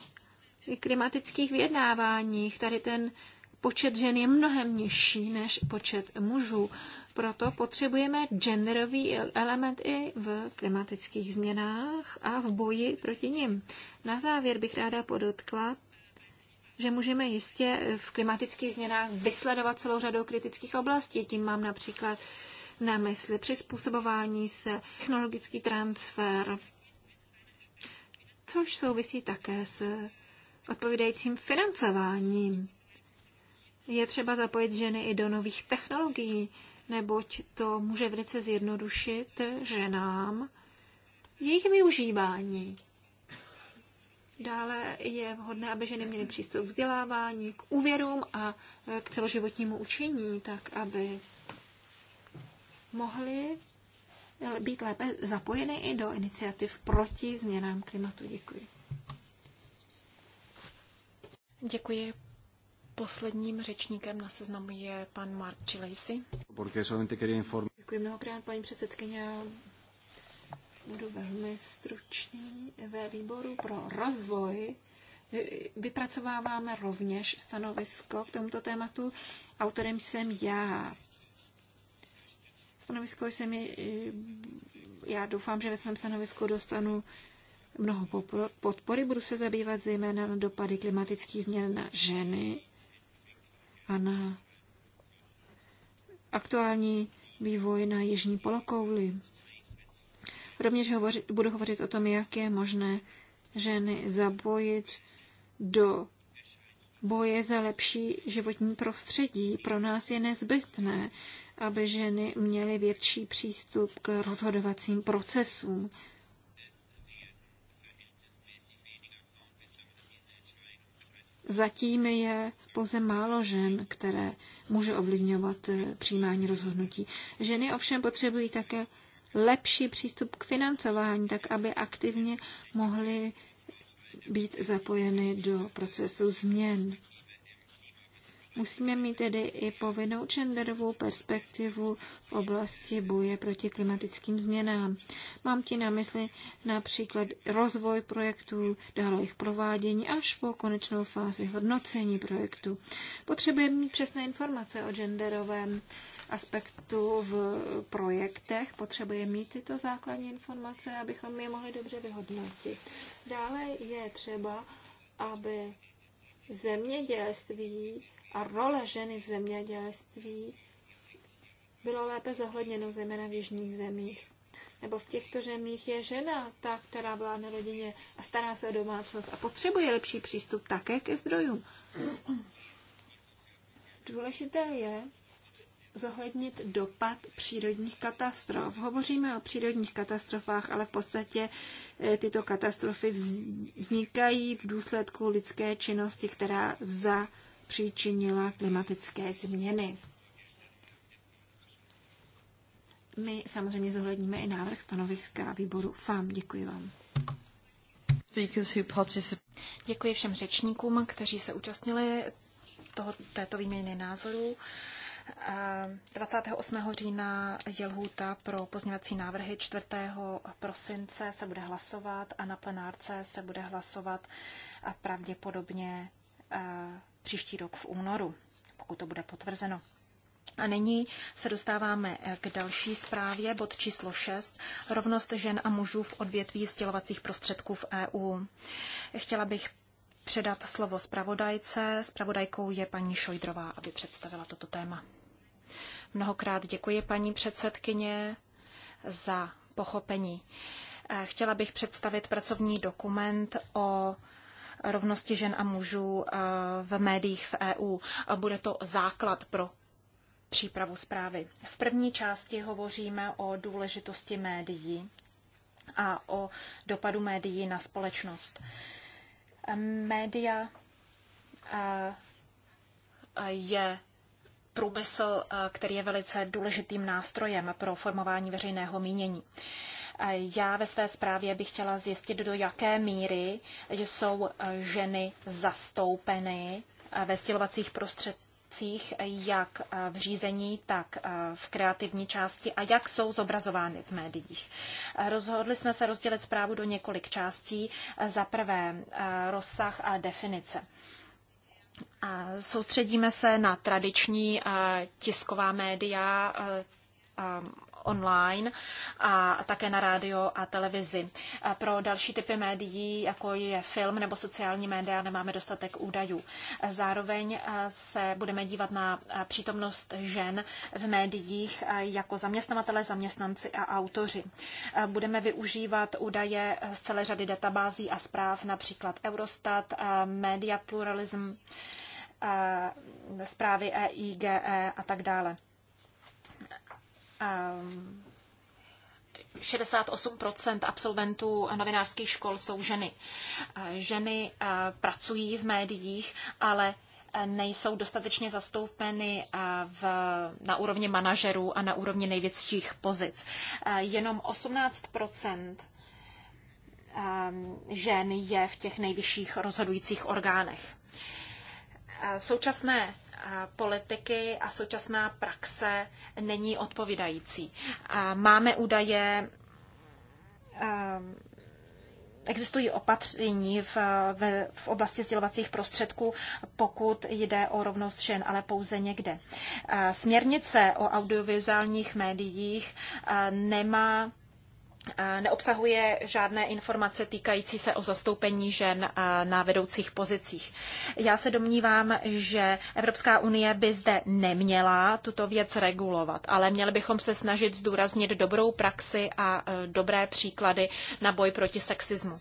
[SPEAKER 1] klimatických vyjednáváních. Tady ten počet žen je mnohem nižší než počet mužů. Proto potřebujeme genderový element i v klimatických změnách a v boji proti nim. Na závěr bych ráda podotkla, že můžeme jistě v klimatických změnách vysledovat celou řadu kritických oblastí. Tím mám například na mysli přizpůsobování se, technologický transfer, což souvisí také s odpovídajícím financováním. Je třeba zapojit ženy i do nových technologií, neboť to může velice zjednodušit ženám jejich využívání. Dále je vhodné, aby ženy měly přístup k vzdělávání, k úvěrům a e, k celoživotnímu učení, tak aby mohly e, být lépe zapojeny i do iniciativ proti
[SPEAKER 2] změnám klimatu. Děkuji. Děkuji. Posledním řečníkem na seznamu je pan Mark Chilesi. Děkuji mnohokrát, paní předsedkyně budu velmi
[SPEAKER 1] stručný. Ve výboru pro rozvoj vypracováváme rovněž stanovisko k tomuto tématu. Autorem jsem já. Stanovisko jsem, já doufám, že ve svém stanovisku dostanu mnoho podpory. Budu se zabývat zejména na dopady klimatických změn na ženy a na aktuální vývoj na jižní polokouli. Rovněž hovořit, budu hovořit o tom, jak je možné ženy zapojit do boje za lepší životní prostředí. Pro nás je nezbytné, aby ženy měly větší přístup k rozhodovacím procesům. Zatím je pouze málo žen, které může ovlivňovat eh, přijímání rozhodnutí. Ženy ovšem potřebují také lepší přístup k financování, tak aby aktivně mohly být zapojeny do procesu změn. Musíme mít tedy i povinnou genderovou perspektivu v oblasti boje proti klimatickým změnám. Mám ti na mysli například rozvoj projektů, dále jejich provádění až po konečnou fázi hodnocení projektu. Potřebujeme mít přesné informace o genderovém aspektu v projektech. Potřebuje mít tyto základní informace, abychom je mohli dobře vyhodnotit. Dále je třeba, aby zemědělství a role ženy v zemědělství bylo lépe zohledněno, zejména v jižních zemích. Nebo v těchto zemích je žena ta, která na rodině a stará se o domácnost a potřebuje lepší přístup také ke zdrojům. Důležité je, zohlednit dopad přírodních katastrof. Hovoříme o přírodních katastrofách, ale v podstatě eh, tyto katastrofy vznikají v důsledku lidské činnosti, která zapříčinila klimatické změny. My samozřejmě zohledníme i návrh stanoviska výboru FAM. Děkuji vám.
[SPEAKER 2] Děkuji všem řečníkům, kteří se účastnili toho, této výměny názorů. 28. října je lhůta pro pozměňovací návrhy. 4. prosince se bude hlasovat a na plenárce se bude hlasovat pravděpodobně eh, příští rok v únoru, pokud to bude potvrzeno. A nyní se dostáváme eh, k další zprávě, bod číslo 6, rovnost žen a mužů v odvětví sdělovacích prostředků v EU. Chtěla bych předat slovo zpravodajce. Zpravodajkou je paní Šojdrová, aby představila toto téma. Mnohokrát děkuji paní předsedkyně za pochopení. Eh, chtěla bych představit pracovní dokument o rovnosti žen a mužů eh, v médiích v EU. Bude to základ pro přípravu zprávy. V první části hovoříme o důležitosti médií a o dopadu médií na společnost. Média eh, je průmysl, eh, který je velice důležitým nástrojem pro formování veřejného mínění. Eh, já ve své zprávě bych chtěla zjistit, do jaké míry jsou eh, ženy zastoupeny ve stělovacích prostředcích, jak v řízení, tak v kreativní části a jak jsou zobrazovány v médiích. Rozhodli jsme se rozdělit zprávu do několik částí. Za prvé rozsah a definice. Soustředíme se na tradiční eh, tisková média, eh, online a také na rádio a televizi. A pro další typy médií, jako je film nebo sociální média, nemáme dostatek údajů. Zároveň se budeme dívat na přítomnost žen v médiích jako zaměstnavatele, zaměstnanci a autoři. Budeme využívat údaje z celé řady databází a zpráv, například Eurostat, Media Pluralism, zprávy EIGE e a tak dále. 68 ehm, absolventů novinářských škol jsou ženy. Eh, ženy eh, pracují v médiích, ale eh, nejsou dostatečně zastoupeny v, na úrovni manažerů a na úrovni největších pozic. Jenom 18 ehm, žen je v těch nejvyšších rozhodujících orgánech. Současné politiky a současná praxe není odpovídající. Máme údaje, ehm, existují opatření v, v, v oblasti sdělovacích prostředků, pokud jde o rovnost žen, ale pouze někde. Směrnice o audiovizuálních médiích eh, nemá neobsahuje žádné informace týkající se o zastoupení žen na vedoucích pozicích. Já se domnívám, že Evropská unie by zde neměla tuto věc regulovat, ale měli bychom se snažit zdůraznit dobrou praxi a e, dobré příklady na boj proti sexismu.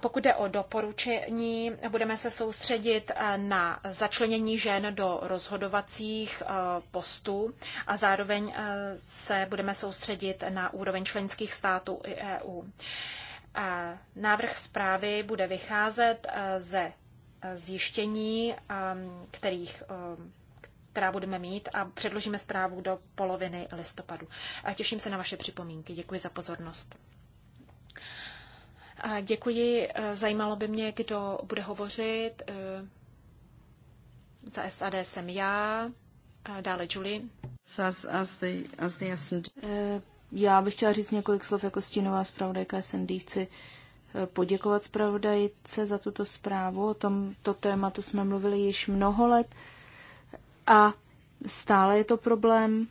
[SPEAKER 2] Pokud jde o doporučení, budeme se soustředit eh, na začlenění žen do rozhodovacích eh, postů a zároveň eh, se budeme soustředit na úroveň členských států i EU. Návrh zprávy bude vycházet ze zjištění, ehm, kterých která budeme mít a předložíme zprávu do poloviny listopadu. A těším se na vaše připomínky. Děkuji za pozornost. Děkuji. Eh, zajímalo by mě, kdo bude hovořit. Eh, za SAD jsem já, dále Julie.
[SPEAKER 3] Eh, já bych chtěla říct několik slov jako stínová zpravodajka SND. Chci poděkovat zpravodajce za tuto zprávu. O tomto tématu jsme mluvili již mnoho let a stále je to problém.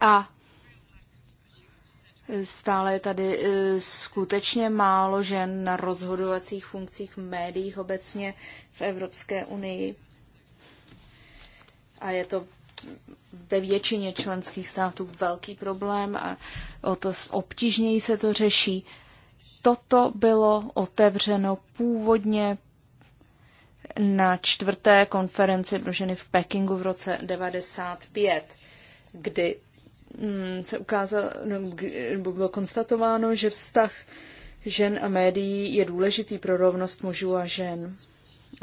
[SPEAKER 3] A Stále je tady e, skutečně málo žen na rozhodovacích funkcích v médiích obecně v Evropské unii. A je to ve většině členských států velký problém a o to obtížněji se to řeší. Toto bylo otevřeno původně na čtvrté konferenci pro ženy v Pekingu v roce 95, kdy Mm, se ukázalo, no, nebo bylo konstatováno, že vztah žen a médií je důležitý pro rovnost mužů a žen.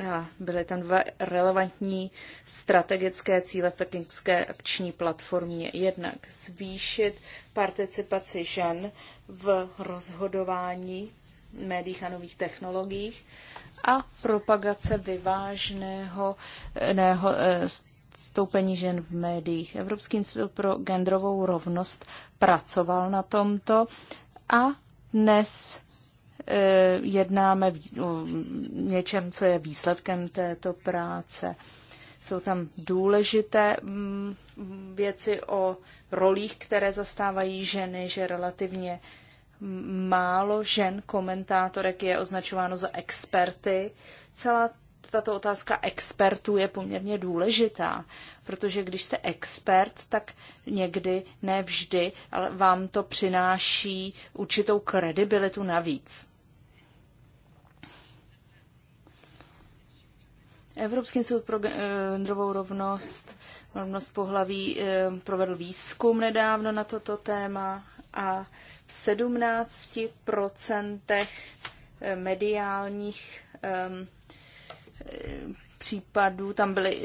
[SPEAKER 3] A byly tam dva relevantní strategické cíle v pekingské akční platformě. Jednak zvýšit participaci žen v rozhodování médiích a nových technologiích a propagace vyvážného eh, zastoupení žen v médiích. Evropský institut pro genderovou rovnost pracoval na tomto a dnes e, jednáme o něčem, co je výsledkem této práce. Jsou tam důležité mm, věci o rolích, které zastávají ženy, že relativně málo žen komentátorek je označováno za experty. Celá tato otázka expertů je poměrně důležitá, protože když jste expert, tak někdy, ne vždy, ale vám to přináší určitou kredibilitu navíc. Evropský institut pro eh, genderovou rovnost, rovnost pohlaví eh, provedl výzkum nedávno na toto téma a v 17% eh, mediálních ehm, případů tam byly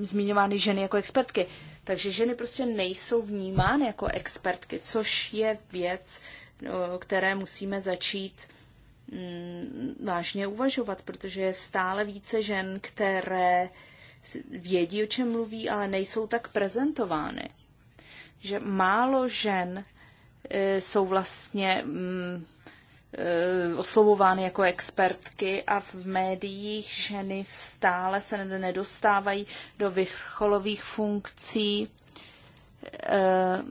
[SPEAKER 3] zmiňovány ženy jako expertky. Takže ženy prostě nejsou vnímány jako expertky, což je věc, o no, které musíme začít mm, vážně uvažovat, protože je stále více žen, které vědí, o čem mluví, ale nejsou tak prezentovány. Že málo žen e, jsou vlastně mm, Eh, oslovovány jako expertky a v médiích ženy stále se nedostávají do vrcholových funkcí eh,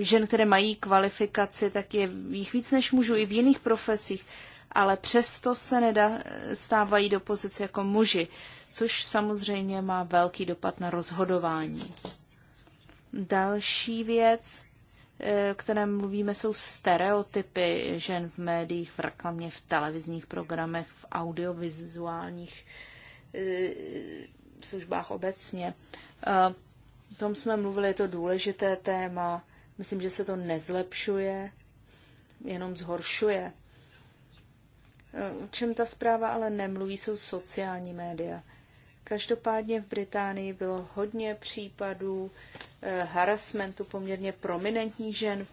[SPEAKER 3] žen, které mají kvalifikaci, tak je jich víc než mužů i v jiných profesích, ale přesto se nedá, stávají do pozice jako muži, což samozřejmě má velký dopad na rozhodování. Další věc, o eh, kterém mluvíme, jsou stereotypy žen v médiích, v reklamě, v televizních programech, v audiovizuálních eh, službách obecně. O tom jsme mluvili, je to důležité téma. Myslím, že se to nezlepšuje, jenom zhoršuje. Eh, o čem ta zpráva ale nemluví, jsou sociální média. Každopádně v Británii bylo hodně případů eh, harasmentu poměrně prominentních žen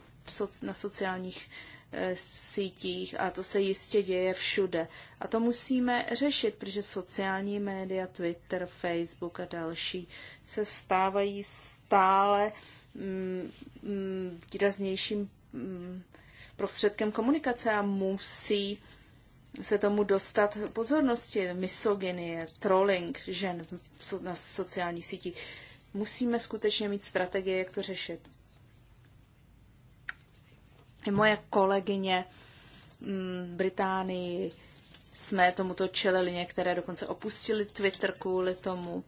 [SPEAKER 3] na sociálních eh, sítích a to se jistě děje všude. A to musíme řešit, protože sociální média, Twitter, Facebook a další se stávají stále mm, mm, výraznějším mm, prostředkem komunikace a musí se tomu dostat pozornosti, misogynie, trolling žen na sociálních sítích. Musíme skutečně mít strategie, jak to řešit. I moje kolegyně mm, v Británii jsme tomuto čelili, některé dokonce opustili Twitter kvůli tomu.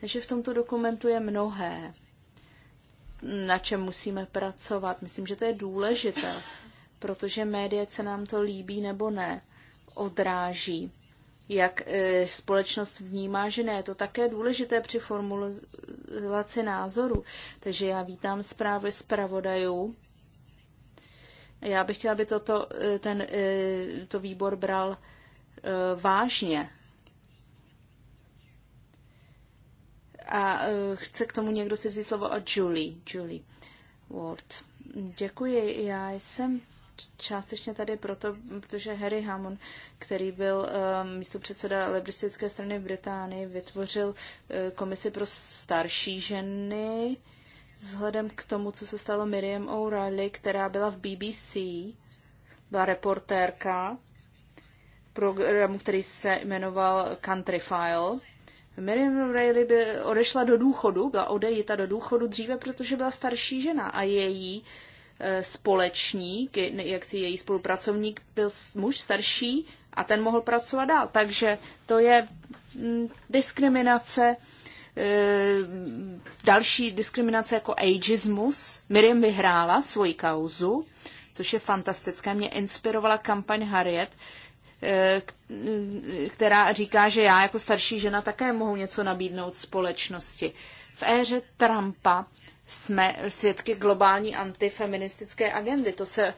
[SPEAKER 3] Takže v tomto dokumentu je mnohé, na čem musíme pracovat. Myslím, že to je důležité, protože média se nám to líbí nebo ne odráží, jak e, společnost vnímá ne. Je to také důležité při formulaci názoru. Takže já vítám zprávy zpravodajů. Já bych chtěla, aby toto, e, ten, e, to výbor bral vážně. A chce k tomu někdo si vzít slovo od Julie. Julie Ward. Děkuji, já jsem částečně tady proto, protože Harry Hammond, který byl uh, eh, místo předseda lebristické strany v Británii, vytvořil uh, komisi pro starší ženy vzhledem k tomu, co se stalo Miriam O'Reilly, která byla v BBC, byla reportérka programu, který se jmenoval Country File. Miriam O'Reilly by odešla do důchodu, byla odejita do důchodu dříve, protože byla starší žena a její uh, Eh, společník, jak si její spolupracovník byl muž starší a ten mohl pracovat dál. Takže to je mm, diskriminace, eh, další diskriminace jako ageismus. Miriam vyhrála svoji kauzu, což je fantastické. Mě inspirovala kampaň Harriet, eh, mm, která říká, že já jako starší žena také mohu něco nabídnout společnosti. V éře Trumpa jsme svědky globální antifeministické agendy. To se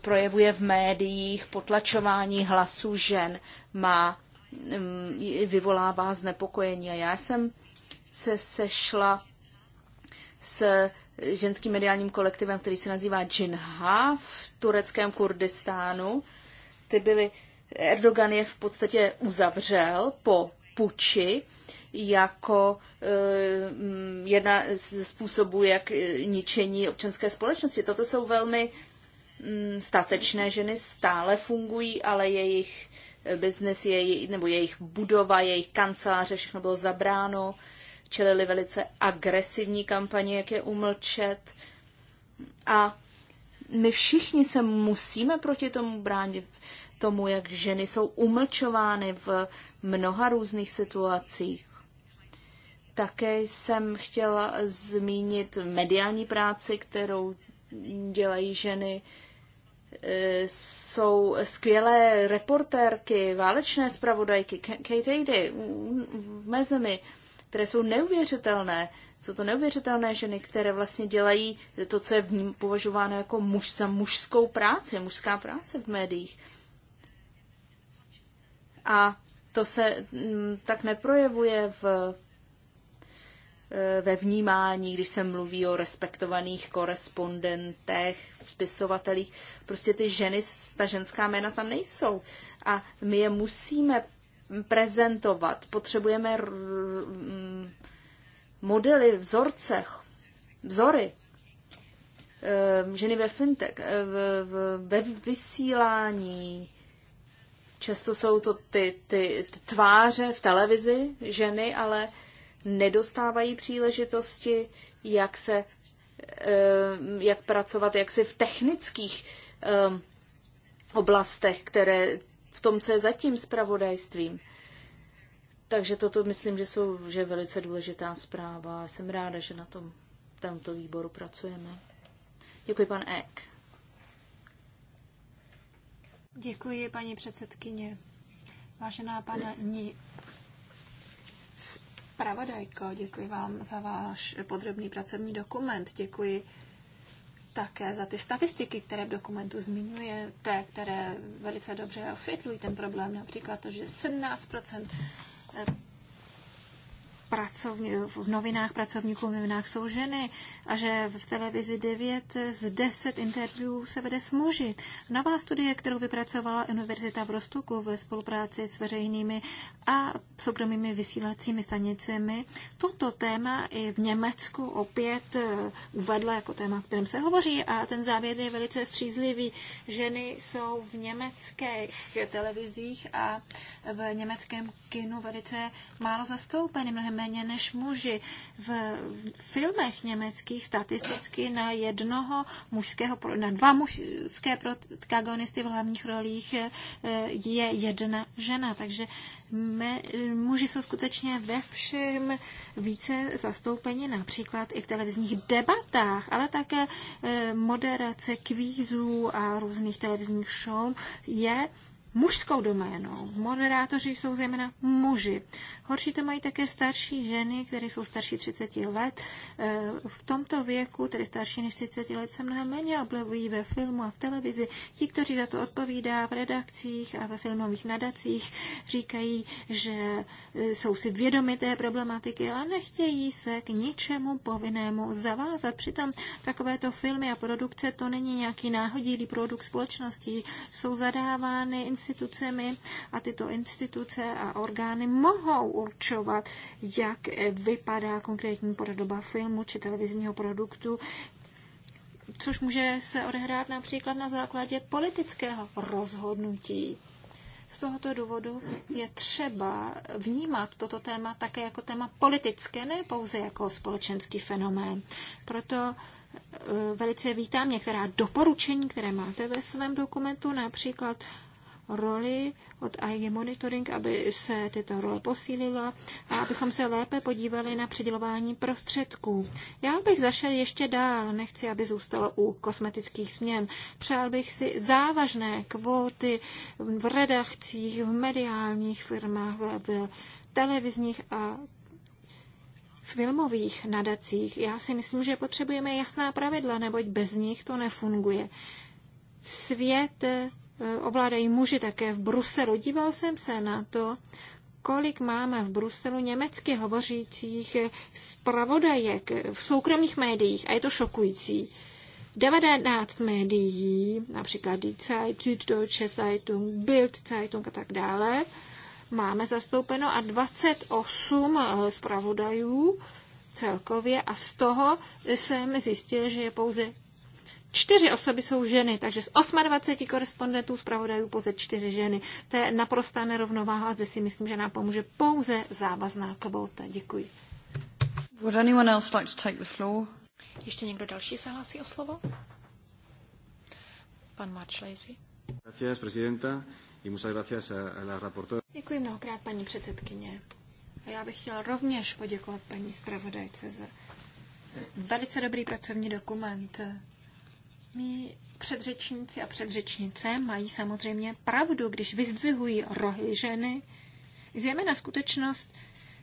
[SPEAKER 3] projevuje v médiích, potlačování hlasů žen má, mm, vyvolává znepokojení. A já jsem se sešla s ženským mediálním kolektivem, který se nazývá Jinha v tureckém Kurdistánu. Ty byly, Erdogan je v podstatě uzavřel po puči jako eh, jedna z způsobů, jak ničení občanské společnosti. Toto jsou velmi mm, statečné ženy, stále fungují, ale jejich eh, biznes, jejich, nebo jejich budova, jejich kanceláře, všechno bylo zabráno, čelili velice agresivní kampani, jak je umlčet. A my všichni se musíme proti tomu bránit, tomu, jak ženy jsou umlčovány v mnoha různých situacích. Také jsem chtěla zmínit mediální práci, kterou dělají ženy. E, jsou skvělé reportérky, válečné zpravodajky, Kate Aidy, mezemi, které jsou neuvěřitelné. Jsou to neuvěřitelné ženy, které vlastně dělají to, co je v ním považováno jako muž za mužskou práci, mužská práce v médiích. A to se mm, tak neprojevuje v Eh, ve vnímání, když se mluví o respektovaných korespondentech, spisovatelích. Prostě ty ženy, ta ženská jména tam nejsou. A my je musíme prezentovat. Potřebujeme mm, modely, vzorce, vzory. Eh, ženy ve fintech, eh, ve vysílání, často jsou to ty, ty, ty tváře v televizi ženy, ale nedostávají příležitosti, jak se eh, jak pracovat jak si v technických eh, oblastech, které v tom, co je zatím spravodajstvím. Takže toto myslím, že, jsou, že velice důležitá zpráva. Jsem ráda, že na tom tomto výboru pracujeme. Děkuji, pan Ek.
[SPEAKER 1] Děkuji, paní předsedkyně. Vážená paní Pravodajko, děkuji vám za váš podrobný pracovní dokument, děkuji také za ty statistiky, které v dokumentu zmiňujete, které velice dobře osvětlují ten problém, například to, že 17 pracovní, v novinách pracovníků v novinách jsou ženy a že v televizi 9 z 10 interviewů se vede s muži. Nová studie, kterou vypracovala Univerzita v Rostoku ve spolupráci s veřejnými a soukromými vysílacími stanicemi, toto téma i v Německu opět eh, uvedla jako téma, o kterém se hovoří a ten závěr je velice střízlivý. Ženy jsou v německých televizích a v německém kinu velice málo zastoupeny, mnohem méně než muži. V filmech německých statisticky na jednoho mužského, na dva mužské protagonisty v hlavních rolích eh, je jedna žena. Takže me, muži jsou skutečně ve všem více zastoupeni, například i v televizních debatách, ale také eh, moderace kvízů a různých televizních show je mužskou doménou. Moderátoři jsou zejména muži. Horší to mají také starší ženy, které jsou starší 30 let. E, v tomto věku, tedy starší než 30 let, se mnohem méně oblevují ve filmu a v televizi. Ti, kteří za to odpovídá v redakcích a ve filmových nadacích, říkají, že e, jsou si vědomi té problematiky, ale nechtějí se k ničemu povinnému zavázat. Přitom takovéto filmy a produkce to není nějaký náhodilý produkt společnosti, jsou zadávány institucemi a tyto instituce a orgány mohou určovat, jak vypadá konkrétní podoba filmu či televizního produktu, což může se odehrát například na základě politického rozhodnutí. Z tohoto důvodu je třeba vnímat toto téma také jako téma politické, ne pouze jako společenský fenomén. Proto e, velice vítám některá doporučení, které máte ve svém dokumentu, například roli od IG Monitoring, aby se tyto role posílila a abychom se lépe podívali na přidělování prostředků. Já bych zašel ještě dál, nechci, aby zůstalo u kosmetických změn. Přál bych si závažné kvóty v redakcích, v mediálních firmách, v televizních a filmových nadacích. Já si myslím, že potřebujeme jasná pravidla, neboť bez nich to nefunguje. Svět Eh, ovládají muži také v Bruselu. Díval jsem se na to, kolik máme v Bruselu německy hovořících eh, zpravodajek eh, v soukromých médiích a je to šokující. 19 médií, například Die Zeit, Süddeutsche Zeitung, Bild Zeitung a tak dále, máme zastoupeno a 28 zpravodajů celkově a z toho jsem zjistil, že je pouze čtyři osoby jsou ženy, takže z 28 korespondentů zpravodajů pouze čtyři ženy. To je naprostá nerovnováha a zde si myslím, že nám pomůže pouze závazná kvota.
[SPEAKER 2] Děkuji. Would anyone else like to take the floor? Ještě někdo další se hlásí o slovo? Pan Marčlejzi. Gracias, presidenta, y muchas gracias a la rapportora.
[SPEAKER 1] Děkuji mnohokrát, paní předsedkyně. A já bych chtěl rovněž poděkovat paní zpravodajce za velice dobrý pracovní dokument. Mí předřečníci a předřečnice mají samozřejmě pravdu, když vyzdvihují rohy ženy, Zjeme na skutečnost,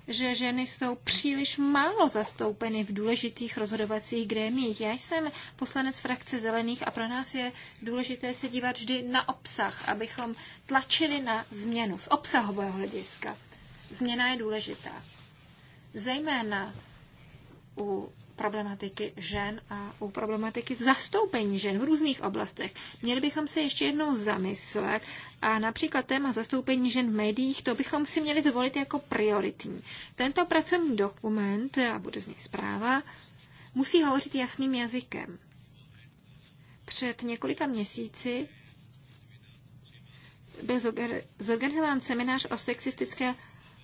[SPEAKER 1] že ženy jsou příliš málo zastoupeny v důležitých rozhodovacích grémích. Já jsem poslanec frakce Zelených a pro nás je důležité se dívat vždy na obsah, abychom tlačili na změnu z obsahového hlediska. Změna je důležitá. Zejména u problematiky žen a u problematiky zastoupení žen v různých oblastech. Měli bychom se ještě jednou zamyslet a například téma zastoupení žen v médiích, to bychom si měli zvolit jako prioritní. Tento pracovní dokument, a bude z něj zpráva, musí hovořit jasným jazykem. Před několika měsíci byl zorganizován seminář o sexistické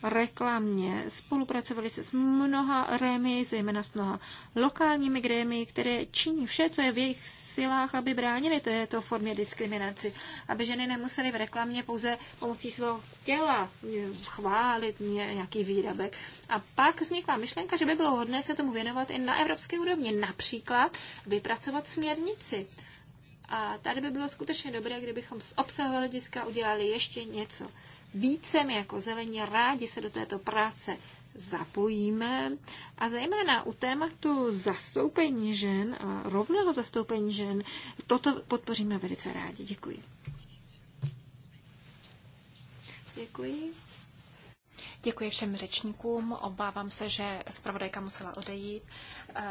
[SPEAKER 1] Reklamně Spolupracovali se s mnoha rémy, zejména s mnoha lokálními grémy, které činí vše, co je v jejich silách, aby bránili to je to formě diskriminaci. Aby ženy nemusely v reklamě pouze pomocí svého těla eh, chválit nějaký výrobek. A pak vznikla myšlenka, že by bylo hodné se tomu věnovat i na evropské úrovni. Například vypracovat směrnici. A tady by bylo skutečně dobré, kdybychom z obsahového hlediska udělali ještě něco více my jako zelení rádi se do této práce zapojíme a zejména u tématu zastoupení žen a rovného zastoupení žen toto podpoříme velice rádi. Děkuji.
[SPEAKER 2] Děkuji. Děkuji všem řečníkům. Obávám se, že zpravodajka musela odejít. Eh,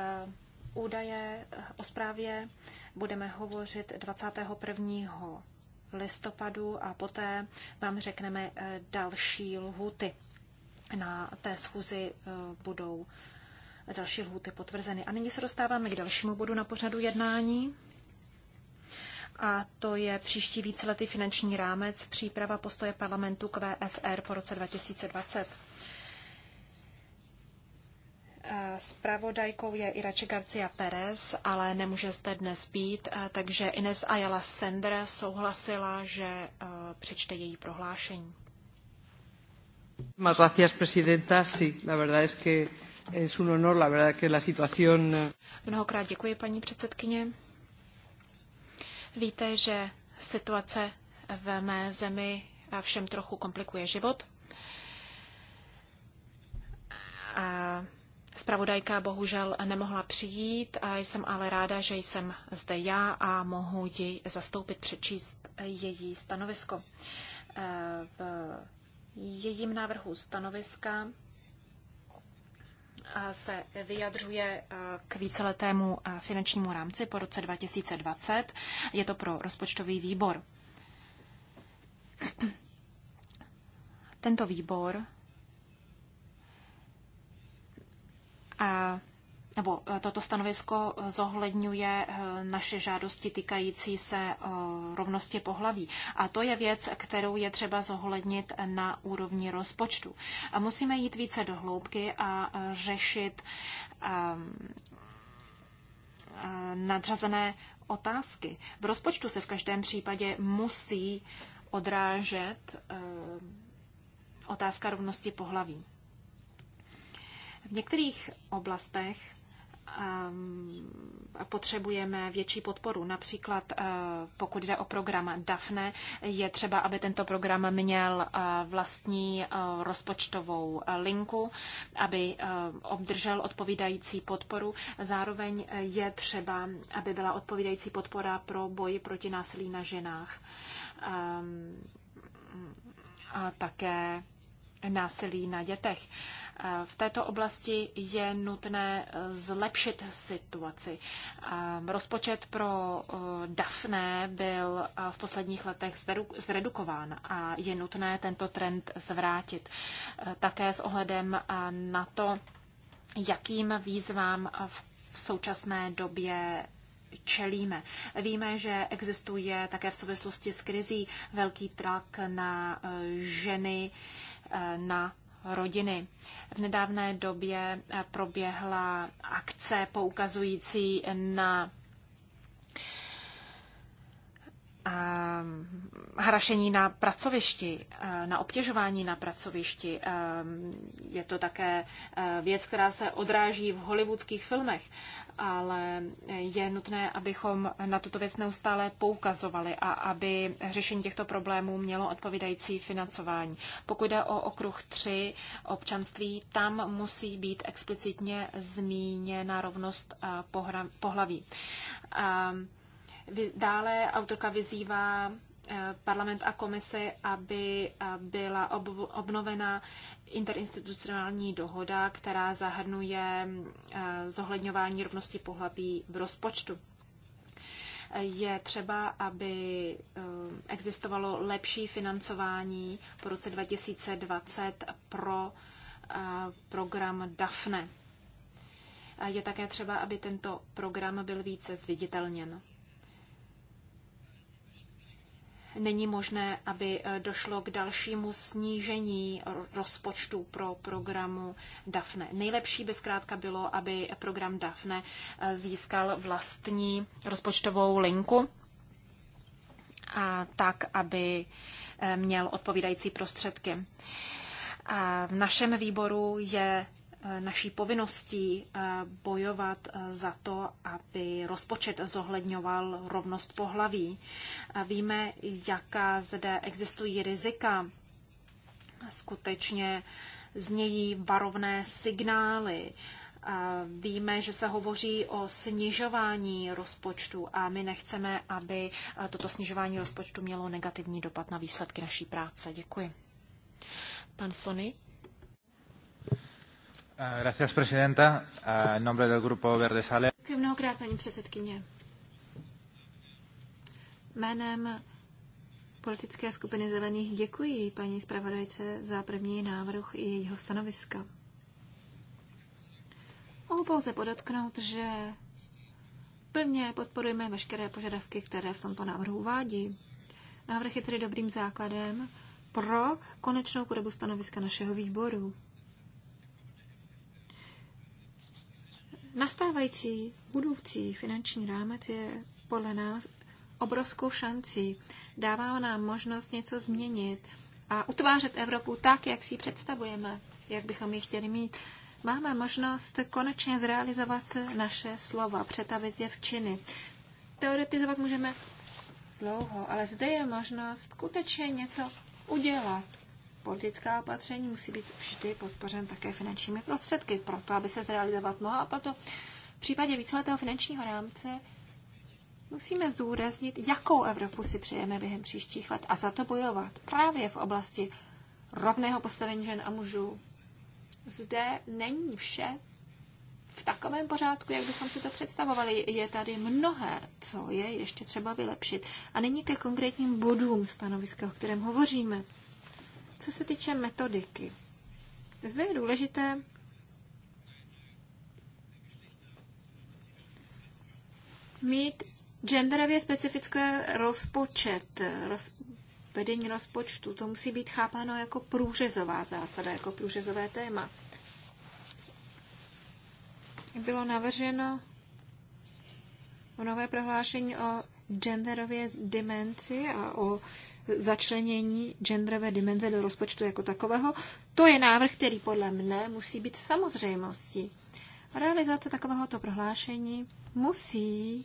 [SPEAKER 2] údaje o zprávě budeme hovořit 21 listopadu a poté vám řekneme eh, další lhuty. Na té schůzi eh, budou další lhuty potvrzeny. A nyní se dostáváme k dalšímu bodu na pořadu jednání. A to je příští víceletý finanční rámec, příprava postoje parlamentu k VFR po roce 2020. Eh, spravodajkou je Irače Garcia Perez, ale nemůže zde dnes být, eh, takže Ines Ayala Sender souhlasila, že eh, přečte její prohlášení.
[SPEAKER 3] Gracias, presidenta. Sí, la verdad es que es un honor, la verdad que la situación...
[SPEAKER 2] Mnohokrát děkuji, paní předsedkyně. Víte, že situace v mé zemi všem trochu komplikuje život. A Spravodajka bohužel nemohla přijít, a jsem ale ráda, že jsem zde já a mohu ji zastoupit, přečíst její stanovisko. Eh, v jejím návrhu stanoviska eh, se vyjadřuje eh, k víceletému finančnímu rámci po roce 2020. Je to pro rozpočtový výbor. Tento výbor nebo eh, toto stanovisko zohledňuje eh, naše žádosti týkající se eh, rovnosti pohlaví. A to je věc, kterou je třeba zohlednit na úrovni rozpočtu. A musíme jít více do hloubky a řešit ehm, nadřazené otázky. V rozpočtu se v každém případě musí odrážet otázka rovnosti pohlaví. V některých oblastech ehm, potřebujeme větší podporu. Například eh, pokud jde o program DAFNE, je třeba, aby tento program měl eh, vlastní eh, rozpočtovou linku, aby obdržel odpovídající podporu. Zároveň je třeba, aby byla odpovídající podpora pro boj proti násilí na ženách. Ehm, a také násilí na dětech. V této oblasti je nutné e, zlepšit situaci. Rozpočet pro e, DAFNE byl e, v posledních letech zredukován a je nutné tento trend zvrátit. Také s ohledem na to, jakým výzvám v současné době čelíme. Víme, že existuje také v souvislosti s krizí velký trak na ženy, Eh, na rodiny. V nedávné době eh, proběhla akce poukazující na hrašení na pracovišti, na obtěžování na pracovišti. Je to také věc, která se odráží v hollywoodských filmech, ale je nutné, abychom na tuto věc neustále poukazovali a aby řešení těchto problémů mělo odpovídající financování. Pokud jde o okruh 3 občanství, tam musí být explicitně zmíněna rovnost pohlaví. Dále autorka vyzývá eh, parlament a komisi, aby eh, byla obnovena interinstitucionální dohoda, která zahrnuje eh, zohledňování rovnosti pohlaví v rozpočtu. Je třeba, aby existovalo lepší financování po roce 2020 pro program DAFNE. Je také třeba, aby tento program byl více zviditelněn není možné, aby eh, došlo k dalšímu snížení rozpočtu pro programu DAFNE. Nejlepší by zkrátka bylo, aby program DAFNE eh, získal vlastní rozpočtovou linku, a tak, aby eh, měl odpovídající prostředky. A v našem výboru je Eh, naší povinností eh, bojovat eh, za to, aby rozpočet zohledňoval rovnost pohlaví. Víme, jaká zde existují rizika. Skutečně znějí varovné signály. Víme, že se hovoří o snižování rozpočtu a my nechceme, aby toto snižování rozpočtu mělo negativní dopad na výsledky naší práce. Děkuji. Pan Sony?
[SPEAKER 1] Eh, gracias, presidenta. Eh, en nombre del grupo Verde Sale.
[SPEAKER 2] Děkuji mnohokrát, paní předsedkyně.
[SPEAKER 1] Jménem politické skupiny zelených děkuji paní zpravodajce za první návrh i jejího stanoviska. Mohu pouze podotknout, že plně podporujeme veškeré požadavky, které v tomto návrhu uvádí. Návrh je tedy dobrým základem pro konečnou podobu stanoviska našeho výboru. Nastávající budoucí finanční rámec je podle nás obrovskou šancí. Dává nám možnost něco změnit a utvářet Evropu tak, jak si ji představujeme, jak bychom ji chtěli mít. Máme možnost konečně zrealizovat naše slova, přetavit je v činy. Teoretizovat můžeme dlouho, ale zde je možnost skutečně něco udělat politická opatření musí být vždy podpořen také finančními prostředky, proto aby se zrealizovat mohla. A proto v případě víceletého finančního rámce musíme zdůraznit, jakou Evropu si přejeme během příštích let a za to bojovat právě v oblasti rovného postavení žen a mužů. Zde není vše v takovém pořádku, jak bychom si to představovali. Je tady mnohé, co je ještě třeba vylepšit. A není ke konkrétním bodům stanoviska, o kterém hovoříme. Co se týče metodiky, zde je důležité mít genderově specifické rozpočet, roz, vedení rozpočtu. To musí být chápáno jako průřezová zásada, jako průřezové téma. Bylo navrženo nové prohlášení o genderově dimenzi a o začlenění genderové dimenze do rozpočtu jako takového. To je návrh, který podle mne musí být samozřejmostí. Realizace takovéhoto prohlášení musí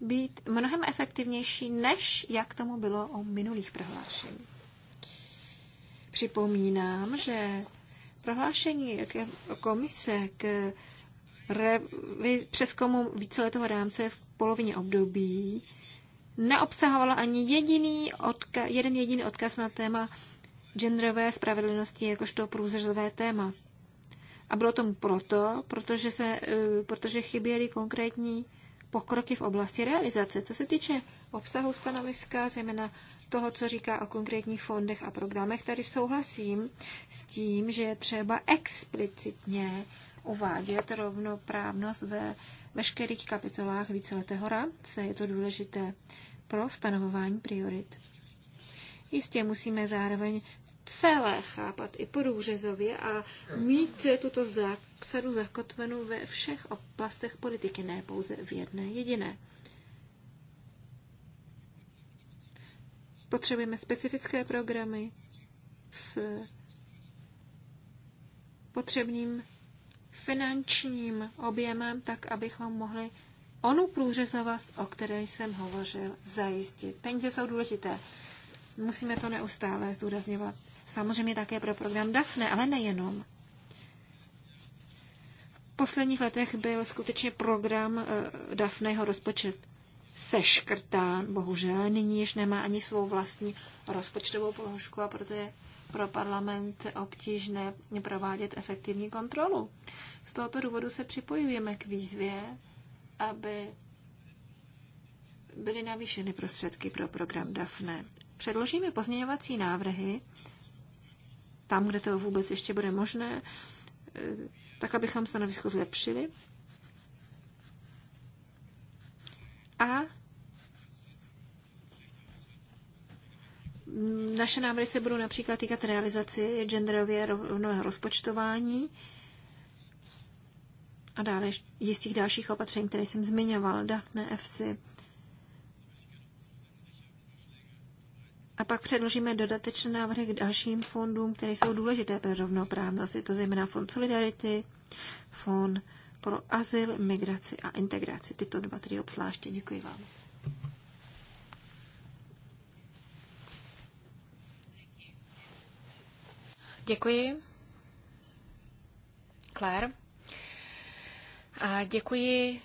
[SPEAKER 1] být mnohem efektivnější, než jak tomu bylo o minulých prohlášení. Připomínám, že prohlášení komise k přeskomu víceletého rámce v polovině období neobsahovala ani jediný odka- jeden jediný odkaz na téma genderové spravedlnosti jakožto průřezové téma. A bylo tomu proto, protože, se, eh, protože chyběly konkrétní pokroky v oblasti realizace. Co se týče obsahu stanoviska, zejména toho, co říká o konkrétních fondech a programech, tady souhlasím s tím, že je třeba explicitně uvádět rovnoprávnost ve veškerých kapitolách víceletého rámce. Je to důležité pro stanovování priorit. Jistě musíme zároveň celé chápat i průřezově a mít tuto zásadu zakotvenou ve všech oblastech politiky, ne pouze v jedné jediné. Potřebujeme specifické programy s potřebným finančním objemem, tak abychom mohli onu průřezovost, o které jsem hovořil, zajistit. Peníze jsou důležité. Musíme to neustále zdůrazňovat samozřejmě také pro program DAFNE, ale nejenom. V posledních letech byl skutečně program eh, DAFNEho rozpočet seškrtán, bohužel nyní již nemá ani svou vlastní rozpočtovou položku a proto je pro parlament obtížné provádět efektivní kontrolu. Z tohoto důvodu se připojujeme k výzvě, aby byly navýšeny prostředky pro program DAFNE. Předložíme pozměňovací návrhy, tam, kde to vůbec ještě bude možné, eh, tak abychom stanovisko zlepšili. A naše návrhy se budou například týkat realizaci genderově rovného rozpočtování a dále jistých dalších opatření, které jsem zmiňoval, DAFNE, EFSI, A pak předložíme dodatečné návrhy k dalším fondům, které jsou důležité pro rovnoprávnost. Je to zejména Fond Solidarity, Fond pro azyl, migraci a integraci. Tyto dva tedy obzvláště.
[SPEAKER 2] Děkuji vám. Děkuji. Claire. A děkuji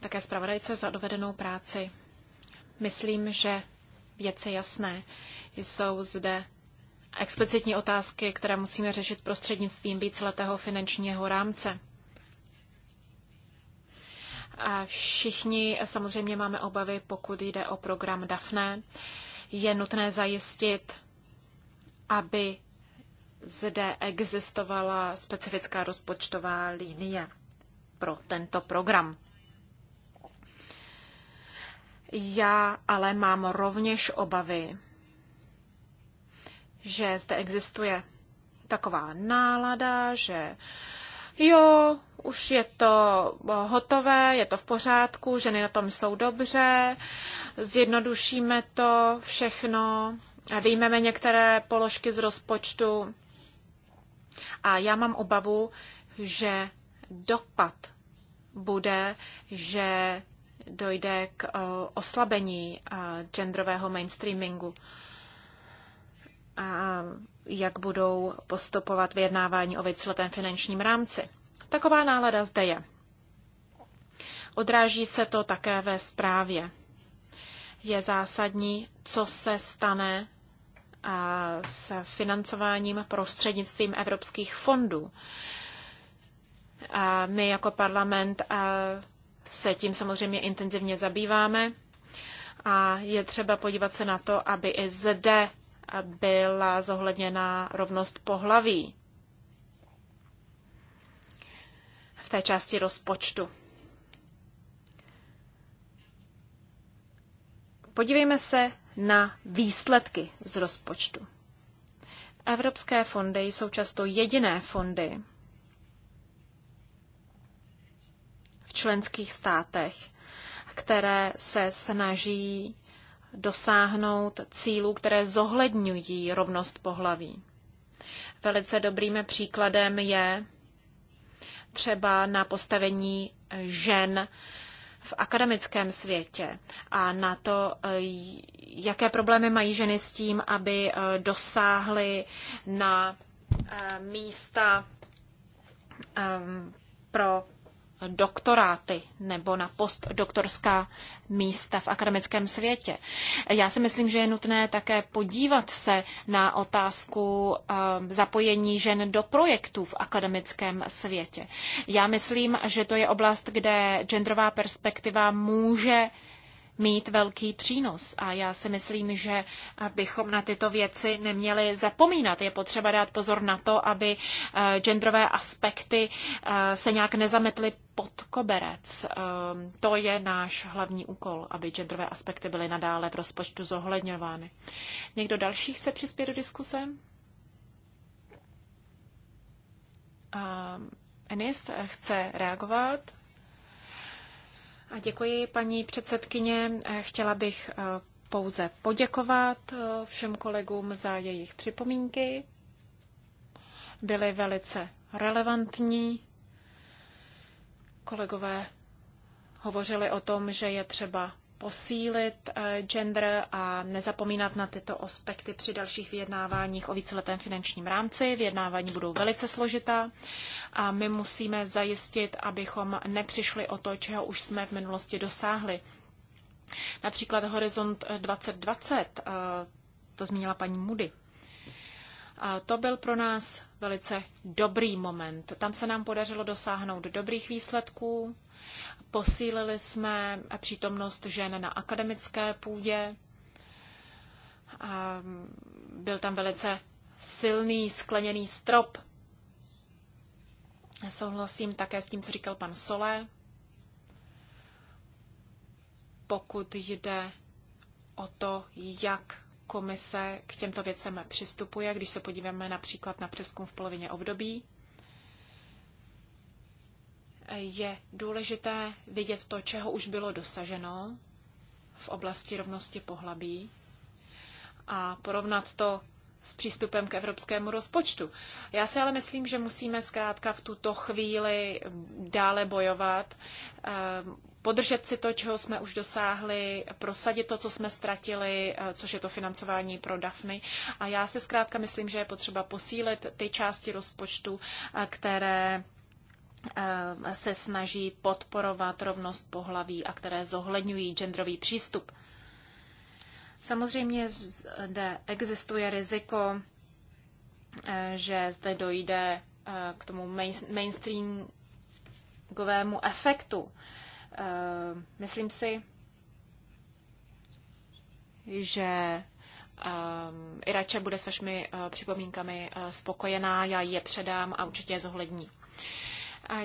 [SPEAKER 2] také zpravodajce za dovedenou práci. Myslím, že věci jasné. Jsou zde explicitní otázky, které musíme řešit prostřednictvím víceletého finančního rámce. A všichni samozřejmě máme obavy, pokud jde o program DAFNE. Je nutné zajistit, aby zde existovala specifická rozpočtová linie pro tento program. Já ale mám rovněž obavy, že zde existuje taková nálada, že jo, už je to hotové, je to v pořádku, ženy na tom jsou dobře, zjednodušíme to všechno, vyjmeme některé položky z rozpočtu. A já mám obavu, že dopad bude, že dojde k eh, oslabení eh, genderového mainstreamingu. A eh, jak budou postupovat vyjednávání o víceletém finančním rámci. Taková nálada zde je. Odráží se to také ve zprávě. Je zásadní, co se stane s financováním prostřednictvím evropských fondů. A my jako parlament se tím samozřejmě intenzivně zabýváme a je třeba podívat se na to, aby i zde byla zohledněna rovnost pohlaví v té části rozpočtu. Podívejme se na výsledky z rozpočtu. Evropské fondy jsou často jediné fondy, členských státech, které se snaží dosáhnout cílů, které zohledňují rovnost pohlaví. Velice dobrým příkladem je třeba na postavení žen v akademickém světě a na to, jaké problémy mají ženy s tím, aby eh, dosáhly na eh, místa eh, pro doktoráty nebo na postdoktorská místa v akademickém světě. Já si myslím, že je nutné také podívat se na otázku eh, zapojení žen do projektů v akademickém světě. Já myslím, že to je oblast, kde genderová perspektiva může mít velký přínos. A já si myslím, že bychom na tyto věci neměli zapomínat. Je potřeba dát pozor na to, aby eh, genderové aspekty eh, se nějak nezametly pod koberec. Eh, to je náš hlavní úkol, aby genderové aspekty byly nadále v rozpočtu zohledňovány. Někdo další chce přispět do diskuse? Enis chce reagovat děkuji, paní předsedkyně. Eh, chtěla bych eh, pouze poděkovat eh, všem kolegům za jejich připomínky. Byly velice relevantní. Kolegové hovořili o tom, že je třeba posílit eh, gender a nezapomínat na tyto aspekty při dalších vyjednáváních o víceletém finančním rámci. Vyjednávání budou velice složitá a my musíme zajistit, abychom nepřišli o to, čeho už jsme v minulosti dosáhli. Například Horizont 2020, eh, to zmínila paní Mudy. A to byl pro nás velice dobrý moment. Tam se nám podařilo dosáhnout dobrých výsledků, Posílili jsme přítomnost žen na akademické půdě. Ehm, byl tam velice silný skleněný strop. Souhlasím také s tím, co říkal pan Solé. Pokud jde o to, jak komise k těmto věcem přistupuje, když se podíváme například na přeskum v polovině období, je důležité vidět to, čeho už bylo dosaženo v oblasti rovnosti pohlaví a porovnat to s přístupem k evropskému rozpočtu. Já si ale myslím, že musíme zkrátka v tuto chvíli dále bojovat, eh, podržet si to, čeho jsme už dosáhli, prosadit to, co jsme ztratili, eh, což je to financování pro DAFNY. A já si zkrátka myslím, že je potřeba posílit ty části rozpočtu, eh, které Eh, se snaží podporovat rovnost pohlaví a které zohledňují genderový přístup. Samozřejmě zde existuje riziko, eh, že zde dojde eh, k tomu mainstreamovému efektu. Myslím si, že Irače bude s vašimi připomínkami spokojená, já je předám a určitě je zohlední.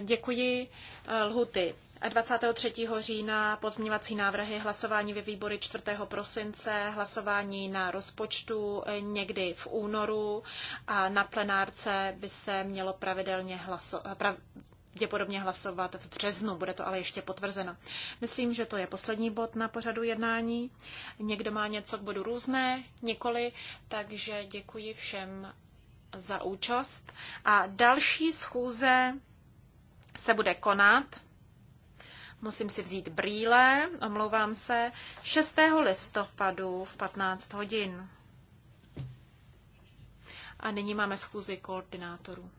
[SPEAKER 2] Děkuji. Eh, lhuty 23. října, pozměňovací návrhy, hlasování ve výbory 4. prosince, hlasování na rozpočtu eh, někdy v únoru a na plenárce by se mělo pravidelně hlasovat. Prav eh, pravděpodobně hlasovat v březnu, bude to ale ještě potvrzeno. Myslím, že to je poslední bod na pořadu jednání. Někdo má něco k bodu různé, nikoli, takže děkuji všem za účast. A další schůze se bude konat. Musím si vzít brýle, omlouvám se, 6. listopadu v 15 hodin. A nyní máme schůzi koordinátorů.